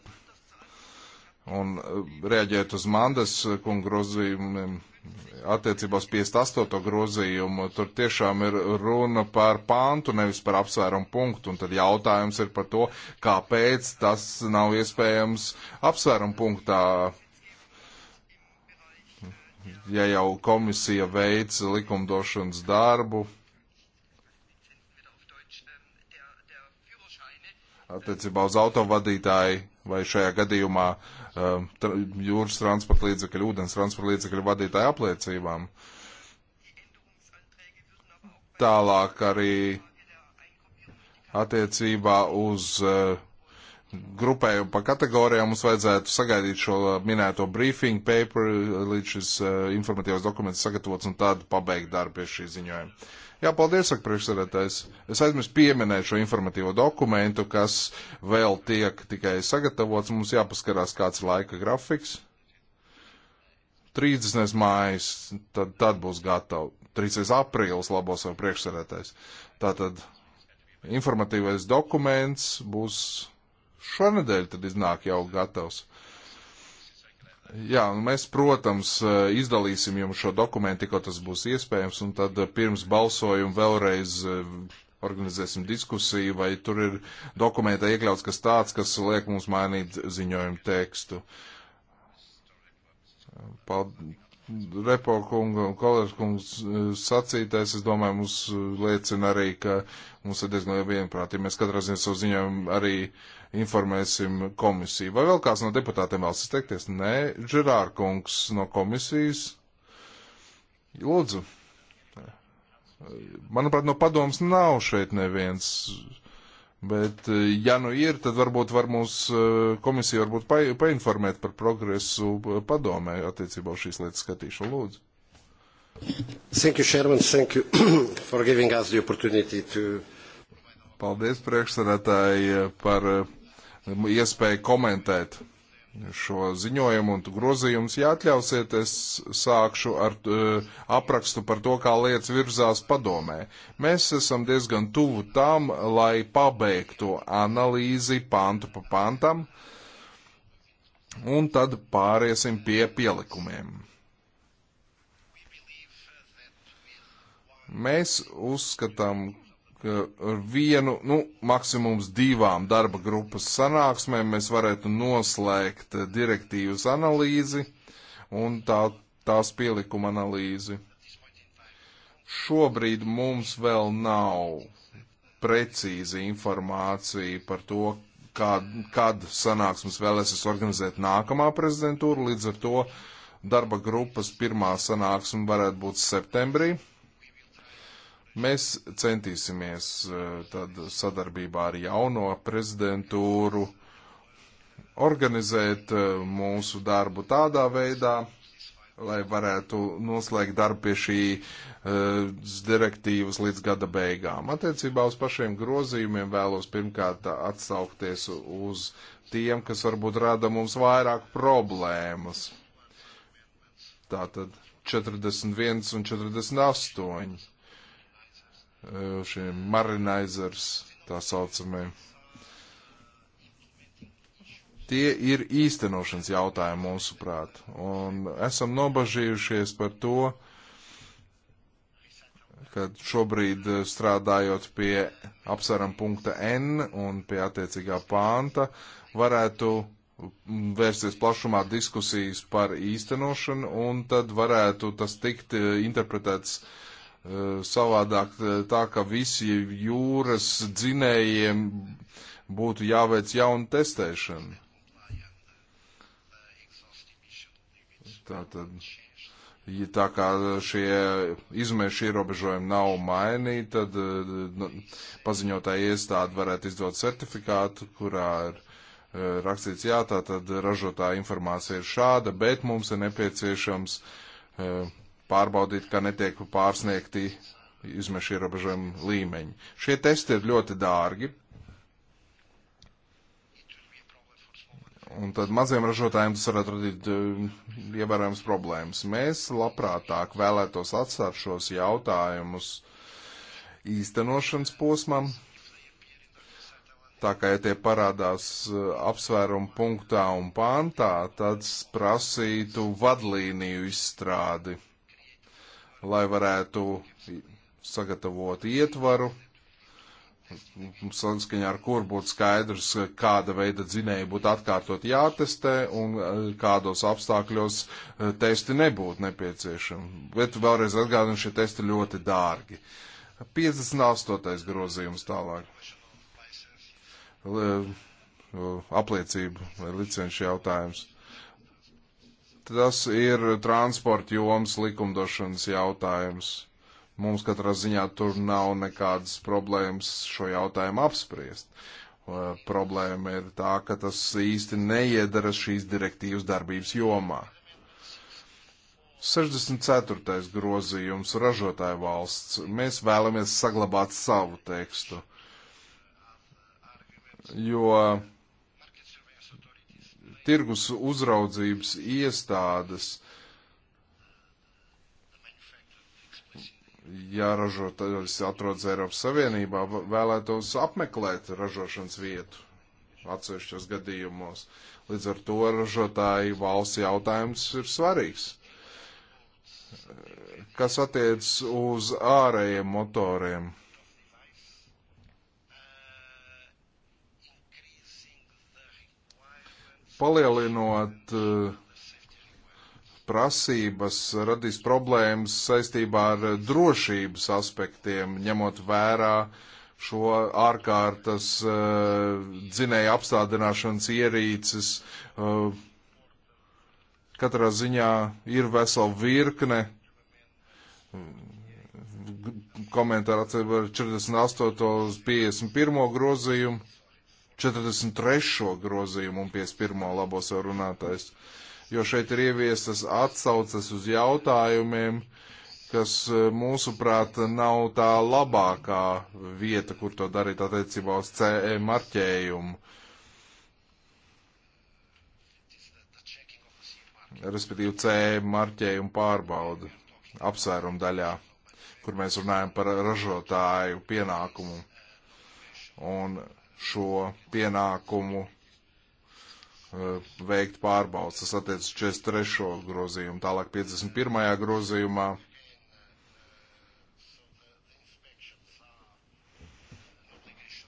A: un eh, reaģēt uz Mandas kungu grozījumiem attiecībā uz 58. grozījumu, tur tiešām ir runa par pāntu, nevis par apsvērumu punktu, un tad jautājums ir par to, kāpēc tas nav iespējams apsvērumu punktā. Ja jau komisija veic likumdošanas darbu, attiecībā uz autovadītāju vai šajā gadījumā uh, Um, jūras transporta līdzekļu, ūdens transporta līdzekļu vadītāju apliecībām. Tālāk arī attiecībā uz uh, grupējumu pa kategorijām mums vajadzētu sagaidīt šo uh, minēto briefing paper, līdz šis uh, informatīvas dokuments sagatavots un tad pabeigt darbu pie šī ziņojuma. Jā, paldies, saka priekšsēdētājs. Es aizmirsu pieminēt šo informatīvo dokumentu, kas vēl tiek tikai sagatavots. Mums jāpaskarās kāds laika grafiks. 30. mājas, tad, tad būs gatava. 30. aprīlis labos vai priekšsēdētājs. Tātad informatīvais dokuments būs šonadēļ, tad iznāk jau gatavs. Jā, mēs, protams, eh, izdalīsim jums šo dokumentu, tikko tas būs iespējams, un tad eh, pirms balsojuma vēlreiz eh, organizēsim diskusiju, vai tur ir dokumentā iekļauts kas tāds, kas liek mums mainīt ziņojumu tekstu. Paldies! Repo kunga un kolēģis kungs eh, sacītais, es domāju, mums eh, liecina arī, ka mums ir diezgan liela vienprātība. Mēs katrā ziņā savu ziņojumu arī informēsim komisiju. Vai vēl kāds no deputātiem vēlas izteikties? Nē, Žerār kungs no komisijas. Lūdzu. Manuprāt, no padoms nav šeit neviens. Bet, eh, ja nu ir, tad varbūt var mūs eh, komisija varbūt pa, painformēt par progresu eh, padomē attiecībā uz šīs lietas skatīšanu. Lūdzu. Thank you, Chairman. Thank you for giving us the opportunity to. Paldies, priekšsarētāji, par iespēju komentēt šo ziņojumu un grozījumus. Ja atļausiet, es sākšu ar uh, aprakstu par to, kā lietas virzās padomē. Mēs esam diezgan tuvu tam, lai pabeigtu analīzi pantu pa pantam, un tad pāriesim pie pielikumiem. Mēs uzskatām, ar vienu, nu, maksimums divām darba grupas sanāksmēm mēs varētu noslēgt eh, direktīvas analīzi un tā, tās pielikuma analīzi. Šobrīd mums vēl nav precīzi informācija par to, kā, kad sanāksmes vēlēsies organizēt nākamā prezidentūra, līdz ar to darba grupas pirmā sanāksme varētu būt septembrī Mēs centīsimies eh, tad sadarbībā ar jauno prezidentūru organizēt eh, mūsu darbu tādā veidā, lai varētu noslēgt darbu pie šī uh, direktīvas līdz gada beigām. Attiecībā uz pašiem grozījumiem vēlos pirmkārt atsaukties uz tiem, kas varbūt rada mums vairāk problēmas. Tātad 41 un 48. Uh, šie marinizers, tā saucamie. Tie ir īstenošanas jautājumi mūsuprāt, un esam nobažījušies par to, ka šobrīd uh, strādājot pie apsveram punkta N un pie attiecīgā pānta, varētu vērsties plašumā diskusijas par īstenošanu, un tad varētu tas tikt uh, interpretēts uh, Eh, savādāk eh, tā, ka visi jūras dzinējiem būtu jāveic jauna testēšana. Tātad, ja tā kā šie izmeši ierobežojumi nav mainīti, tad eh, nu, paziņotāja iestāde varētu izdot certifikātu, kurā ir rakstīts, jā, tā tad ražotāja informācija ir šāda, bet mums ir nepieciešams uh, pārbaudīt, ka netiek pārsniegti izmešu ierobežojumu līmeņi. Šie testi ir ļoti dārgi. Un tad maziem ražotājiem tas varētu radīt eh, ievērojams problēmas. Mēs labprātāk vēlētos atstāt šos jautājumus īstenošanas posmam, Tā kā ja tie parādās eh, apsvērumu punktā un pāntā, tad prasītu vadlīniju izstrādi lai varētu sagatavot ietvaru, saskaņā ar kur būtu skaidrs, kāda veida dzinēji būtu atkārtot jātestē un e, kādos apstākļos e, testi nebūtu nepieciešami. Bet vēlreiz atgādinu, šie testi ļoti dārgi. 58. grozījums tālāk. E, apliecību vai licenšu jautājums. Tas ir transporta jomas likumdošanas jautājums. Mums katrā ziņā tur nav nekādas problēmas šo jautājumu apspriest. Uh, problēma ir tā, ka tas īsti neiedara šīs direktīvas darbības jomā. 64. grozījums - ražotāja valsts. Mēs vēlamies saglabāt savu tekstu, jo tirgus uzraudzības iestādes, ja ražotājs atrodas Eiropas Savienībā, vēlētos apmeklēt ražošanas vietu atsevišķos gadījumos. Līdz ar to ražotāju valsts jautājums ir svarīgs. Kas attiec uz ārējiem motoriem? palielinot eh, prasības, radīs problēmas saistībā ar drošības aspektiem, ņemot vērā šo ārkārtas eh, dzinēja apstādināšanas ierīces. Eh, katrā ziņā ir vesela virkne komentāru atsevišķi 48. uz 51. grozījumu 43. grozījumu un 51. labos jau runātais, jo šeit ir ieviesas atsauces uz jautājumiem, kas eh, mūsuprāt nav tā labākā vieta, kur to darīt attiecībā uz CE marķējumu. respektīvi C e marķējumu pārbaudi apsvērumu daļā, kur mēs runājam par ražotāju pienākumu. Un šo pienākumu eh, veikt pārbaudas. Tas attiecas 43. grozījumu, tālāk 51. grozījumā.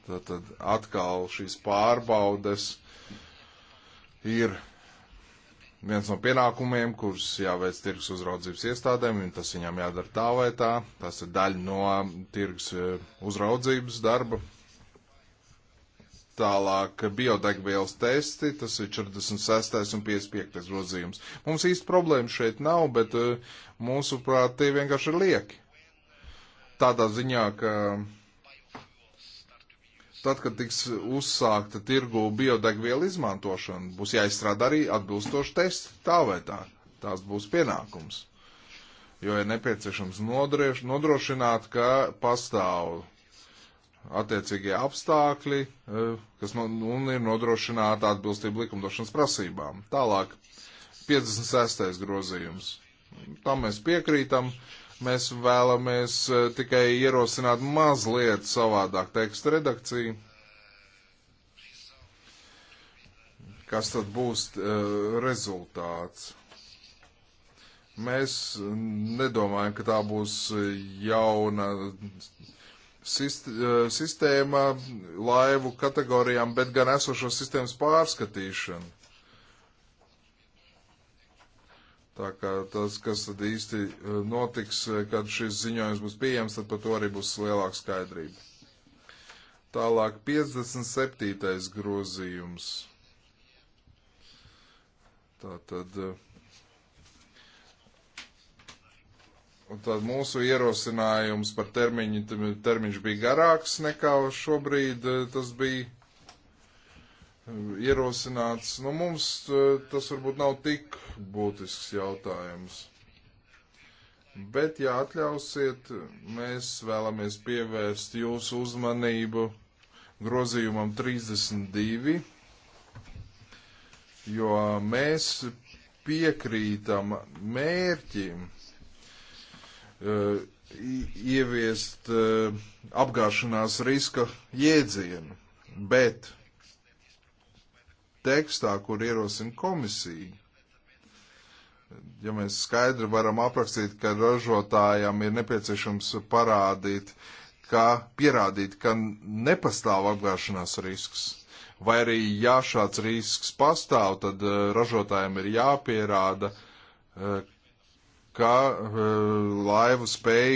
A: Tātad atkal šīs pārbaudes ir viens no pienākumiem, kurus jāveic tirgus uzraudzības iestādēm, un tas viņām jādara tā vai tā. Tas ir daļa no tirgus eh, uzraudzības darba, Tālāk biodegvielas testi, tas ir 46. un 55. grozījums. Mums īsti problēma šeit nav, bet eh, mūsuprāt tie vienkārši ir lieki. Tādā ziņā, ka tad, kad tiks uzsākta tirgu biodegvielu izmantošana, būs jāizstrādā arī atbilstoši testi tā vai tā. Tās būs pienākums. Jo ir nepieciešams nodrošināt, ka pastāv attiecīgie apstākļi, e, kas nu, nu ir nodrošināta atbilstība likumdošanas prasībām. Tālāk, 56. grozījums. Tam mēs piekrītam. Mēs vēlamies e, tikai ierosināt mazliet savādāk tekstu redakciju. Kas tad būs uh, rezultāts? Mēs nedomājam, ka tā būs jauna uh, E, sistēma laivu kategorijām, bet gan esošo sistēmas pārskatīšanu. Tā kā tas, kas tad īsti e, notiks, e, kad šis ziņojums būs pieejams, tad par to arī būs lielāka skaidrība. Tālāk 57. grozījums. Tātad. Uh, Tad mūsu ierosinājums par termiņu, termiņš bija garāks nekā šobrīd eh, tas bija eh, ierosināts. Nu, mums eh, tas varbūt nav tik būtisks jautājums. Bet, ja atļausiet, mēs vēlamies pievērst jūsu uzmanību grozījumam 32, jo mēs piekrītam mērķim Uh, ieviest uh, apgāšanās riska jēdzienu, bet tekstā, kur ierosina komisija, ja mēs skaidri varam aprakstīt, ka ražotājam ir nepieciešams parādīt, ka pierādīt, ka nepastāv apgāšanās risks. Vai arī, ja šāds risks pastāv, tad uh, ražotājiem ir jāpierāda, ka e, laivu spēj,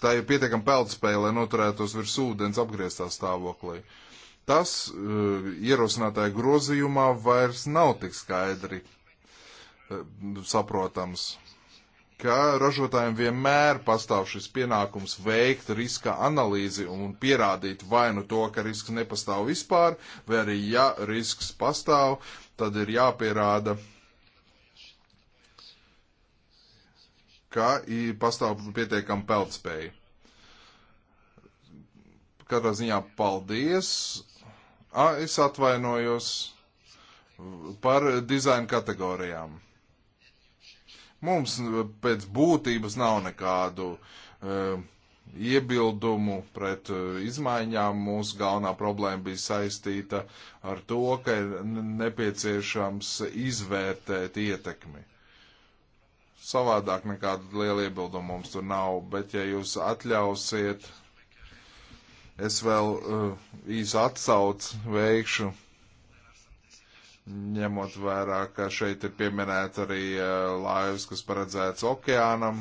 A: tā ir pietiekama peldspēja, lai noturētos virs ūdens apgrieztā stāvoklī. Tas e, ierosinātāja grozījumā vairs nav tik skaidri e, saprotams ka ražotājiem vienmēr pastāv šis pienākums veikt riska analīzi un pierādīt vai nu to, ka risks nepastāv vispār, vai arī ja risks pastāv, tad ir jāpierāda, ka pastāv pietiekama peltspēja. Katrā ziņā paldies. A, es atvainojos par dizaina kategorijām. Mums pēc būtības nav nekādu uh, iebildumu pret uh, izmaiņām. Mūsu galvenā problēma bija saistīta ar to, ka ir nepieciešams izvērtēt ietekmi savādāk nekāda liela iebilduma mums tur nav, bet ja jūs atļausiet, es vēl uh, īsu atsauc veikšu, ņemot vērā, ka šeit ir pieminēta arī uh, laivas, kas paredzēts okeānam.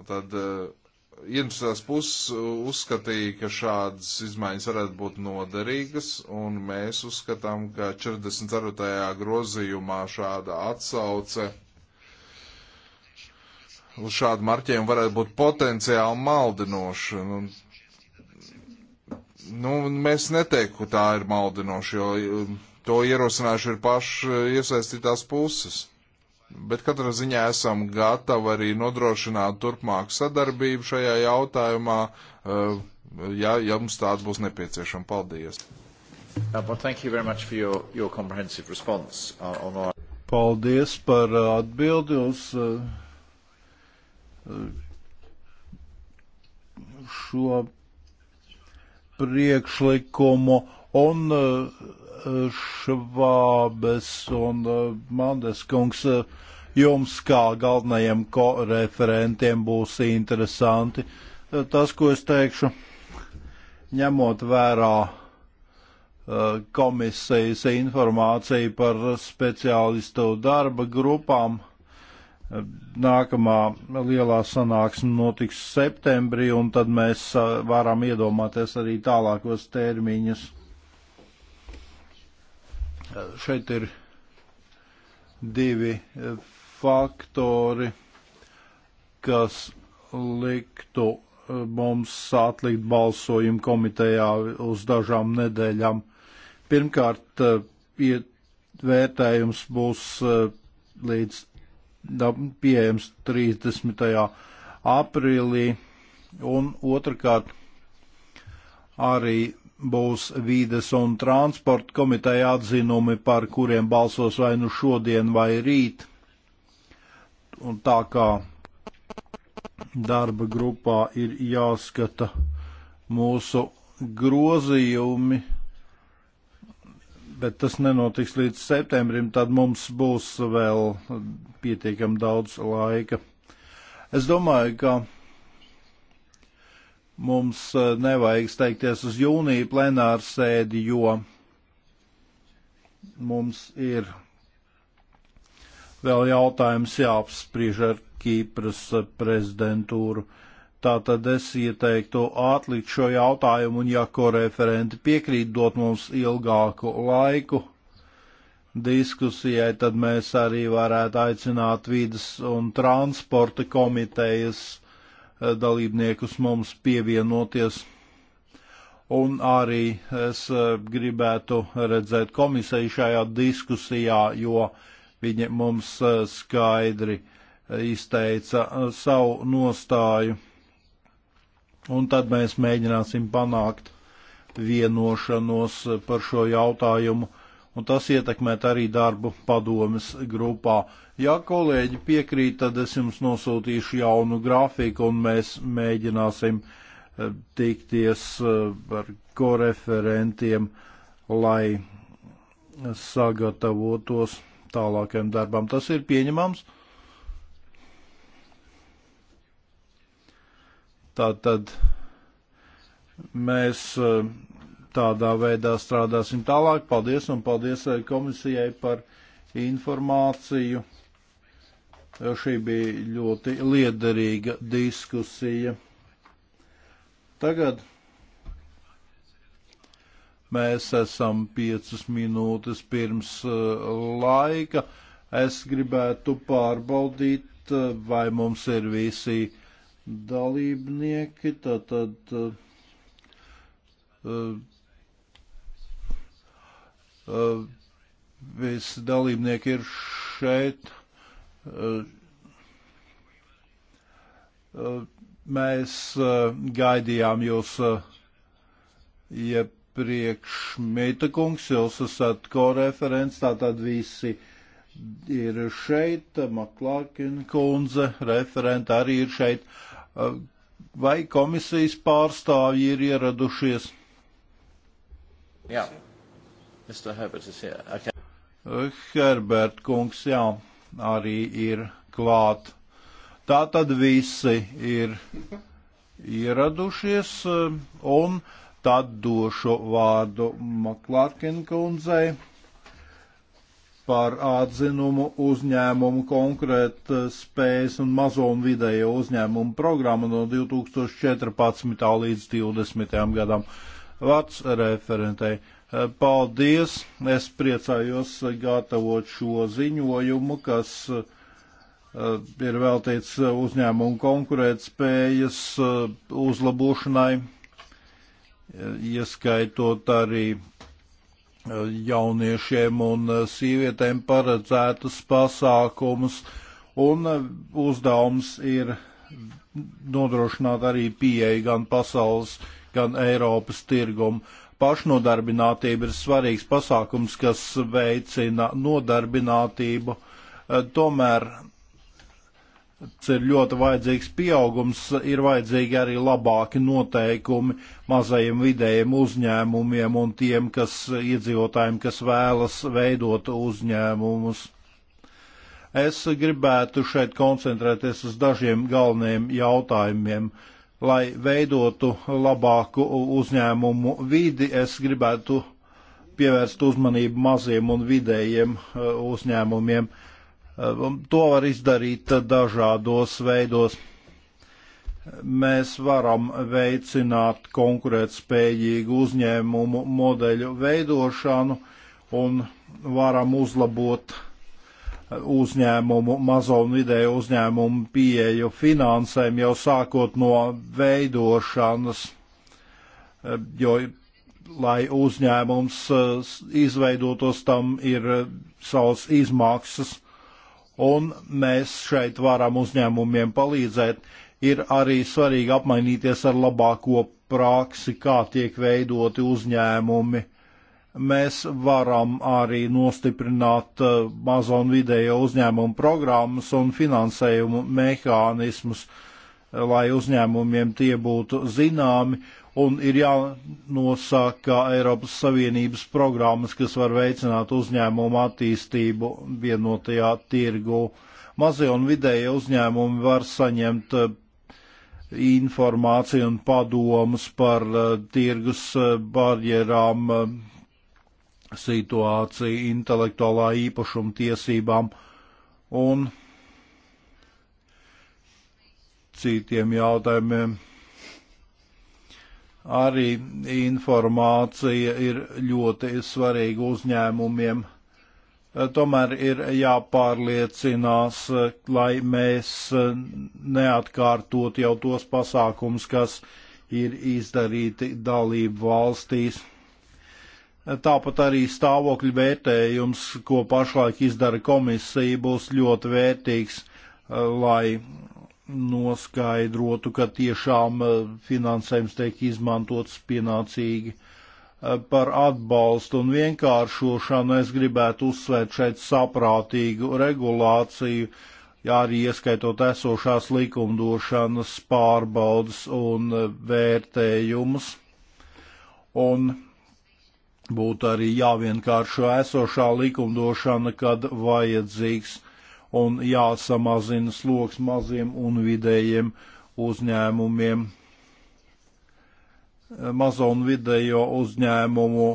A: Un tad uh, interesēs puses uh, uzskatīja, ka šādas izmaiņas varētu būt noderīgas, un mēs uzskatām, ka 44. grozījumā šāda atsauce uh, uz šādu marķējumu varētu būt potenciāli maldinoši. Nu, nu, mēs neteiktu, ka tā ir maldinoši, jo um, to ierosinājuši ir paši uh, iesaistītās puses. Bet katrā ziņā esam gatavi arī nodrošināt turpmāku sadarbību šajā jautājumā, uh, ja, ja mums tāds būs nepieciešams. Paldies! Uh, Paldies par atbildi uz uh,
B: šo priekšlikumu un eh, Švābes un eh, Mandes kungs eh, jums kā galvenajiem referentiem būs interesanti. Tas, ko es teikšu, ņemot vērā komisijas informāciju par speciālistu darba grupām, Nākamā lielā sanāksme notiks septembrī, un tad mēs varam iedomāties arī tālākos termiņus. Šeit ir divi e, faktori, kas liktu e, mums atlikt balsojumu komitejā uz dažām nedēļām. Pirmkārt, e, vērtējums būs līdz pieejams 30. aprīlī, un otrkārt arī būs vīdes un transporta komiteja atzinumi, par kuriem balsos vai nu šodien vai rīt. Un tā kā darba grupā ir jāskata mūsu grozījumi bet tas nenotiks līdz septembrim, tad mums būs vēl pietiekam daudz laika. Es domāju, ka mums eh, nevajag steigties uz jūniju plenāru sēdi, jo mums ir vēl jautājums jāapspriež ar Kīpras prezidentūru. Uh, Tātad es ieteiktu atlikt šo jautājumu, un ja koreferenti piekrīt dot mums ilgāku laiku diskusijai, tad mēs arī varētu aicināt vidas un transporta komitejas eh, dalībniekus mums pievienoties. Un arī es eh, gribētu redzēt komisiju šajā diskusijā, jo viņi mums eh, skaidri izteica savu nostāju un tad mēs mēģināsim panākt vienošanos par šo jautājumu, un tas ietekmēt arī darbu padomes grupā. Ja kolēģi piekrīt, tad es jums nosūtīšu jaunu grafiku, un mēs mēģināsim eh, tikties eh, ar koreferentiem, lai sagatavotos tālākiem darbam. Tas ir pieņemams. Tātad mēs eh, tādā veidā strādāsim tālāk. Paldies un paldies eh, komisijai par informāciju. Šī bija ļoti liederīga diskusija. Tagad mēs esam piecas minūtes pirms eh, laika. Es gribētu pārbaudīt, vai mums ir visi dalībnieki, tātad uh, uh, visi dalībnieki ir šeit. Uh, mēs gaidījām jūs iepriekš, Meita kungs, jūs esat koreferents, tātad visi ir šeit, Maklākina kundze, referenta arī ir šeit. Uh, Vai komisijas pārstāvji ir ieradušies? Jā, Mr. Herbert is here. Okay. Eh, Herbert kungs, jā, arī ir klāt. Tā tad visi ir ieradušies eh, un tad došu vārdu Maklārkin kundzei par atzinumu uzņēmumu konkrēt spējas un mazo un vidējo uzņēmumu programmu no 2014. līdz 2020. gadam. Vārds referentei. Paldies! Es priecājos gatavot šo ziņojumu, kas eh, ir veltīts uzņēmumu konkurētspējas eh, uzlabošanai, eh, ieskaitot arī jauniešiem un eh, sievietēm paredzētas pasākumus, un eh, uzdevums ir nodrošināt arī pieeja gan pasaules, gan Eiropas tirgumu. Pašnodarbinātība ir svarīgs pasākums, kas veicina nodarbinātību. Eh, tomēr ir ļoti vajadzīgs pieaugums, ir vajadzīgi arī labāki noteikumi mazajiem vidējiem uzņēmumiem un tiem, kas iedzīvotājiem, kas vēlas veidot uzņēmumus. Es gribētu šeit koncentrēties uz dažiem galvenajiem jautājumiem. Lai veidotu labāku uzņēmumu vidi, es gribētu pievērst uzmanību maziem un vidējiem uh, uzņēmumiem. Uh, Um, to var izdarīt dažādos veidos. Mēs varam veicināt konkurētspējīgu uzņēmumu modeļu veidošanu un varam uzlabot uzņēmumu, mazo un vidēju uzņēmumu pieeju finansēm jau sākot no veidošanas, um, jo, lai uzņēmums uh, izveidotos, tam ir uh, savas izmaksas un mēs šeit varam uzņēmumiem palīdzēt. Ir arī svarīgi apmainīties ar labāko praksi, kā tiek veidoti uzņēmumi. Mēs varam arī nostiprināt uh, mazo un vidējo uzņēmumu programmas un finansējumu mehānismus, lai uzņēmumiem tie būtu zināmi un ir jānosaka Eiropas Savienības programmas, kas var veicināt uzņēmumu attīstību vienotajā tirgu. Mazie un vidēji uzņēmumi var saņemt eh, informāciju un padomus par eh, tirgus eh, barjerām, situāciju, intelektuālā īpašuma tiesībām un citiem jautājumiem arī informācija ir ļoti svarīga uzņēmumiem. Eh, tomēr ir jāpārliecinās, eh, lai mēs eh, neatkārtot jau tos pasākums, kas ir izdarīti dalību valstīs. Tāpat arī stāvokļu vērtējums, ko pašlaik izdara komisija, būs ļoti vērtīgs, lai noskaidrotu, ka tiešām eh, finansējums tiek izmantots pienācīgi eh, par atbalstu un vienkāršošanu. Es gribētu uzsvērt šeit saprātīgu regulāciju, jā, arī ieskaitot esošās likumdošanas pārbaudas un eh, vērtējumus. Un būtu arī jāvienkāršo esošā likumdošana, kad vajadzīgs un jāsamazina sloks maziem un vidējiem uzņēmumiem. Mazo un vidējo uzņēmumu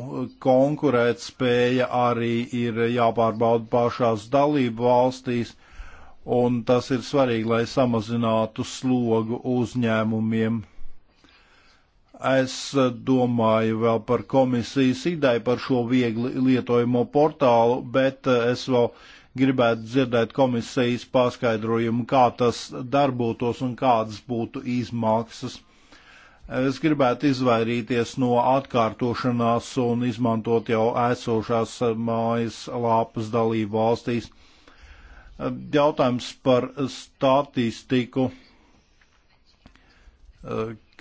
B: konkurētspēja arī ir jāpārbauda pašās dalību valstīs, un tas ir svarīgi, lai samazinātu slogu uzņēmumiem. Es domāju vēl par komisijas ideju par šo viegli lietojamo portālu, bet es vēl uh, gribētu dzirdēt komisijas paskaidrojumu, kā tas darbotos un kādas būtu izmaksas. Es gribētu izvairīties no atkārtošanās un izmantot jau esošās mājas lāpas dalību valstīs. Jautājums par statistiku,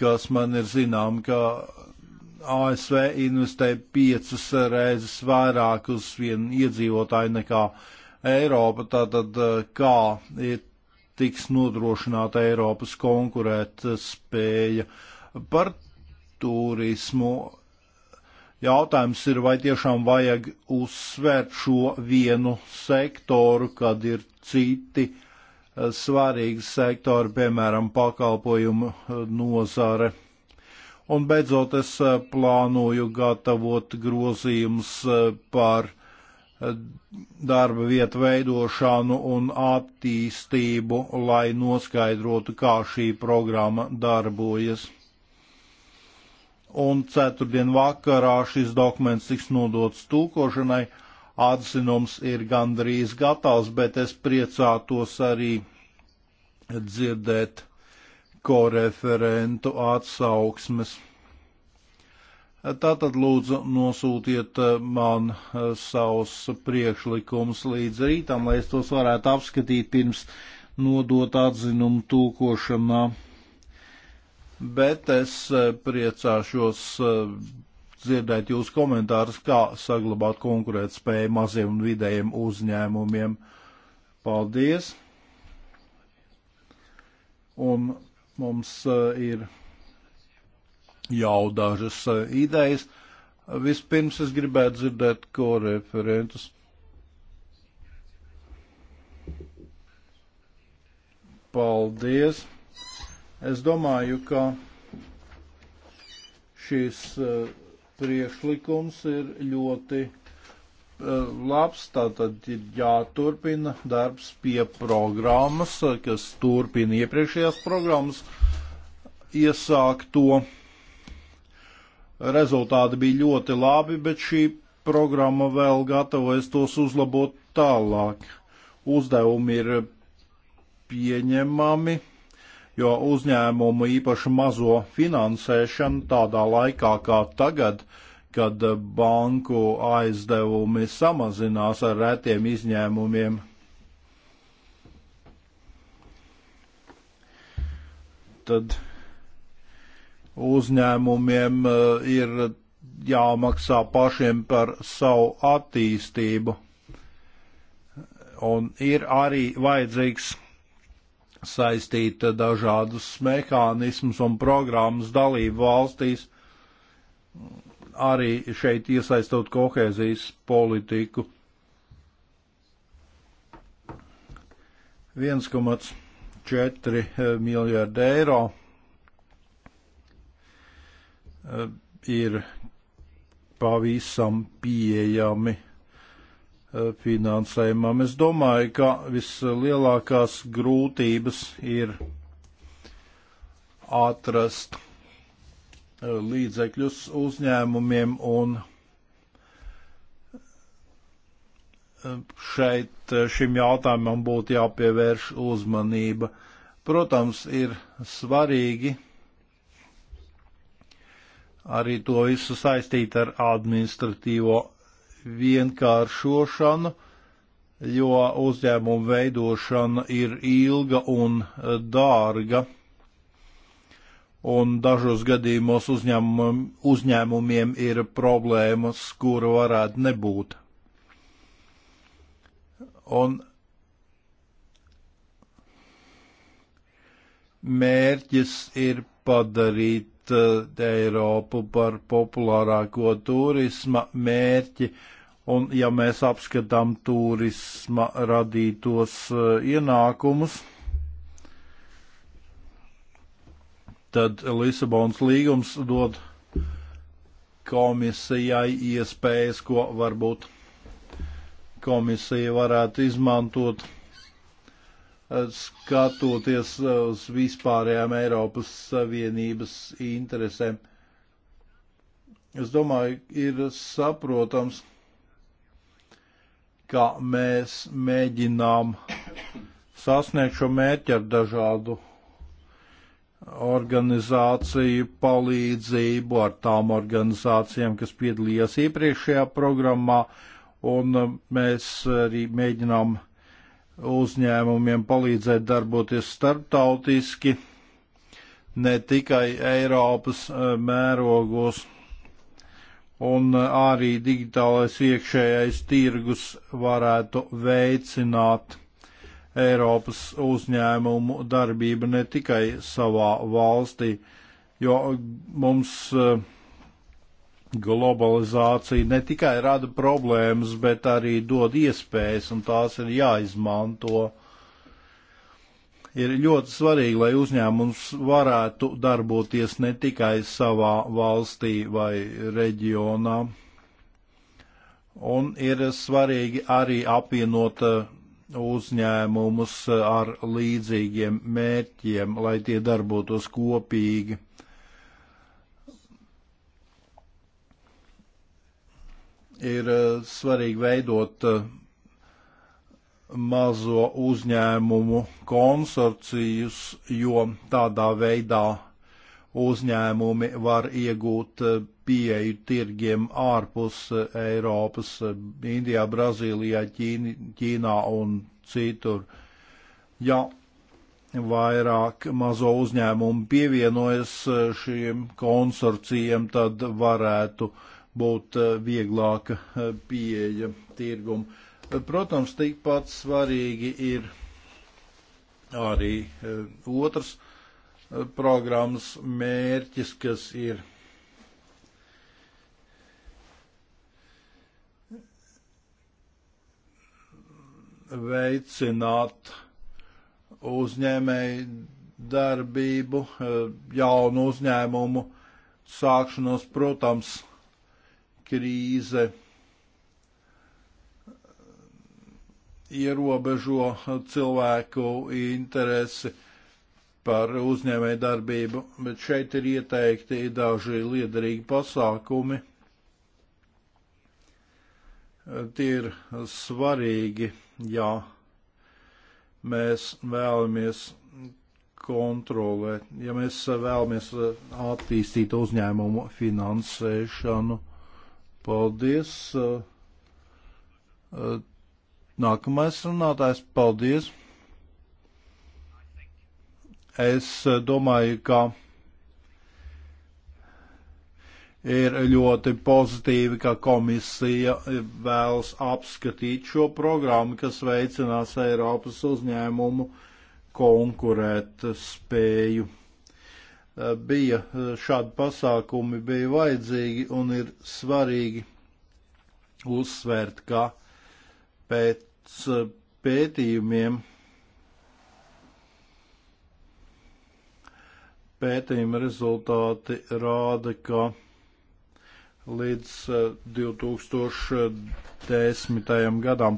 B: kas man ir zinām, ka ASV investē piecas reizes vairāk uz vienu iedzīvotāju nekā uh, Eiropa, tātad eh, kā tiks nodrošināta Eiropas konkurēt spēja par turismu. Jautājums ir, vai tiešām vajag uzsvērt šo vienu sektoru, kad ir citi eh, svarīgi sektori, piemēram, pakalpojumu eh, nozare. Un beidzot, es plānoju gatavot grozījums par darba vietu veidošanu un attīstību, lai noskaidrotu, kā šī programma darbojas. Un ceturtdien vakarā šis dokuments tiks nodots tūkošanai. Atzinums ir gandrīz gatavs, bet es priecātos arī dzirdēt koreferentu atsauksmes. Tātad lūdzu nosūtiet eh, man eh, savus priekšlikumus līdz rītam, lai es tos varētu apskatīt pirms nodot atzinumu tūkošanā. Bet es eh, priecāšos dzirdēt jūsu komentārus, kā saglabāt konkurētspēju maziem un vidējiem uzņēmumiem. Paldies! Un mums ir jau dažas eh, idejas. Vispirms es gribētu dzirdēt, ko referentus paldies. Es domāju, ka šis uh, priekšlikums ir ļoti uh, labs. Tātad ir jāturpina darbs pie programmas, kas turpina iepriekšējās programmas iesākto. Rezultāti bija ļoti labi, bet šī programma vēl gatavojas tos uzlabot tālāk. Uzdevumi ir pieņemami, jo uzņēmumu īpaši mazo finansēšanu tādā laikā kā tagad, kad banku aizdevumi samazinās ar retiem izņēmumiem. Tad uzņēmumiem eh, ir jāmaksā pašiem par savu attīstību. Un ir arī vajadzīgs saistīt dažādus mehānismus un programmas dalību valstīs, arī šeit iesaistot kohēzijas politiku. 1,4 miljārdu eiro Eh, ir pavisam pieejami eh, finansējumam. Es domāju, ka vislielākās grūtības ir atrast eh, līdzekļus uzņēmumiem un šeit šim jautājumam būtu jāpievērš uzmanība. Protams, ir svarīgi arī to visu saistīt ar administratīvo vienkāršošanu, jo uzņēmumu veidošana ir ilga un dārga, un dažos gadījumos uzņēmumiem, uzņēmumiem ir problēmas, kura varētu nebūt. Un mērķis ir padarīt Eh, Eiropu par populārāko turisma mērķi, un ja mēs apskatām turisma radītos eh, ienākumus, tad Lisabons līgums dod komisijai iespējas, ko varbūt komisija varētu izmantot skatoties uz vispārējām Eiropas Savienības interesēm. Es domāju, ir saprotams, ka mēs mēģinām sasniegt šo mērķi ar dažādu organizāciju palīdzību, ar tām organizācijām, kas piedalījās iepriekšējā programmā, un mēs arī mēģinām uzņēmumiem palīdzēt darboties starptautiski, ne tikai Eiropas e, mērogos, un e, arī digitālais iekšējais tirgus varētu veicināt Eiropas uzņēmumu darbību ne tikai savā valstī, jo mums uh, globalizācija ne tikai rada problēmas, bet arī dod iespējas, un tās ir jāizmanto. Ir ļoti svarīgi, lai uzņēmums varētu darboties ne tikai savā valstī vai reģionā, un ir svarīgi arī apvienot uh, uzņēmumus uh, ar līdzīgiem mērķiem, lai tie darbotos kopīgi ir eh, svarīgi veidot eh, mazo uzņēmumu konsorcijus, jo tādā veidā uzņēmumi var iegūt eh, pieeju tirgiem ārpus Eiropas, Indijā, Brazīlijā, Ķīni, Ķīnā un citur. Ja vairāk mazo uzņēmumu pievienojas šiem konsorcijiem, tad varētu uh, būt eh, vieglāka eh, pieeja tirgumu. Eh, protams, tikpat svarīgi ir arī otrs programmas mērķis, kas ir veicināt uzņēmēju darbību, jaunu uzņēmumu sākšanos, protams, krīze eh, ierobežo cilvēku interesi par uzņēmēju darbību, bet šeit ir ieteikti daži liederīgi pasākumi. Eh, tie ir svarīgi, ja mēs vēlamies kontrolēt, ja mēs vēlamies attīstīt uzņēmumu finansēšanu. Paldies. Eh, eh, nākamais runātājs, paldies. Es eh, domāju, ka ir ļoti pozitīvi, ka komisija vēlas apskatīt šo programmu, kas veicinās Eiropas uzņēmumu konkurēt spēju. Eh, bija eh, šādi pasākumi bija vajadzīgi un ir svarīgi uzsvērt, ka pēc eh, pētījumiem pētījuma rezultāti rāda, ka līdz 2010. gadam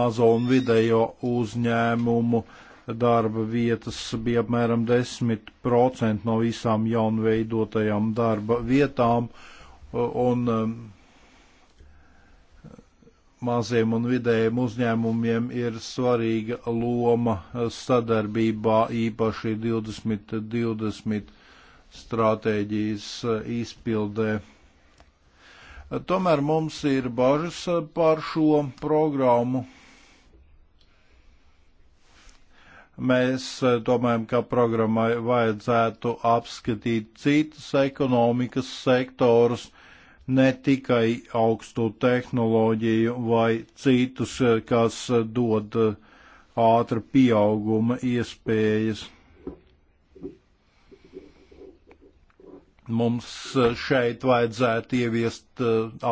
B: mazo un vidējo uzņēmumu uh, darba vietas bija apmēram 10% no visām jaunveidotajām darba vietām, un um, maziem un vidējiem uzņēmumiem ir svarīga loma sadarbībā, īpaši 2020 stratēģijas uh, izpildē. Tomēr mums ir bažas uh, par šo programmu Mēs eh, domājam, ka programmai vajadzētu apskatīt citas ekonomikas sektorus, ne tikai augstu tehnoloģiju vai citus, eh, kas eh, dod ātra pieauguma iespējas. Mums šeit vajadzētu ieviest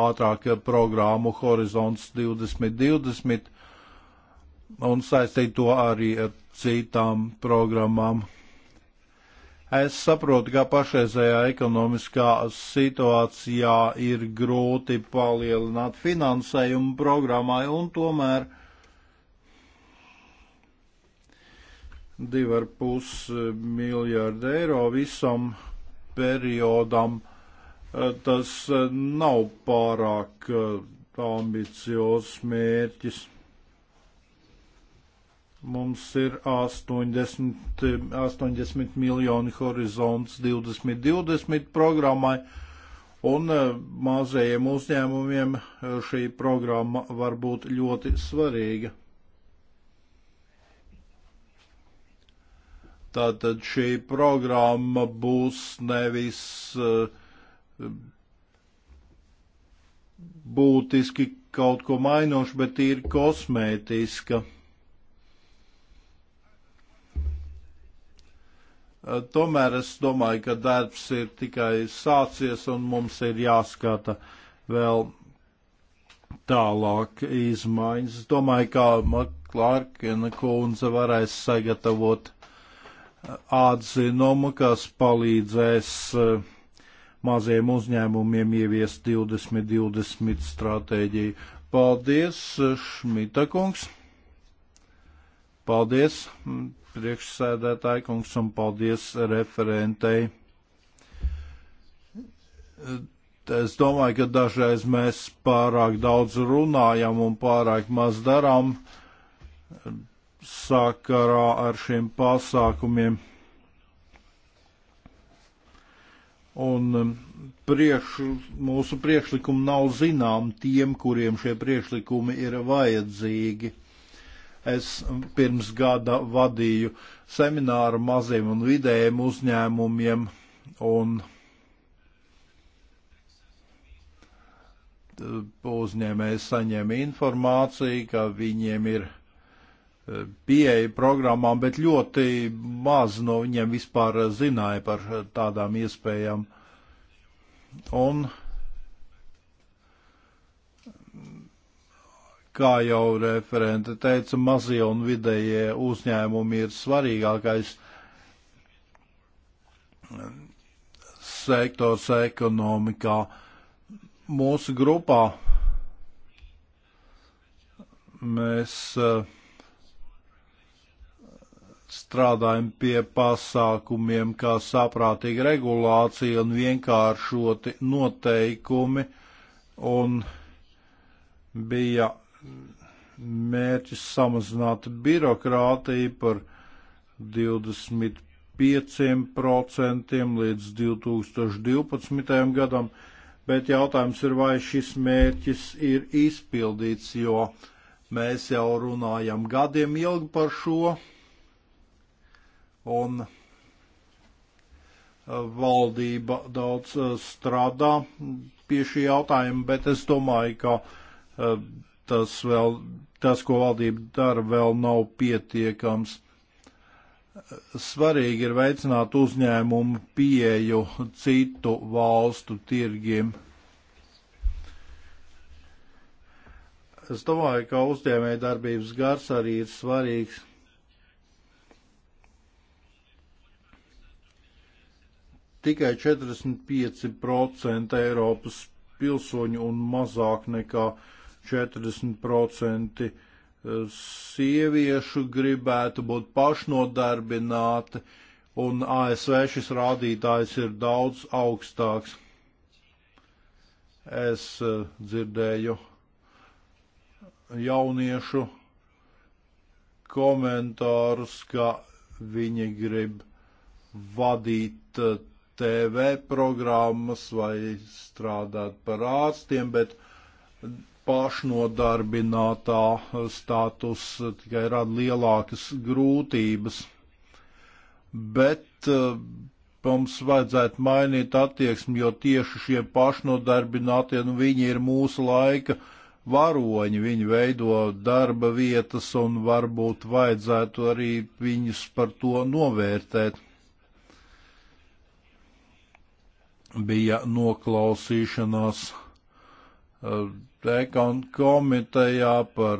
B: ātrāk programmu Horizons 2020 un saistīt to arī ar citām programmām. Es saprotu, ka pašreizējā ekonomiskā situācijā ir grūti palielināt finansējumu programmai, un tomēr 2,5 miljārdu eiro visam periodam eh, tas eh, nav pārāk eh, ambiciozs mērķis. Mums ir 80, 80 miljoni horizonts 2020 programmai, un eh, mazajiem uzņēmumiem eh, šī programma var būt ļoti svarīga. Tātad šī programma būs nevis eh, būtiski kaut ko mainoša, bet ir kosmētiska. Eh, tomēr es domāju, ka darbs ir tikai sācies un mums ir jāskata vēl tālāk izmaiņas. Es domāju, kā Maklārkina kundze varēs sagatavot eh, atzinumu, kas palīdzēs eh, maziem uzņēmumiem ieviest 2020 stratēģiju. Paldies, Šmita kungs! Paldies! priekšsēdētāji kungs, un paldies referentei. Es domāju, ka dažreiz mēs pārāk daudz runājam un pārāk maz darām sakarā ar šiem pasākumiem. Un um, priekš, mūsu priekšlikumi nav zinām tiem, kuriem šie priekšlikumi ir vajadzīgi. Es pirms gada vadīju semināru maziem un vidējiem uzņēmumiem un uzņēmējs saņēma informāciju, ka viņiem ir e, pieeja programmām, bet ļoti maz no viņiem vispār zināja par e, tādām iespējām. Un Kā jau referente teica, mazie un vidējie uzņēmumi ir svarīgākais sektors ekonomikā. Mūsu grupā mēs eh, strādājam pie pasākumiem, kā saprātīga regulācija un vienkāršoti noteikumi, un bija mērķis samazināt birokrātiju par 25% līdz 2012. gadam, bet jautājums ir, vai šis mērķis ir izpildīts, jo mēs jau runājam gadiem ilgi par šo, un e, valdība daudz e, strādā pie šī jautājuma, bet es domāju, ka e, tas, vēl, tas, ko valdība dara, vēl nav pietiekams. Svarīgi ir veicināt uzņēmumu pieeju citu valstu tirgiem. Es domāju, ka uzņēmēja darbības gars arī ir svarīgs. Tikai 45% Eiropas pilsoņu un mazāk nekā uh, 40% eh, sieviešu gribētu būt pašnodarbināti, un ASV šis rādītājs ir daudz augstāks. Es eh, dzirdēju jauniešu komentārus, ka viņi grib vadīt eh, TV programmas vai strādāt par ārstiem, bet pašnodarbinātā status tikai rada lielākas grūtības, bet eh, mums vajadzētu mainīt attieksmi, jo tieši šie pašnodarbinātie, nu viņi ir mūsu laika varoņi, viņi veido darba vietas un varbūt vajadzētu arī viņus par to novērtēt. Bija noklausīšanās. Uh, Ekon komitejā par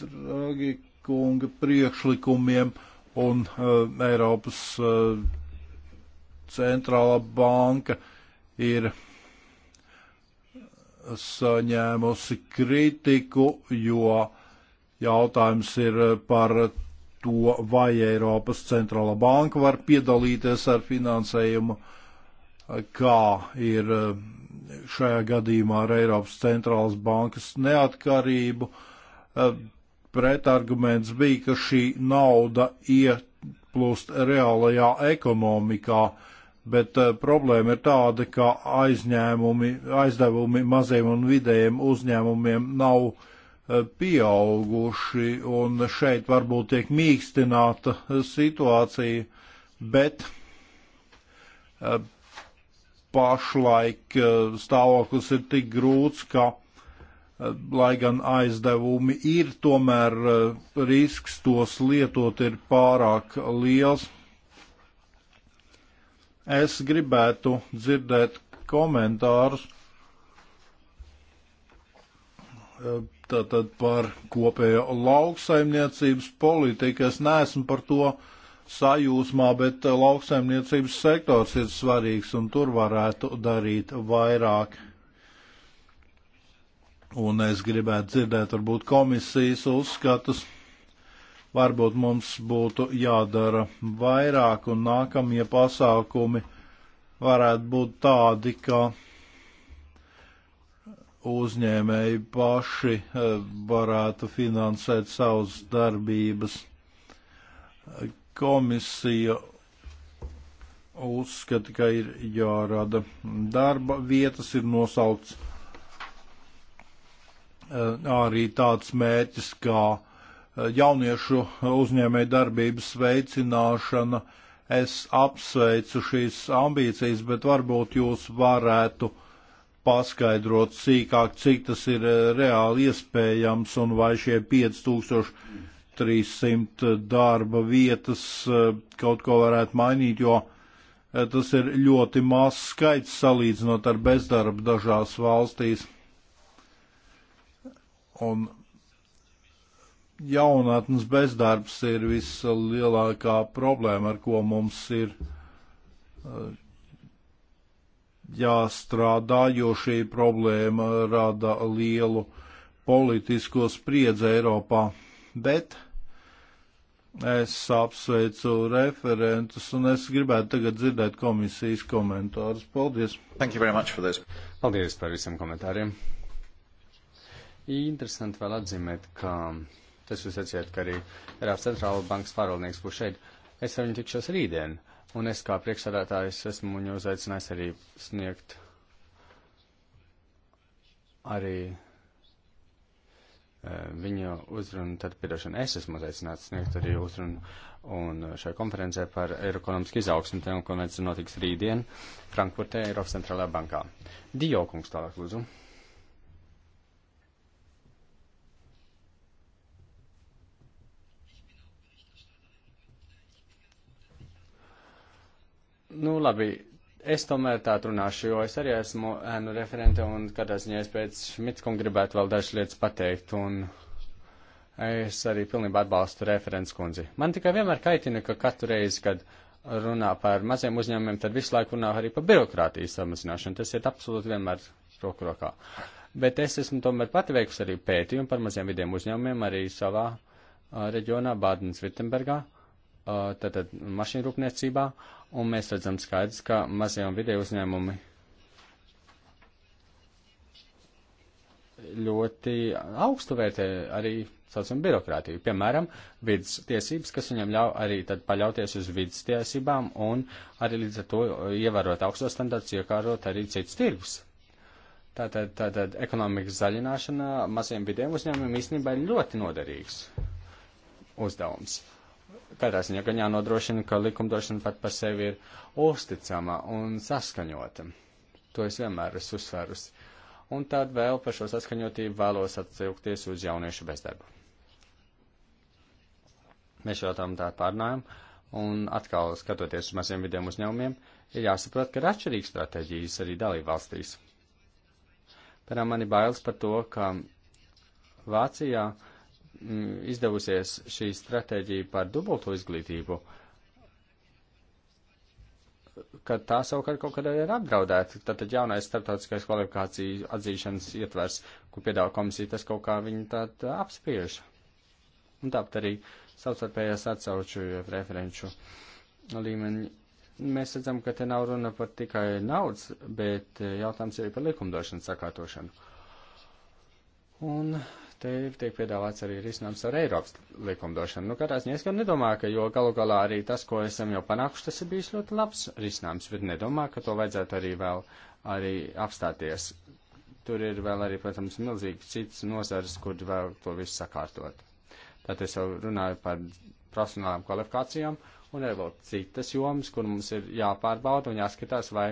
B: Dragi kunga priekšlikumiem un uh, Eiropas uh, centrālā banka ir saņēmusi kritiku, jo jautājums ir par to, vai Eiropas centrālā banka var piedalīties ar finansējumu uh, kā ir eh, šajā gadījumā ar Eiropas centrālas bankas neatkarību. Eh, pretarguments bija, ka šī nauda ieplūst reālajā ekonomikā, bet eh, problēma ir tāda, ka aizņēmumi, aizdevumi maziem un vidējiem uzņēmumiem nav pieauguši, un šeit varbūt tiek mīkstināta situācija, bet pašlaik eh, stāvoklis ir tik grūts, ka, eh, lai gan aizdevumi ir, tomēr eh, risks tos lietot ir pārāk liels. Es gribētu dzirdēt komentārus tātad par kopējo lauksaimniecības politiku. Es neesmu par to uh, sajūsmā, bet eh, lauksaimniecības sektors ir svarīgs un tur varētu darīt vairāk. Un es gribētu dzirdēt varbūt komisijas uzskatus. Varbūt mums būtu jādara vairāk un nākamie pasākumi varētu būt tādi, ka uzņēmēji paši eh, varētu finansēt savas darbības Komisija uzskata, ka ir jārada darba vietas, ir nosaukts eh, arī tāds mērķis kā eh, jauniešu uzņēmēju darbības veicināšana. Es apsveicu šīs ambīcijas, bet varbūt jūs varētu paskaidrot sīkāk, cik tas ir eh, reāli iespējams un vai šie 5000 300 darba vietas eh, kaut ko varētu mainīt, jo eh, tas ir ļoti maz skaits salīdzinot ar bezdarbu dažās valstīs. Un jaunatnes bezdarbs ir vislielākā problēma, ar ko mums ir eh, jāstrādā, jo šī problēma rada lielu politisko spriedzi Eiropā. Bet Es apsveicu referentus un es gribētu tagad dzirdēt komisijas komentārus.
C: Paldies! Thank you very much for this. Paldies par visiem komentāriem. Interesanti vēl atzīmēt, ka tas jūs atsiet, ka arī Eiropas centrāla bankas pārvaldnieks būs šeit. Es ar viņu tikšos rītdien, un es kā priekšsādātājs esmu viņu uzaicinājis arī sniegt arī Eh, viņa uzrunu, tad piedošana es esmu aicināts sniegt arī uzrunu un šai konferencē par eiroekonomisku izaugsmu, un konference notiks rītdien Frankfurtē, Eiropas centrālajā bankā. Dijokungs tālāk, lūdzu. Nu, labi, es tomēr tā runāšu, jo es arī esmu ēnu referente un kādā ziņā es pēc Šmitskunga gribētu vēl dažas lietas pateikt un es arī pilnībā atbalstu referents kundzi. Man tikai vienmēr kaitina, ka katru reizi, kad runā par maziem uzņēmumiem, tad visu laiku runā arī par birokrātijas samazināšanu. Tas ir absolūti vienmēr roku rokā. Bet es esmu tomēr pati veikusi arī pētījumu par maziem vidiem uzņēmumiem arī savā uh, reģionā, Bādens-Virtembergā, uh, tātad mašīnu rūpniecībā. Uh, un mēs redzam skaidrs, ka mazie un vidēji uzņēmumi ļoti augstu vērtē arī, saucam, birokrātiju. Piemēram, vidas tiesības, kas viņam ļauj arī tad paļauties uz vidas tiesībām un arī līdz ar to ievērot augstos standarts, iekārot arī citus tirgus. Tātad, tātad ekonomikas zaļināšana maziem vidiem uzņēmumiem īstenībā ir ļoti noderīgs uzdevums katrā ziņā gan jānodrošina, ka likumdošana pat par sevi ir uzticama un saskaņota. To es vienmēr esmu uzsvērusi. Un tad vēl par šo saskaņotību vēlos atsaukties uz jauniešu bezdarbu. Mēs šo jautājumu tā pārnājam, un atkal skatoties uz maziem vidiem uzņēmumiem, ir jāsaprot, ka ir atšķirīgas stratēģijas arī dalībvalstīs. Piemēram, man ir bailes par to, ka Vācijā uh, izdevusies šī stratēģija par dubulto izglītību, ka tā savukārt kaut kādā ir apdraudēta. Tātad jaunais starptautiskais kvalifikāciju atzīšanas ietvers, ko piedāvā komisija, tas kaut kā viņu tād apspiež. Un tāpat arī savstarpējās atsauču referenču līmeņi. Mēs redzam, ka te nav runa par tikai naudas, bet eh, jautājums ir par likumdošanas sakārtošanu. Un Te tiek piedāvāts arī risinājums ar Eiropas likumdošanu. Nu, katrā ziņā es gan nedomāju, ka, jo galu galā arī tas, ko esam jau panākuši, tas ir bijis ļoti labs risinājums, bet nedomāju, ka to vajadzētu arī vēl arī apstāties. Tur ir vēl arī, protams, milzīgi citas nozares, kur vēl to visu sakārtot. Tātad es jau runāju par profesionālām kvalifikācijām un ir vēl citas jomas, kur mums ir jāpārbauda un jāskatās, vai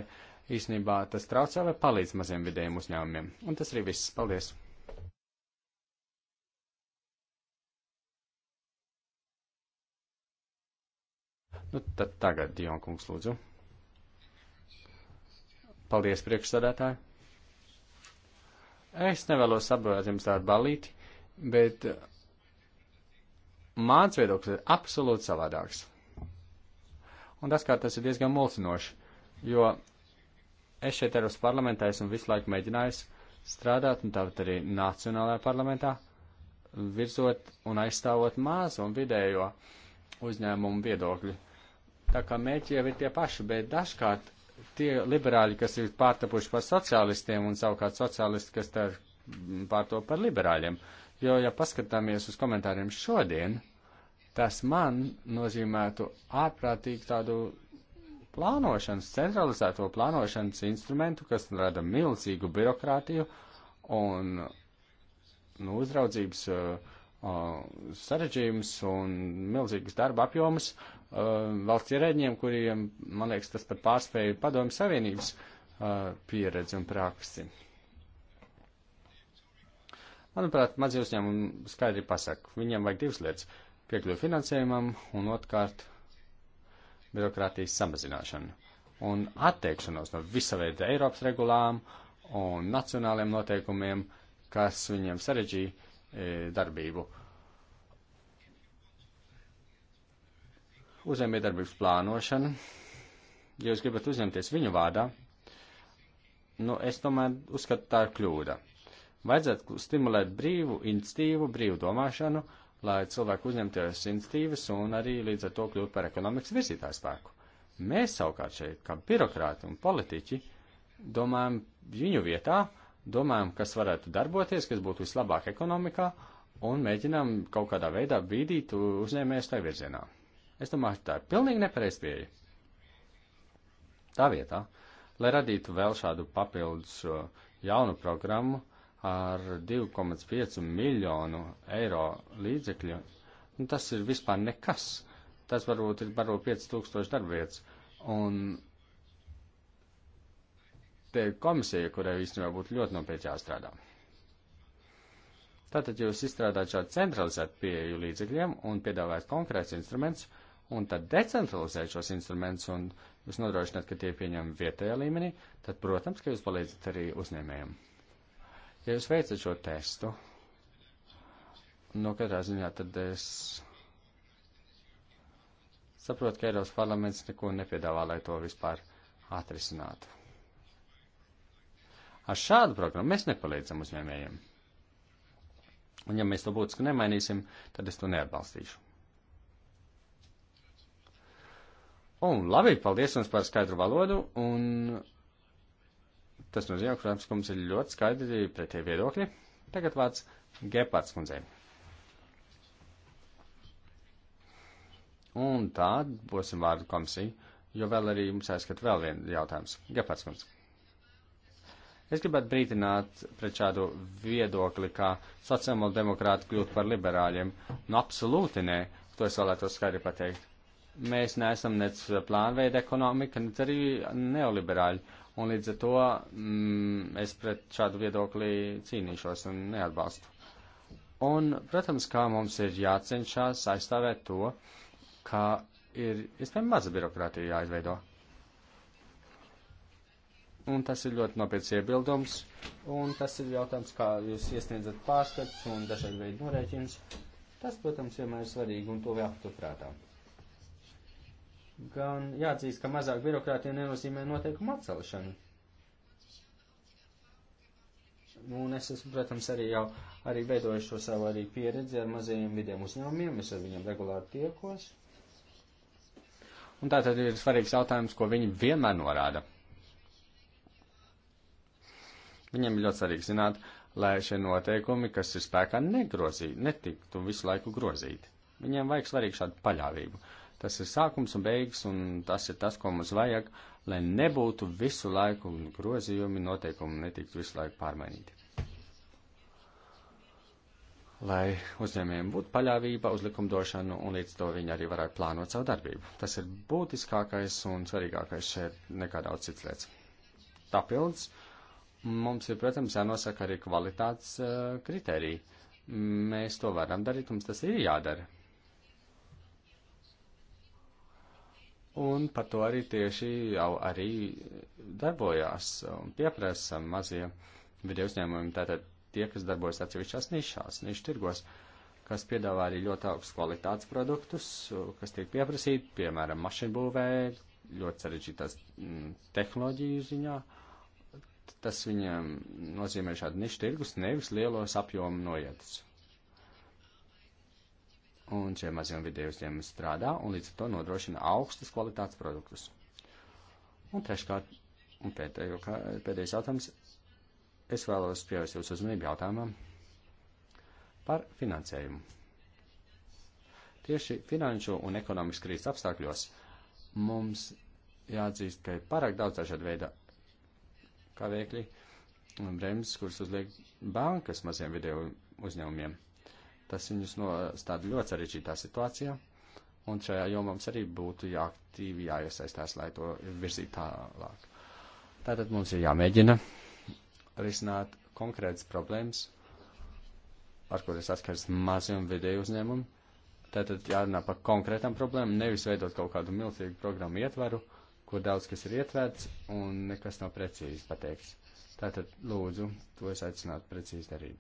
C: īstenībā tas traucē vai palīdz maziem vidējiem uzņēmumiem. Un tas arī viss. Paldies! Nu, tad tagad, Dion kungs, lūdzu. Paldies, priekšsādātāji. Es nevēlos apbrādāt jums tādu balīti, bet mans viedoklis ir absolūti savādāks. Un tas, kā tas ir diezgan mulsinoši, jo es šeit Eiropas parlamentā esmu visu laiku mēģinājis strādāt, un tāpat arī Nacionālajā parlamentā, virzot un aizstāvot mazo un vidējo uzņēmumu viedokļu Tā kā mērķi jau ir tie paši, bet dažkārt tie liberāļi, kas ir pārtapuši par sociālistiem un savukārt sociālisti, kas pārto par liberāļiem. Jo, ja paskatāmies uz komentāriem šodien, tas man nozīmētu ārprātīgi tādu plānošanas, centralizēto plānošanas instrumentu, kas rada milzīgu birokrātiju un nu, uzraudzības uh, sarežģījums un milzīgas darba apjomas uh, valsts ierēģiem, kuriem, man liekas, tas pat pārspēja padomu savienības uh, pieredzi un praksi. Manuprāt, mazie uzņēmumi skaidri pasaka, viņiem vajag divas lietas - piekļuvi finansējumam un otrkārt birokrātijas samazināšanu un atteikšanos no visa veida Eiropas regulām un nacionāliem noteikumiem, kas viņiem sarežģīja E, darbību. Uzņēmējdarbības plānošana. Ja jūs gribat uzņemties viņu vārdā, nu, es tomēr uzskatu, tā ir kļūda. Vajadzētu stimulēt brīvu institīvu, brīvu domāšanu, lai cilvēki uzņemties institīvas un arī līdz ar to kļūt par ekonomikas virzītāju spēku. Mēs savukārt šeit, kā birokrāti un politiķi, domājam viņu vietā, domājam, kas varētu darboties, kas būtu vislabāk ekonomikā, un mēģinām kaut kādā veidā bīdīt uzņēmējus tajā virzienā. Es domāju, tā ir pilnīgi nepareiz pieeja. Tā vietā, lai radītu vēl šādu papildus jaunu programmu ar 2,5 miljonu eiro līdzekļu, nu, tas ir vispār nekas. Tas varbūt ir varbūt 5000 darbvietas. Un te ir komisija, kurai īstenībā būtu ļoti nopietni jāstrādā. Tātad jūs izstrādājat šādu centralizētu pieeju līdzekļiem un piedāvājat konkrēts instruments, un tad decentralizēt šos instrumentus un jūs nodrošināt, ka tie pieņem vietējā līmenī, tad, protams, ka jūs palīdzat arī uzņēmējiem. Ja jūs veicat šo testu, no katrā ziņā tad es saprotu, ka Eiropas parlaments neko nepiedāvā, lai to vispār atrisinātu. Ar šādu programmu mēs nepalīdzam uzņēmējiem. Un ja mēs to būtiski nemainīsim, tad es to neatbalstīšu. Un labi, paldies jums par skaidru valodu, un tas nozīmē, ka, protams, mums ir ļoti skaidri pretie viedokļi. Tagad vārds Gepārds kundzei. Un tā, būsim vārdu komisija, jo vēl arī mums aizskat vēl vienu jautājums. Gepārds kundzei. Es gribētu brīdināt pret šādu viedokli, ka sociāla demokrāti kļūt par liberāļiem. Nu, absolūti nē, to es vēlētos skaidri pateikt. Mēs neesam nec plānveida ekonomika, nec arī neoliberāļi, un līdz ar to mm, es pret šādu viedokli cīnīšos un neatbalstu. Un, protams, kā mums ir jācenšas aizstāvēt to, ka ir, iespējams, maza birokrātija jāizveido. Un tas ir ļoti nopietns iebildums, un tas ir jautājums, kā jūs iesniedzat pārskats un dažādi veidi norēķins. Tas, protams, vienmēr ir svarīgi un to jāpaturprātā. Gan jāatzīst, ka mazāk birokrātija nenozīmē noteikumu atcelšanu. Un es esmu, protams, arī jau arī veidojuši šo savu arī pieredzi ar mazajiem vidiem uzņēmumiem, es ar viņiem regulāri tiekos. Un tā tad ir svarīgs jautājums, ko viņi vienmēr norāda Viņiem ir ļoti svarīgi zināt, lai šie noteikumi, kas ir spēkā, negrozī, netiktu visu laiku grozīti. Viņiem vajag svarīgi šādu paļāvību. Tas ir sākums un beigas, un tas ir tas, ko mums vajag, lai nebūtu visu laiku grozījumi, noteikumi netiktu visu laiku pārmainīti. Lai uzņēmējiem būtu paļāvība uz likumdošanu un līdz to viņi arī varētu plānot savu darbību. Tas ir būtiskākais un svarīgākais šeit nekā daudz cits lietas. Tāpildus Mums ir, protams, jānosaka arī kvalitātes uh, eh, kritērija. Mēs to varam darīt, mums tas ir jādara. Un par to arī tieši jau arī darbojās un pieprasa mazie video uzņēmumi, tātad tie, kas darbojas atsevišķās nišās, nišu tirgos, kas piedāvā arī ļoti augstu kvalitātes produktus, kas tiek pieprasīti, piemēram, mašīnbūvē, ļoti sarežģītās mm, tehnoloģiju ziņā. Uh, tas viņam nozīmē šādu nišu tirgus, nevis lielos apjomu noietas. Un šie mazie un vidēji uzņēmumi strādā un līdz ar to nodrošina augstas kvalitātes produktus. Un treškārt, un pēdējo, pēdējais jautājums, es vēlos pievērst jūsu uzmanību jautājumam par finansējumu. Tieši finanšu un ekonomiskas krīzes apstākļos mums jāatzīst, ka ir pārāk daudz dažādu veidu kā viegli bremzes, kuras uzliek bankas maziem video uzņēmumiem. Tas viņus nostāda ļoti sarežģītā situācijā, un šajā jomā mums arī būtu jāaktīvi jāiesaistās, lai to virzītu tālāk. Tātad mums ir jāmēģina risināt konkrētas problēmas, ar kuriem saskars mazie un vidēji uzņēmumi. Tātad jārunā par konkrētām problēmām, nevis veidot kaut kādu milzīgu programmu ietvaru, uh, kur daudz kas ir ietverts un nekas nav precīzi pateikts. Tātad, lūdzu, to es aicinātu precīzi darīt.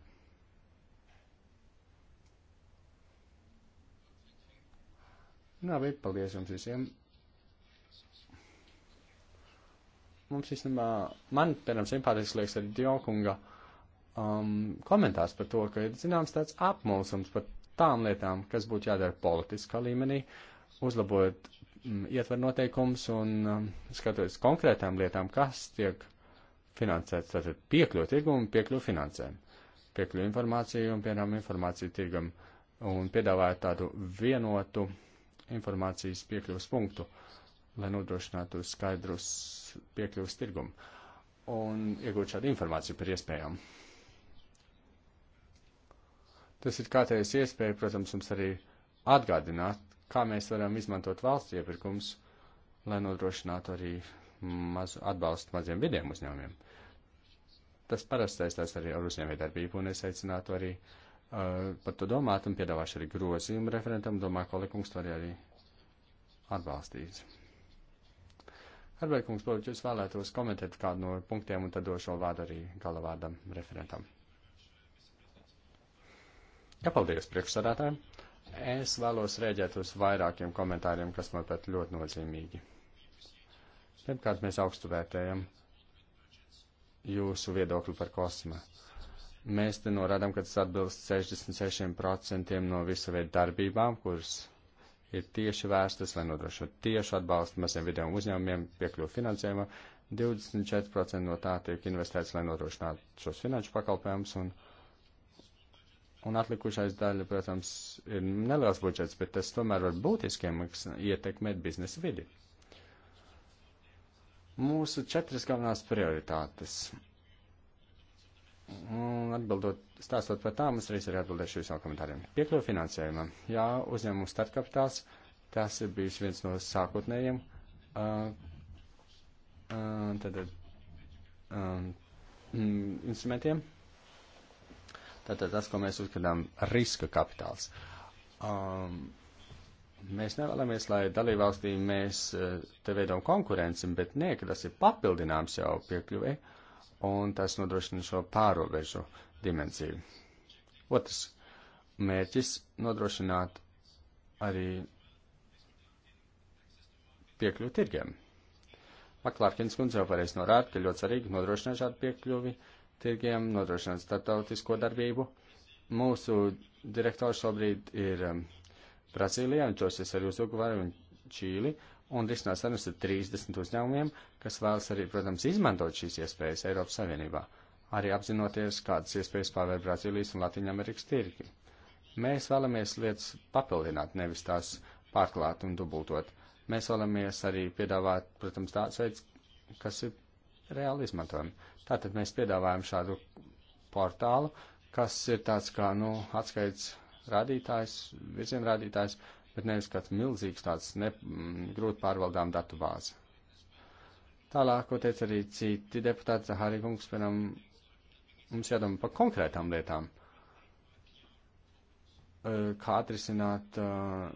C: Labi, paldies jums visiem. Mums īstenībā, man, piemēram, simpātisks liekas arī Diokunga um, komentārs par to, ka ir zināms tāds apmulsums par tām lietām, kas būtu jādara politiskā līmenī, uzlabojot Mm, ietver noteikums un um, skatoties konkrētām lietām, kas tiek finansēts, tātad piekļuvu tirgumu, piekļuvu finansēm, piekļuvu informāciju un, piemēram, informāciju tirgam un piedāvāja tādu vienotu informācijas piekļuvas punktu, lai nodrošinātu skaidrus piekļuvas tirgumu un iegūt šādu informāciju par iespējām. Tas ir kārtējais iespēja, protams, mums arī atgādināt kā mēs varam izmantot valsts iepirkums, lai nodrošinātu arī mazu atbalstu maziem vidiem uzņēmumiem. Tas parasti saistās arī ar uzņēmējdarbību, un es aicinātu arī uh, par to domāt un piedāvāšu arī grozījumu referentam, domāju, ka likums to arī, arī atbalstīs. Herbert kungs, lūdzu, jūs vēlētos komentēt kādu no punktiem un tad došu vārdu arī galavādam referentam. Jā, paldies priekšsādātājiem. Es vēlos rēģēt uz vairākiem komentāriem, kas man pat ļoti nozīmīgi. Pirmkārt, mēs augstu vērtējam jūsu viedokli par kosmu. Mēs te norādām, ka tas atbilst 66% no visu veidu darbībām, kuras ir tieši vērstas, lai nodrošinātu tiešu atbalstu maziem vidējiem uzņēmumiem, piekļuvu finansējuma. 24% no tā tiek investēts, lai nodrošinātu šos finanšu pakalpojumus, un Un atlikušais daļa, protams, ir neliels budžets, bet tas tomēr var būtiskiem ietekmēt biznesa vidi. Mūsu četras galvenās prioritātes. Un atbildot, stāstot par tām, es arī atbildēšu visiem komentāriem. Piekļuva finansējumam. Jā, uzņēmumu startkapitāls, tas ir bijis viens no sākotnējiem. Uh, uh, tad, uh, um, instrumentiem. Tātad tas, ko mēs uzskatām, riska kapitāls. Um, mēs nevēlamies, lai dalībvalstī mēs eh, te veidojam konkurenci, bet nē, ka tas ir papildināms jau piekļuvē, un tas nodrošina šo pārobežu dimensiju. Otrs mērķis - nodrošināt arī piekļuvi tirgiem. Maklārkins kundze jau pareiz norāda, ka ļoti svarīgi nodrošināt šādu piekļuvi uh, tirgiem, nodrošināt startautisko darbību. Mūsu direktors šobrīd ir um, Brazīlijā, un tos es arī uz Uguvaru un Čīli, un risinās sarunas ar 30 uzņēmumiem, kas vēlas arī, protams, izmantot šīs iespējas Eiropas Savienībā, arī apzinoties, kādas iespējas pavēr Brazīlijas un Latvijas-Amerikas tirgi. Mēs vēlamies lietas papildināt, nevis tās pārklāt un dubultot. Mēs vēlamies arī piedāvāt, protams, tāds veids, kas ir reāli izmantojami. Tātad mēs piedāvājam šādu portālu, kas ir tāds kā, nu, atskaits rādītājs, virzienrādītājs, bet nevis kāds milzīgs tāds ne, m, mm, grūti pārvaldām datu bāzi. Tālāk, ko teica arī citi deputāti, Zahārī kungs, piemēram, mums jādomā par konkrētām lietām. Kā atrisināt uh,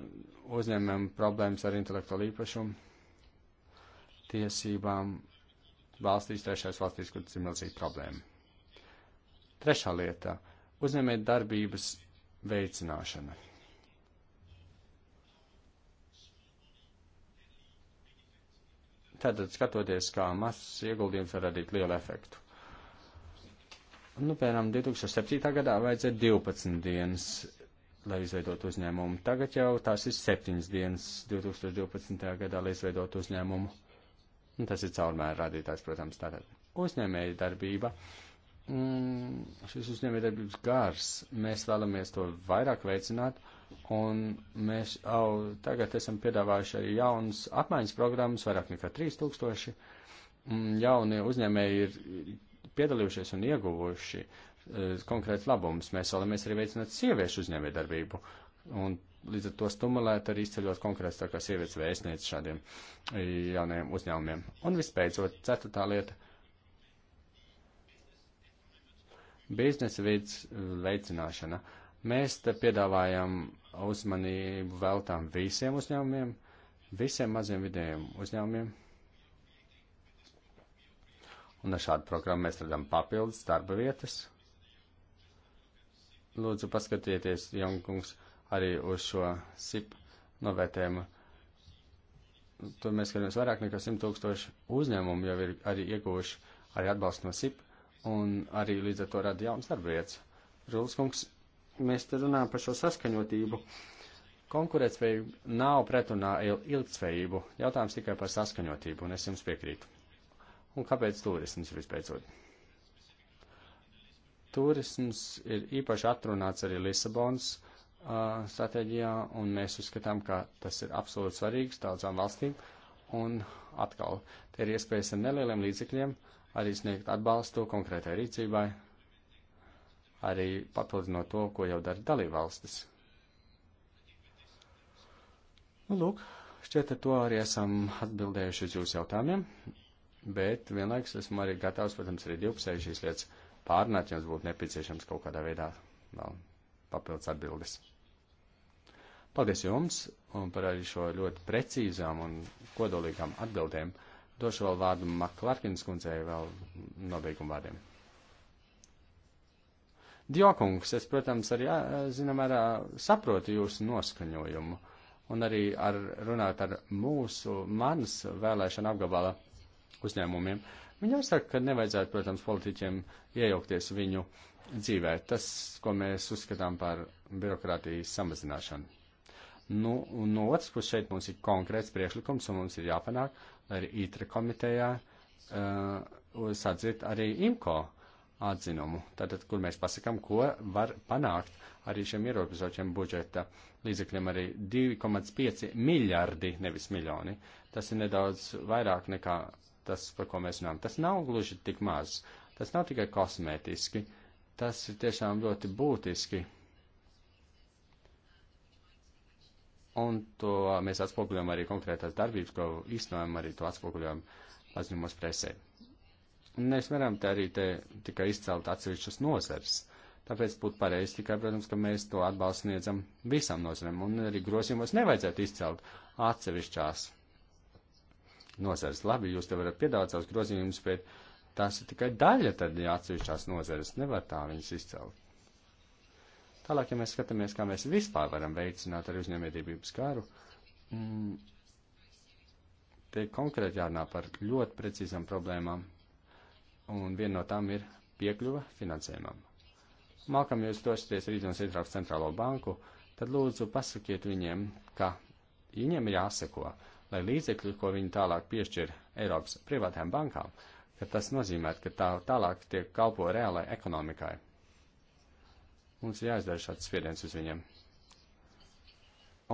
C: uzņēmumiem problēmas ar intelektuālu īpašumu, tiesībām, valstīs, trešais valstīs, kur tas ir milzīga problēma. Trešā lieta - uzņēmēt darbības veicināšana. Tātad skatoties, kā mazs ieguldījums var radīt lielu efektu. Nu, piemēram, 2007. gadā vajadzēja 12 dienas, lai izveidotu uzņēmumu. Tagad jau tās ir 7 dienas 2012. gadā, lai izveidotu uzņēmumu. Un tas ir caurmēra rādītājs, protams, tātad uzņēmēja darbība. Mm, šis uzņēmēja darbības gars, mēs vēlamies to vairāk veicināt, un mēs jau tagad esam piedāvājuši arī jaunas apmaiņas programmas, vairāk nekā 3000. Mm, jaunie uzņēmēji ir piedalījušies un ieguvuši eh, konkrēts labums. Mēs vēlamies arī veicināt sieviešu uzņēmējdarbību. Un līdz ar to stimulēt arī izceļot konkrēts tā kā sievietes vēstniec šādiem eh, jaunajiem uzņēmumiem. Un vispēcot, ceturtā lieta. Biznesa veids eh, veicināšana. Mēs te piedāvājam uzmanību veltām visiem uzņēmumiem, visiem maziem vidējiem uzņēmumiem. Un ar šādu programmu mēs redzam papildus darba vietas. Lūdzu, paskatieties, Jankungs, arī uz šo SIP novērtējumu. Tur mēs skatāmies vairāk nekā 100 tūkstoši uzņēmumu jau ir arī ieguvuši arī atbalstu no SIP un arī līdz ar to rada jaunas darbvietas. Rūlis kungs, mēs te runājam par šo saskaņotību. Konkurētspējība nav pretrunā ilgtspējību, jautājums tikai par saskaņotību, un es jums piekrītu. Un kāpēc turisms vispēcot? Turisms ir īpaši atrunāts arī Lisabonas stratēģijā, un mēs uzskatām, ka tas ir absolūti svarīgs daudzām valstīm, un atkal, te ir iespējas ar nelieliem līdzekļiem arī sniegt atbalstu konkrētai rīcībai, arī papildinot to, ko jau dara dalībvalstis. Nu, lūk, šķiet, ar to arī esam atbildējuši uz jūsu jautājumiem, bet vienlaiks esmu arī gatavs, protams, arī divpusēji šīs lietas pārnāt, ja jums būtu nepieciešams kaut kādā veidā vēl papildus atbildes. Paldies jums un par arī šo ļoti precīzām un kodolīgām atbildēm. Došu vēl vārdu Maklārkins kundzei vēl nobeigumu vārdiem. Diokungs, es, protams, arī, zinām, mērā saprotu jūsu noskaņojumu un arī ar runāt ar mūsu, manas vēlēšana apgabala uzņēmumiem. Viņi jau saka, ka nevajadzētu, protams, politiķiem iejaukties viņu dzīvē. Tas, ko mēs uzskatām par birokrātijas samazināšanu. Nu, un no otras puses šeit mums ir konkrēts priekšlikums, un mums ir jāpanāk arī ITRE komitejā uh, sadzird arī IMCO atzinumu, tātad, kur mēs pasakam, ko var panākt arī šiem ierobežočiem budžeta līdzekļiem arī 2,5 miljardi, nevis miljoni. Tas ir nedaudz vairāk nekā tas, par ko mēs runājam. Tas nav gluži tik maz. Tas nav tikai kosmētiski. Tas ir tiešām ļoti būtiski Un to mēs atspoguļojam arī konkrētās darbības, ko īstenojam, arī to atspoguļojam paziņumos presē. Mēs varam te arī te tikai izcelt atsevišķas nozars, tāpēc būtu pareizi tikai, protams, ka mēs to atbalstu sniedzam visam nozarēm, un arī grozījumos nevajadzētu izcelt atsevišķās nozares. Labi, jūs te varat piedāvāt savus grozījumus, bet tās ir tikai daļa tad, ja atsevišķās nozares nevar tā viņas izcelt. Tālāk, ja mēs skatāmies, kā mēs vispār varam veicināt arī uzņēmējdarbības kāru, mm, te konkrēti jārunā par ļoti precīzām problēmām, un viena no tām ir piekļuva finansējumam. Malkam, ja jūs dosieties rīt un Sīdraps centrālo banku, tad lūdzu pasakiet viņiem, ka viņiem ir jāseko, lai līdzekļi, ko viņi tālāk piešķir Eiropas privātajām bankām, ka tas nozīmē, ka tā tālāk tiek kalpo reālai ekonomikai. Mums ir jāizdara šāds spiediens uz viņiem.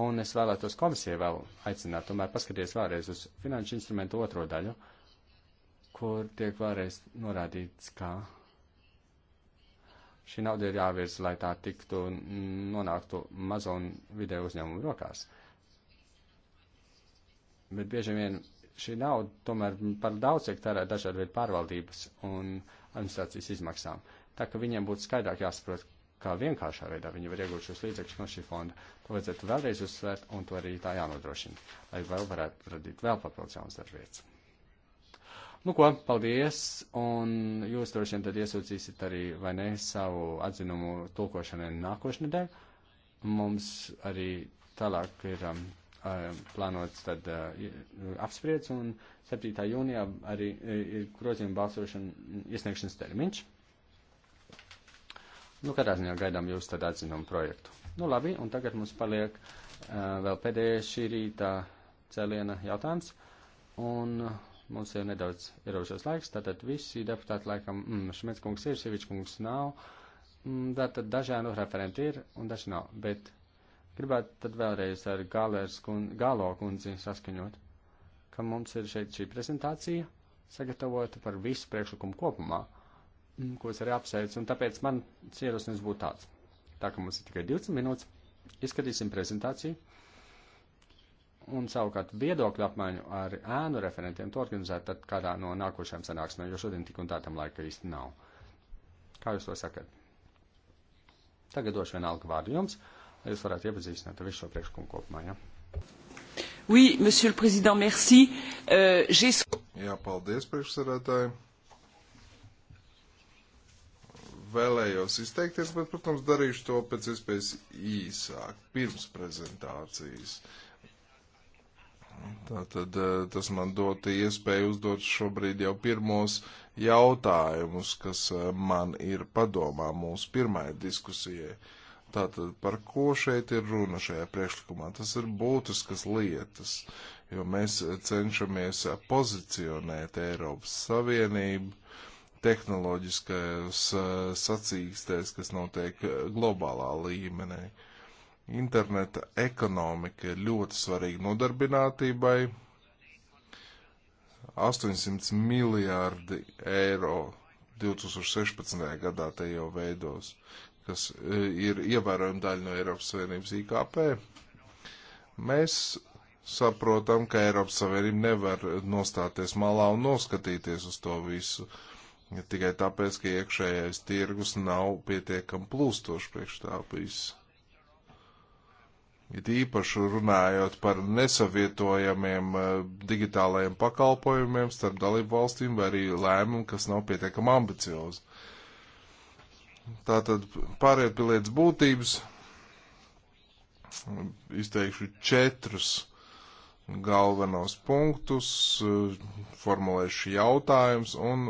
C: Un es vēlētos komisiju vēl aicināt, tomēr paskaties vēlreiz uz finanšu instrumentu otro daļu, kur tiek vēlreiz norādīts, ka šī nauda ir jāvirz, lai tā tiktu nonāktu mazo un vidēju uzņēmumu rokās. Bet bieži vien šī nauda tomēr par daudz tiek tērēta dažādu veidu pārvaldības un administrācijas izmaksām. Tā ka viņiem būtu skaidrāk jāsaprot, kā vienkāršā veidā viņi var iegūt šos līdzekļus no šī fonda. To vajadzētu vēlreiz uzsvērt un to arī tā jānodrošina, lai vēl varētu radīt vēl papildus jaunas darbvietas. Nu ko, paldies, un jūs droši vien tad iesūcīsiet arī, vai ne, savu atzinumu tulkošanai nākošnedēļ. Mums arī tālāk ir um, uh, plānots tad uh, apspriedz, un 7. jūnijā arī uh, ir grozījuma balsošana iesniegšanas termiņš. Nu, katrā ziņā gaidām jūs tad atzinumu projektu. Nu, labi, un tagad mums paliek uh, vēl pēdējais šī rīta cēliena jautājums. Un uh, mums ir nedaudz ierobežots laiks, tātad visi deputāti laikam, mm, Šmets kungs ir, Sievičs kungs nav. Mm, tātad dažādi no referenti ir un daži nav. Bet gribētu tad vēlreiz ar Gālērs kun, Gālo kundzi saskaņot, ka mums ir šeit šī prezentācija sagatavota par visu priekšlikumu kopumā ko es arī apsveicu, un tāpēc man ierosinājums būtu tāds. Tā kā mums ir tikai 20 minūtes, izskatīsim prezentāciju un savukārt viedokļu apmaiņu ar ēnu referentiem to organizēt tad kādā no nākošajām sanāksmēm, jo šodien tik un tā tam laika īsti nav. Kā jūs to sakat? Tagad došu vienalga vārdu jums, lai jūs varētu iepazīstināt ar visu šo priekšlikumu kopumā. Ja? Oui, monsieur le président, merci. Uh, Jā, paldies, priekšsēdētāji
A: vēlējos izteikties, bet, protams, darīšu to pēc iespējas īsāk, pirms prezentācijas. Tātad eh, tas man dota iespēju uzdot šobrīd jau pirmos jautājumus, kas eh, man ir padomā mūsu pirmajai diskusijai. Tātad par ko šeit ir runa šajā priekšlikumā? Tas ir būtiskas lietas, jo mēs eh, cenšamies pozicionēt Eiropas Savienību tehnoloģiskajās eh, sacīkstēs, kas notiek eh, globālā līmenī. Interneta ekonomika ir ļoti svarīga nodarbinātībai. 800 miljārdi eiro 2016. gadā te jau veidos, kas eh, ir ievērojama daļa no Eiropas Savienības IKP. Mēs saprotam, ka Eiropas Savienība nevar nostāties malā un noskatīties uz to visu. Uh, ja tikai tāpēc, ka iekšējais tirgus nav pietiekami plūstošs priekš tā visu. It īpaši runājot par nesavietojamiem eh, digitālajiem pakalpojumiem starp dalību valstīm vai arī lēmumu, kas nav pietiekami ambiciozi. Tātad pāriet pie lietas būtības. Izteikšu četrus galvenos punktus, eh, formulēšu jautājumus un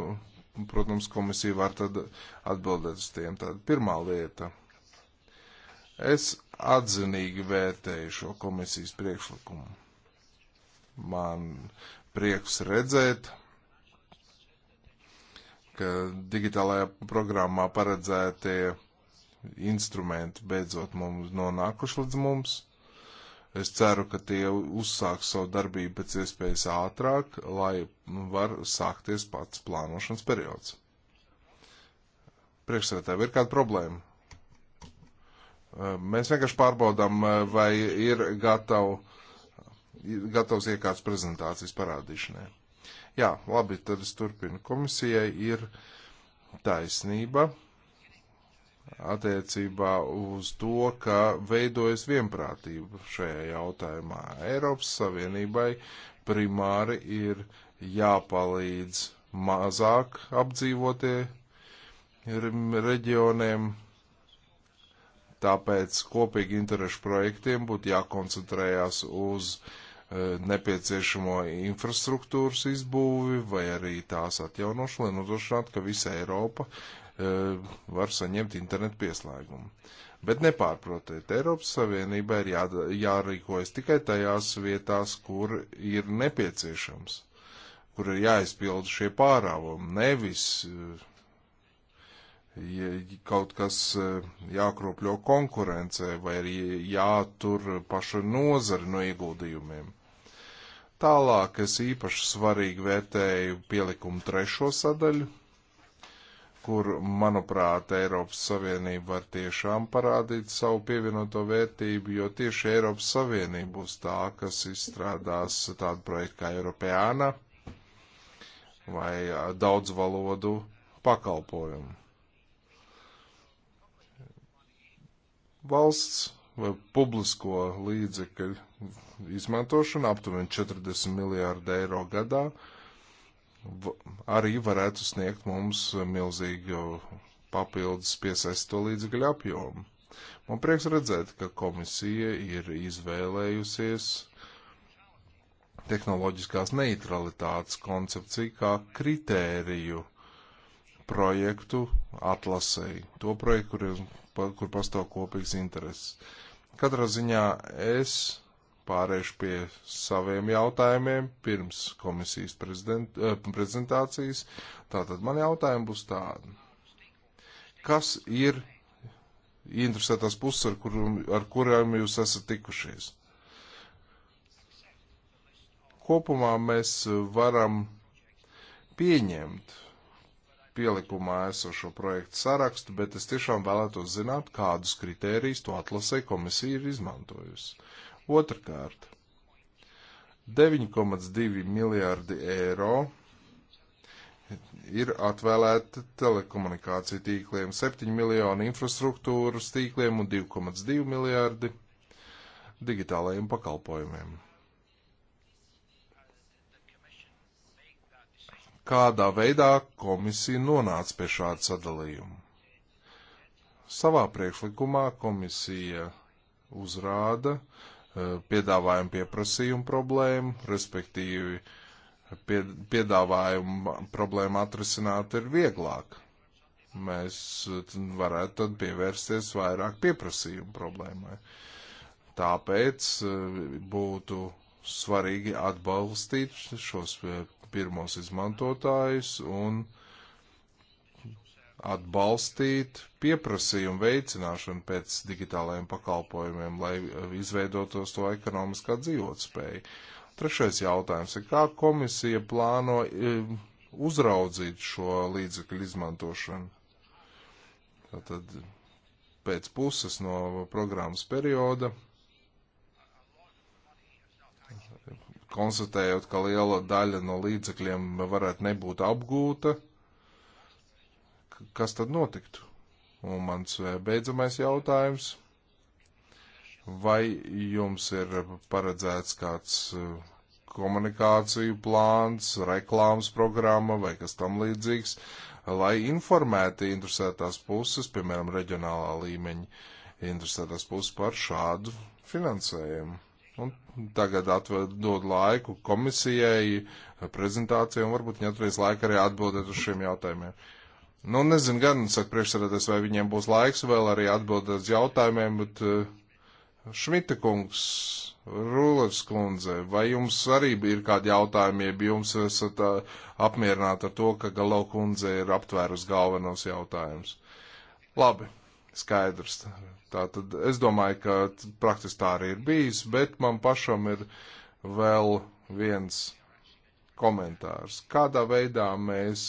A: protams, komisija var tad atbildēt uz tiem. Tāda pirmā lieta. Es atzinīgi vērtēju šo komisijas priekšlikumu. Man prieks redzēt, ka digitālajā programmā paredzētie instrumenti beidzot mums nonākuši līdz mums. Es ceru, ka tie uzsāks savu darbību pēc iespējas ātrāk, lai var sākties pats plānošanas periods. Priekšsēdētāji, ir kāda problēma? Mēs vienkārši pārbaudām, vai ir gatav, gatavs iekārts prezentācijas parādīšanai. Jā, labi, tad es turpinu. Komisijai ir taisnība attiecībā uz to, ka veidojas vienprātība šajā jautājumā. Eiropas Savienībai primāri ir jāpalīdz mazāk apdzīvotie reģioniem, tāpēc kopīgi interešu projektiem būtu jākoncentrējās uz e, nepieciešamo infrastruktūras izbūvi vai arī tās atjaunošanu, lai nodrošinātu, ka visa Eiropa E, var saņemt internetu pieslēgumu. Bet nepārprotiet, Eiropas Savienībā ir jā, jārīkojas tikai tajās vietās, kur ir nepieciešams, kur ir jāizpild šie pārāvumi, nevis e, ja kaut kas e, jākropļo konkurencē vai arī jātur paša nozara no ieguldījumiem. Tālāk es īpaši svarīgi vērtēju pielikumu trešo sadaļu kur, manuprāt, Eiropas Savienība var tiešām parādīt savu pievienoto vērtību, jo tieši Eiropas Savienība būs tā, kas izstrādās tādu projektu kā Eiropeāna vai daudzvalodu pakalpojumu. Valsts vai publisko līdzekļu izmantošana aptuveni 40 miljārdu eiro gadā arī varētu sniegt mums milzīgu papildus piesaisto līdzekļu apjomu. Man prieks redzēt, ka komisija ir izvēlējusies tehnoloģiskās neutralitātes koncepciju kā kritēriju projektu atlasēji, to projektu, kur, ir, kur pastāv kopīgs intereses. Katrā ziņā es pārēšu pie saviem jautājumiem pirms komisijas prezident, eh, prezentācijas. Tātad man jautājumi būs tādi. Kas ir interesētās puses, ar, kur, ar kurām jūs esat tikušies? Kopumā mēs varam pieņemt pielikumā esošo projektu sarakstu, bet es tiešām vēlētos zināt, kādus kritērijus to atlasē komisija ir izmantojusi. Uh, Otrakārt, 9,2 miljārdi eiro ir atvēlēti telekomunikāciju tīkliem, 7 miljoni infrastruktūras tīkliem un 2,2 miljārdi digitālajiem pakalpojumiem. Kādā veidā komisija nonāca pie šāda sadalījuma? Savā priekšlikumā komisija uzrāda, uh, Eh, piedāvājuma pieprasījuma problēmu, respektīvi piedāvājuma problēma atrisināt ir vieglāk. Mēs eh, varētu tad pievērsties vairāk pieprasījuma problēmai. Tāpēc eh, būtu svarīgi atbalstīt šos pirmos izmantotājus un uh, atbalstīt pieprasījumu veicināšanu pēc digitālajiem pakalpojumiem, lai uh, izveidotos to ekonomiskā dzīvotspēja. Trešais jautājums ir, kā komisija plāno um, uzraudzīt šo līdzekļu izmantošanu? Tātad pēc puses no programmas perioda, konstatējot, ka liela daļa no līdzekļiem varētu nebūt apgūta kas tad notiktu? Un mans eh, beidzamais jautājums. Vai jums ir paredzēts kāds eh, komunikāciju plāns, reklāmas programma vai kas tam līdzīgs, lai informētu interesētās puses, piemēram, reģionālā līmeņa interesētās puses par šādu finansējumu? Un tagad atvedot laiku komisijai, prezentācijai un varbūt ņemties laika arī atbildēt uz šiem jautājumiem. Uh, Nu, nezinu gan, saka priekšsēdētājs, vai viņiem būs laiks vēl arī atbildēt uz jautājumiem, bet eh, Šmita kungs, Rulers kundze, vai jums arī ir kādi jautājumi, ja jums esat eh, apmierināti ar to, ka Galau kundze ir aptvērus galvenos jautājumus? Labi, skaidrs. Tātad es domāju, ka praktiski tā arī ir bijis, bet man pašam ir vēl viens komentārs. Kādā veidā mēs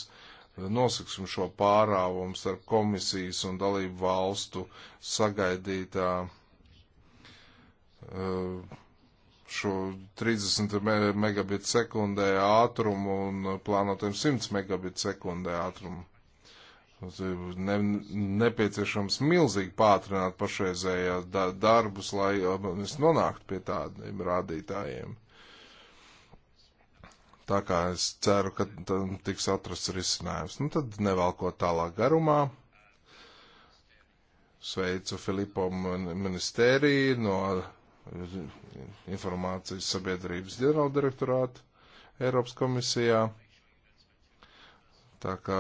A: nosaksim šo pārāvumu starp komisijas un dalību valstu sagaidītā eh, šo 30 megabit sekundē ātrumu un plānotiem 100 megabit sekundē ātrumu. Ne, nepieciešams milzīgi pātrināt pašreizējās darbus, lai mēs nonāktu pie tādiem rādītājiem. Tā kā es ceru, ka tam tiks atrasts risinājums. Nu, tad nevelko tālāk garumā. Sveicu Filipo ministēriju no informācijas sabiedrības ģenerāldirektorātu Eiropas komisijā. Tā kā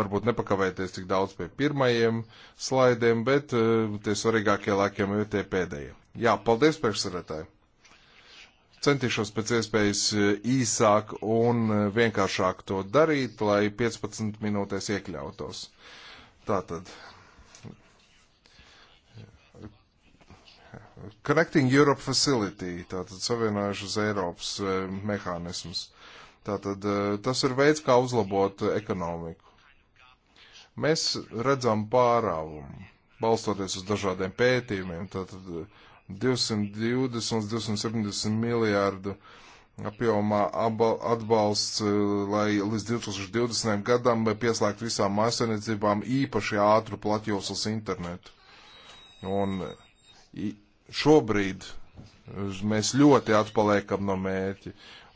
A: varbūt nepakavēties tik daudz pie pirmajiem slaidiem, bet eh, tie svarīgākie laikiem ir tie pēdējie. Jā, paldies priekšsarētāji! Centīšos pēc iespējas eh, īsāk un eh, vienkāršāk to darīt, lai 15 minūtēs iekļautos. Tātad. Connecting Europe Facility, tātad savienojušas Eiropas eh, mehānismus. Tātad tas ir veids, kā uzlabot ekonomiku. Mēs redzam pārāvumu, balstoties uz dažādiem pētījumiem. Tātad 220 un 270 miljārdu apjomā atbalsts, eh, lai līdz 2020. gadam pieslēgt visām mājasemniecībām īpaši ātru platjoslas internetu. Un šobrīd eh, mēs ļoti atpaliekam no mērķi.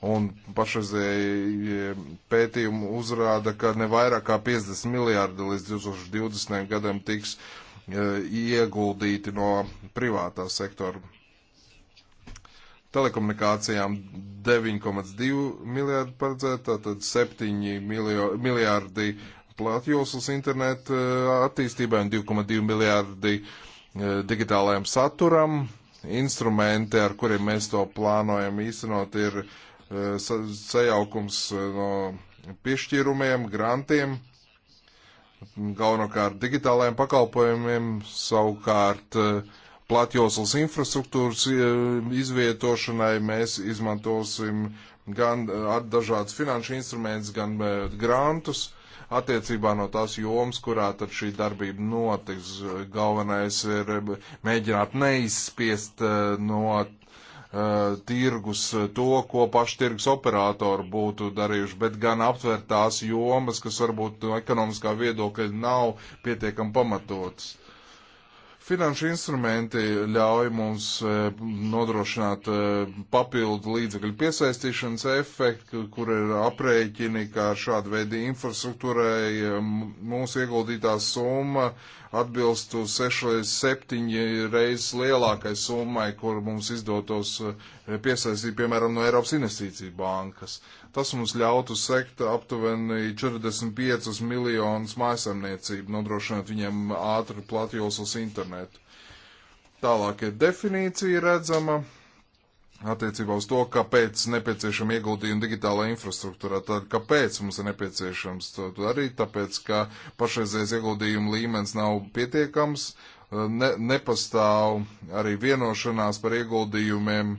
A: Un pašreizēji pētījumi uzrāda, ka ne vairāk kā 50 miljārdi līdz 2020. gadam tiks uh, E, ieguldīti no privātā sektora. Telekomunikācijām 9,2 miljārdi paredzēta, tad 7 miljo, miljārdi platjoslas internetu e, attīstībai un 2,2 miljārdi e, digitālajam saturam. Instrumenti, ar kuriem mēs to plānojam īstenot, ir sajaukums no piešķīrumiem, grantiem galvenokārt digitālajiem pakalpojumiem, savukārt eh, platjoslas infrastruktūras eh, izvietošanai mēs izmantosim gan eh, dažādas finanšu instrumentus, gan grantus attiecībā no tās jomas, kurā tad šī darbība notiks. Galvenais ir mēģināt neizspiest no Uh, tirgus uh, to, ko paši tirgus operatori būtu darījuši, bet gan aptvert tās jomas, kas varbūt no ekonomiskā viedokļa nav pietiekami pamatotas. Uh, Finanšu instrumenti ļauj mums e, nodrošināt e, papildu līdzekļu piesaistīšanas efektu, kur ir aprēķini, ka šāda veida infrastruktūrai e, mūsu ieguldītā summa atbilstu 6 līdz 7 reizes lielākai summai, kur mums izdotos piesaistīt, piemēram, no Eiropas investīciju bankas. Tas mums ļautu sekt aptuveni 45 miljonus mājasemniecību, nodrošinot viņiem ātru platjoslas internetu. Tālāk ir definīcija redzama attiecībā uz to, kāpēc nepieciešama ieguldījuma digitālā infrastruktūrā. Tad kāpēc mums ir nepieciešams to darīt? Tāpēc, ka pašreizējais ieguldījuma līmenis nav pietiekams, ne, nepastāv arī vienošanās par ieguldījumiem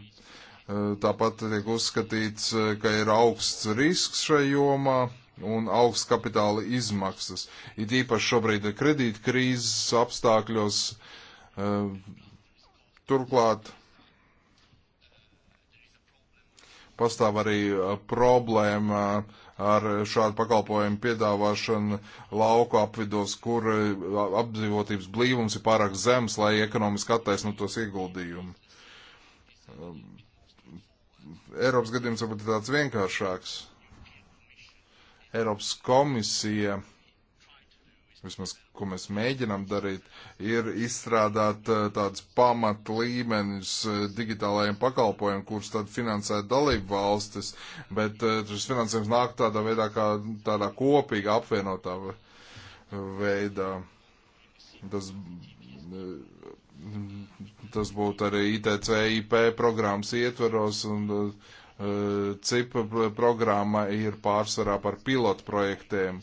A: Tāpat tiek uzskatīts, eh, ka ir augsts risks šai jomā un augsts kapitāla izmaksas. It īpaši šobrīd ir kredīta krīzes apstākļos. Eh, turklāt pastāv arī eh, problēma ar šādu pakalpojumu piedāvāšanu lauku apvidos, kur apdzīvotības blīvums ir pārāk zems, lai ekonomiski attaisnotos ieguldījumi. Eiropas gadījums varbūt ir tāds vienkāršāks. Eiropas komisija, vismaz, ko mēs mēģinām darīt, ir izstrādāt eh, tādus pamat līmeņus eh, digitālajiem pakalpojumiem, kurus tad finansē dalību valstis, bet eh, šis finansējums nāk tādā veidā, kā tādā kopīga apvienotā veidā. Tas tas būtu arī ITC, IP programmas ietveros, un uh, e, CIP programma ir pārsvarā par pilotu projektiem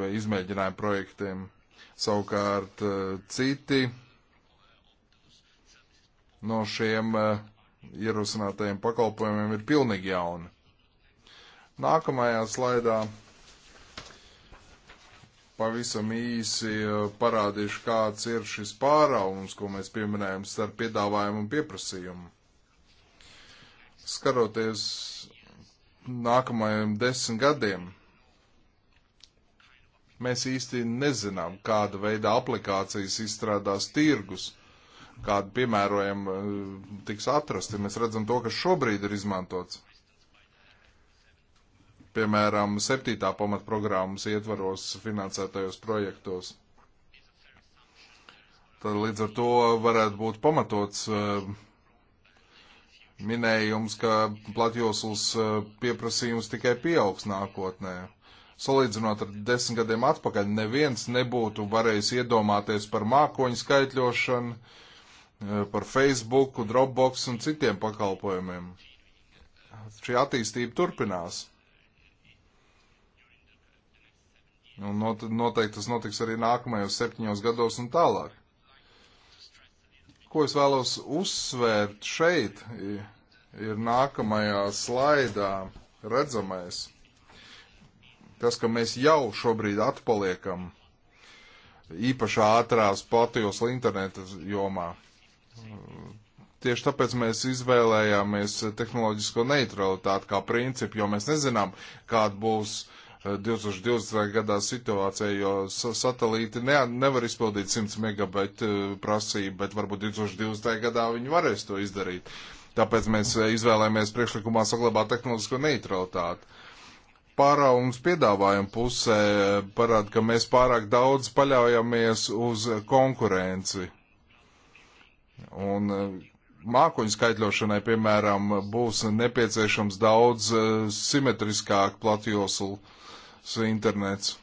A: vai izmēģinājumu projektiem. Savukārt uh, citi no šiem uh, ierosinātajiem pakalpojumiem ir pilnīgi jauni. Nākamajā slaidā pavisam īsi e, parādīšu, kāds ir šis pāraunums, ko mēs pieminējam starp piedāvājumu un pieprasījumu. Skaroties nākamajiem desmit gadiem, mēs īsti nezinām, kāda veida aplikācijas izstrādās tirgus, kādu piemērojumu e, tiks atrasti. Mēs redzam to, kas šobrīd ir izmantots piemēram, septītā pamatprogrammas ietvaros finansētajos projektos. Tad līdz ar to varētu būt pamatots eh, minējums, ka platjoslas eh, pieprasījums tikai pieaugs nākotnē. Salīdzinot ar desmit gadiem atpakaļ, neviens nebūtu varējis iedomāties par mākoņu skaitļošanu, eh, par Facebook, Dropbox un citiem pakalpojumiem. Šī attīstība turpinās. Un nu, not, noteikti tas notiks arī nākamajos septiņos gados un tālāk. Ko es vēlos uzsvērt šeit, ir nākamajā slaidā redzamais. Tas, ka mēs jau šobrīd atpaliekam īpaši ātrās platījos interneta jomā. Tieši tāpēc mēs izvēlējāmies tehnoloģisko neutralitāti kā principu, jo mēs nezinām, kāda būs uh, 2020. Eh, gadā situācija, jo satelīti ne, nevar izpildīt 100 megabaitu eh, prasību, bet varbūt 2020. gadā viņi varēs to izdarīt. Tāpēc mēs eh, izvēlējāmies priekšlikumā saglabāt tehnoloģisko neutralitāti. Pārāvums piedāvājuma pusē parāda, ka mēs pārāk daudz paļaujamies uz konkurenci. Un mākoņu skaitļošanai, piemēram, būs nepieciešams daudz simetriskāk platjoslu internets.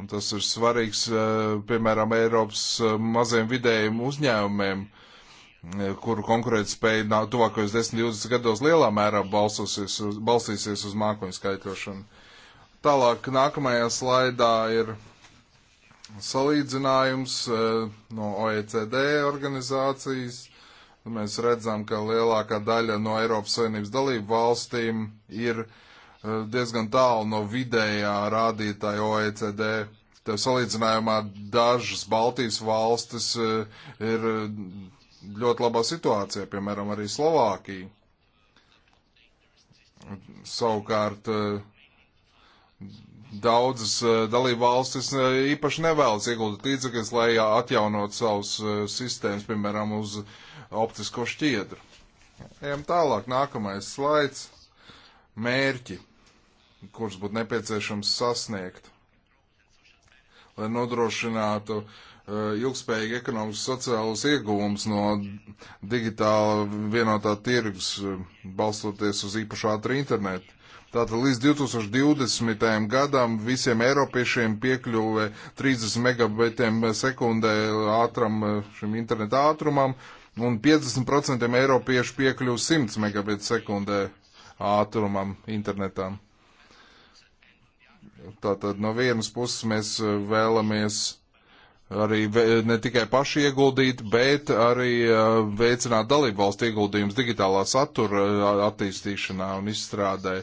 A: Un tas ir svarīgs, eh, piemēram, Eiropas eh, maziem vidējiem uzņēmumiem, eh, kuru konkurētspēja tuvākajos 10-20 gados lielā mērā balsosies, balsīsies uz mākoņu skaitļošanu. Tālāk nākamajā slaidā ir salīdzinājums no OECD organizācijas. Mēs redzam, ka lielākā daļa no Eiropas Savienības dalību valstīm ir uh, Eh, diezgan tālu no vidējā rādītāja OECD. Tev salīdzinājumā dažas Baltijas valstis eh, ir mm, ļoti labā situācijā, piemēram, arī Slovākija. Savukārt eh, daudzas dalību valstis īpaši nevēlas ieguldīt līdzekļus, lai atjaunot savus sistēmas, piemēram, uz optisko šķiedru. Ejam tālāk, nākamais slaids. Mērķi kurus būtu nepieciešams sasniegt, lai nodrošinātu eh, ilgspējīgi ekonomikas sociālus ieguvumus no digitāla vienotā tirgus, eh, balstoties uz īpašu ātru internetu. Tātad līdz 2020. gadam visiem eiropiešiem piekļuve 30 megabitiem sekundē ātram eh, šim internetu ātrumam un 50% eiropiešu piekļuve 100 megabitu sekundē ātrumam internetam. Tātad no vienas puses mēs eh, vēlamies arī ne tikai paši ieguldīt, bet arī eh, veicināt dalību valstu ieguldījumus digitālā satura eh, attīstīšanā un izstrādē,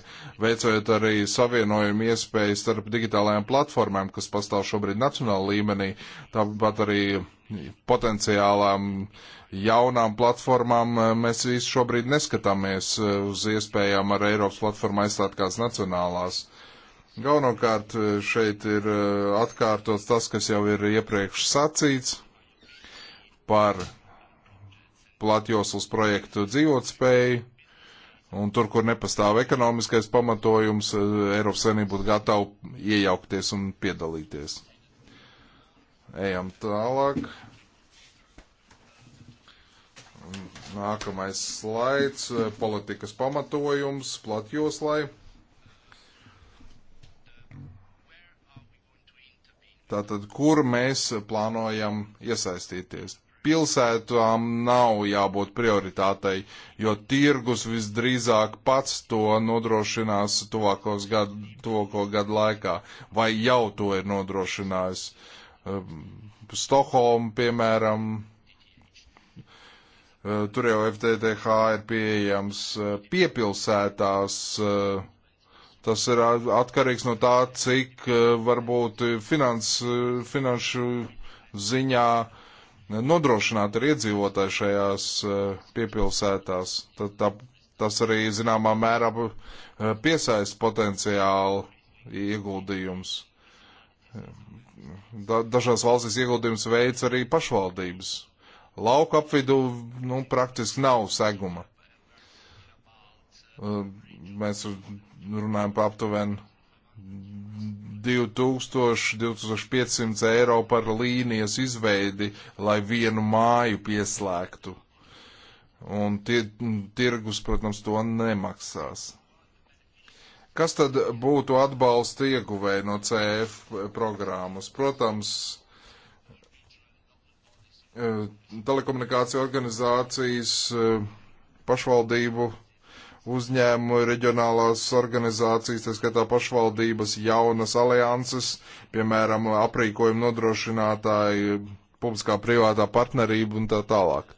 A: veicot arī savienojumu iespējas starp digitālajām platformām, kas pastāv šobrīd nacionāla līmenī, tāpat arī potenciālām jaunām platformām mēs visu šobrīd neskatāmies uz iespējām ar Eiropas platformu aizstāt kāds nacionālās Galvenokārt e, šeit ir e, atkārtots tas, kas jau ir iepriekš sacīts par platjoslas projektu dzīvotspēju, un tur, kur nepastāv ekonomiskais pamatojums, e, Eiropas Savienība būtu gatava iejaukties un piedalīties. Ejam tālāk. Nākamais slaids - politikas pamatojums platjoslai. Tātad, kur mēs plānojam iesaistīties? Pilsētām nav jābūt prioritātei, jo tirgus visdrīzāk pats to nodrošinās tuvākos gadu, tuvāko gadu laikā, vai jau to ir nodrošinājis. Ehm, Stokholma, piemēram, ehm, tur jau FTTH ir pieejams ehm, piepilsētās uh, Tas ir atkarīgs no tā, cik eh, varbūt finans, eh, finanšu ziņā nodrošināti ir iedzīvotāji šajās eh, piepilsētās. Tad tā, tas arī zināmā mērā piesaista potenciālu ieguldījums. Da, dažās valstīs ieguldījums veids arī pašvaldības. Lauka apvidū nu, praktiski nav seguma. Mēs runājam par aptuveni 2000-2500 eiro par līnijas izveidi, lai vienu māju pieslēgtu. Un tie, tirgus, protams, to nemaksās. Kas tad būtu atbalsta ieguvēji no CF programmas? Protams, e, telekomunikāciju organizācijas e, pašvaldību uzņēmumi, reģionālās organizācijas, tā skatā pašvaldības, jaunas alianses, piemēram, aprīkojuma nodrošinātāji, publiskā privātā partnerība un tā tālāk.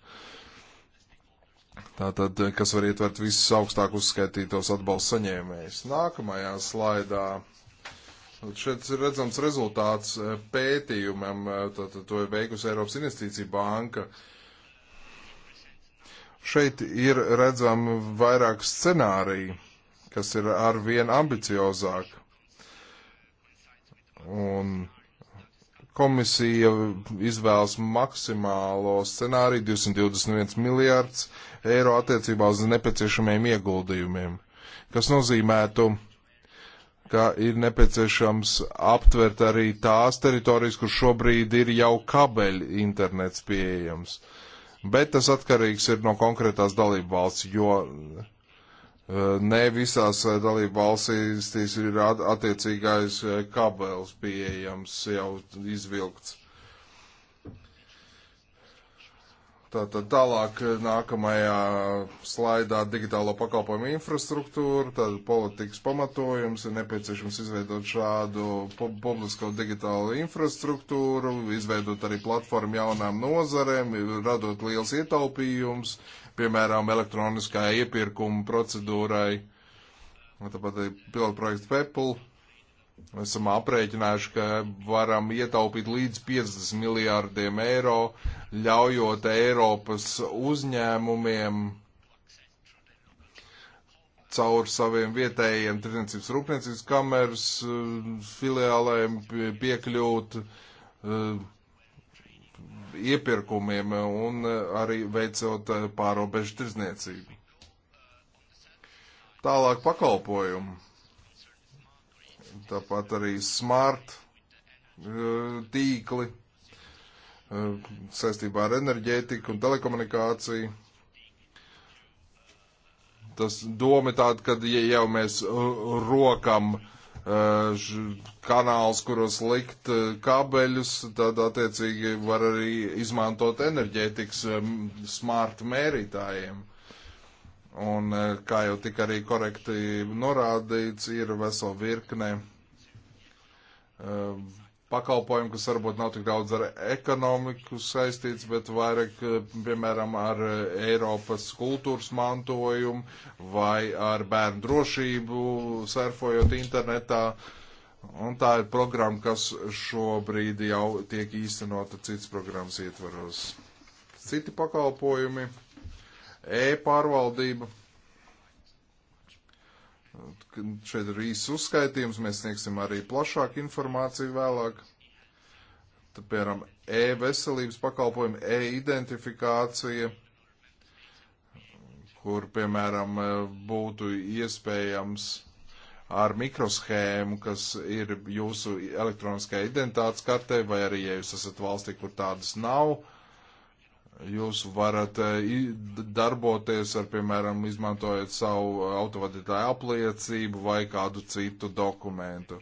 A: Tātad, kas var ietvert visus augstāk uzskaitītos atbalsta saņēmējus. Nākamajā slaidā. Šeit ir redzams rezultāts e, pētījumam, e, tātad to ir veikusi Eiropas Investīcija banka. Uh, Šeit ir redzami vairāk scenāriju, kas ir arvien ambiciozāk. Un komisija izvēlas maksimālo scenāriju 221 miljārds eiro attiecībā uz nepieciešamiem ieguldījumiem, kas nozīmētu, ka ir nepieciešams aptvert arī tās teritorijas, kur šobrīd ir jau kabeļi internets pieejams. Uh, bet tas atkarīgs ir no konkrētās dalību valsts, jo eh, ne visās eh, dalību valstīs ir attiecīgais eh, kabelis pieejams jau izvilkts. Tātad tālāk eh, nākamajā slaidā digitālo pakalpojumu infrastruktūru, tad politikas pamatojums ir nepieciešams izveidot šādu pu publisko digitālo infrastruktūru, izveidot arī platformu jaunām nozarēm, radot liels ietaupījums, piemēram, elektroniskā iepirkuma procedūrai, tāpat arī pilotprojekts Pepl Esam aprēķinājuši, ka varam ietaupīt līdz 50 miljārdiem eiro, ļaujot Eiropas uzņēmumiem caur saviem vietējiem tirdzniecības rūpniecības kameras eh, filiālēm piekļūt eh, iepirkumiem un eh, arī veicot pārobežu tirdzniecību. Tālāk pakalpojumu tāpat arī smart eh, tīkli eh, saistībā ar enerģētiku un telekomunikāciju. Tas doma tāda, ka ja jau mēs eh, rokam kanāls, kuros likt kabeļus, tad attiecīgi var arī izmantot enerģētikas smart mērītājiem. Un, kā jau tika arī korekti norādīts, ir vesela virkne Ehm, pakalpojumu, kas varbūt nav tik daudz ar ekonomiku saistīts, bet vairāk, ehm, piemēram, ar eh, Eiropas kultūras mantojumu vai ar bērnu drošību, surfojot internetā. Un tā ir programma, kas šobrīd jau tiek īstenota cits programmas ietvaros. Citi pakalpojumi, e-pārvaldība Šeit ir īsts uzskaitījums, mēs sniegsim arī plašāku informāciju vēlāk. Tad, piemēram, e-veselības pakalpojumi, e-identifikācija, kur, piemēram, būtu iespējams ar mikroshēmu, kas ir jūsu elektroniskajā identitātes kartē, vai arī, ja jūs esat valstī, kur tādas nav, uh, Jūs varat eh, darboties ar, piemēram, izmantojot savu eh, autovadītāju apliecību vai kādu citu dokumentu.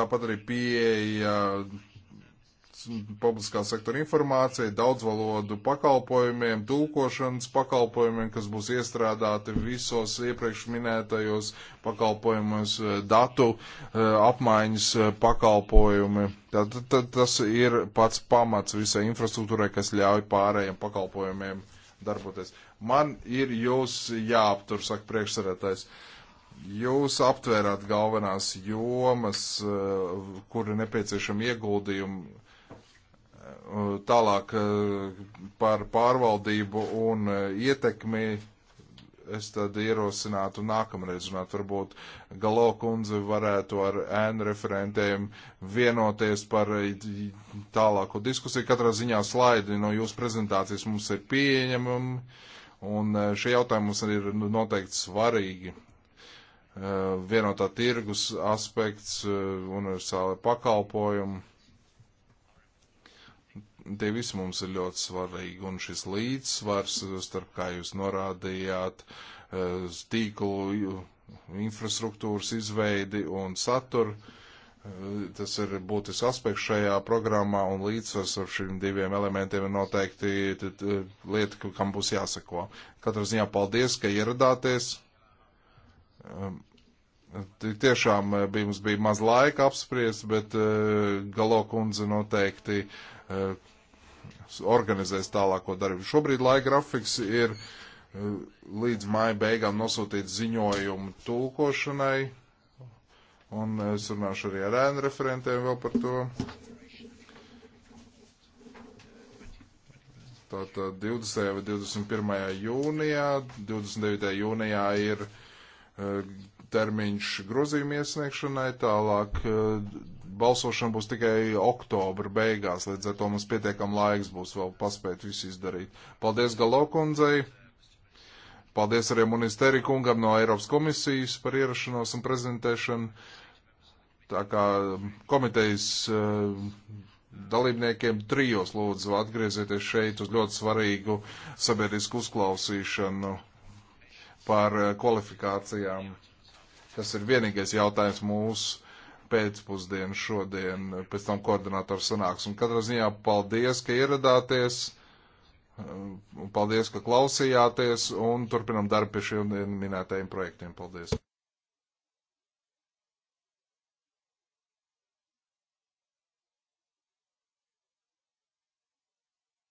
A: Tāpat arī pieeja publiskā sektora informācijai, daudzvalodu pakalpojumiem, tulkošanas pakalpojumiem, kas būs iestrādāti visos iepriekš minētajos pakalpojumos, eh, datu eh, apmaiņas eh, pakalpojumi. Tad, tad, tas ir pats pamats visai infrastruktūrai, kas ļauj pārējiem pakalpojumiem darboties. Man ir jūs jāaptur, saka priekšsarētājs. Jūs aptvērāt galvenās jomas, kur ir nepieciešama ieguldījuma Tālāk eh, par pārvaldību un eh, ietekmi es tad ierosinātu nākamreiz runāt. Varbūt Galo kundze varētu ar ēnu referentiem vienoties par eh, tālāko diskusiju. Katrā ziņā slaidi no jūsu prezentācijas mums ir pieņemami, un šie jautājumi mums ir nu, noteikti svarīgi. Vienotā tirgus aspekts, universāla pakalpojuma Tie visi mums ir ļoti svarīgi, un šis līdzsvars starp, kā jūs norādījāt, eh, tīklu infrastruktūras izveidi un saturu, eh, tas ir būtisks aspekts šajā programmā, un līdzsvars ar šiem diviem elementiem ir noteikti lieta, kam būs jāsako. Katrā ziņā paldies, ka ieradāties. Ehm, tiešām eh, bija, mums bija maz laika apspriest, bet uh, Galo kundze noteikti uh, organizēs tālāko darbu. Šobrīd laika grafiks ir uh, līdz maija beigām nosūtīt ziņojumu tulkošanai, un es runāšu arī ar ēnu referentiem vēl par to. Tātad 20. vai 21. jūnijā, 29. jūnijā ir uh, termiņš grozījuma iesniegšanai, tālāk uh, balsošana būs tikai oktobra beigās, līdz ar to mums pietiekam laiks būs vēl paspēt visu izdarīt. Paldies Galokundzei! Paldies arī Munisteri kungam no Eiropas komisijas par ierašanos un prezentēšanu. Tā kā komitejas eh, dalībniekiem trijos lūdzu atgriezieties šeit uz ļoti svarīgu sabiedrisku uzklausīšanu par eh, kvalifikācijām kas ir vienīgais jautājums mūsu pēcpusdienu šodien, pēc tam koordinātoru sanāks. Un katrā ziņā paldies, ka ieradāties, paldies, ka klausījāties un turpinam darbu pie šiem minētajiem projektiem. Paldies!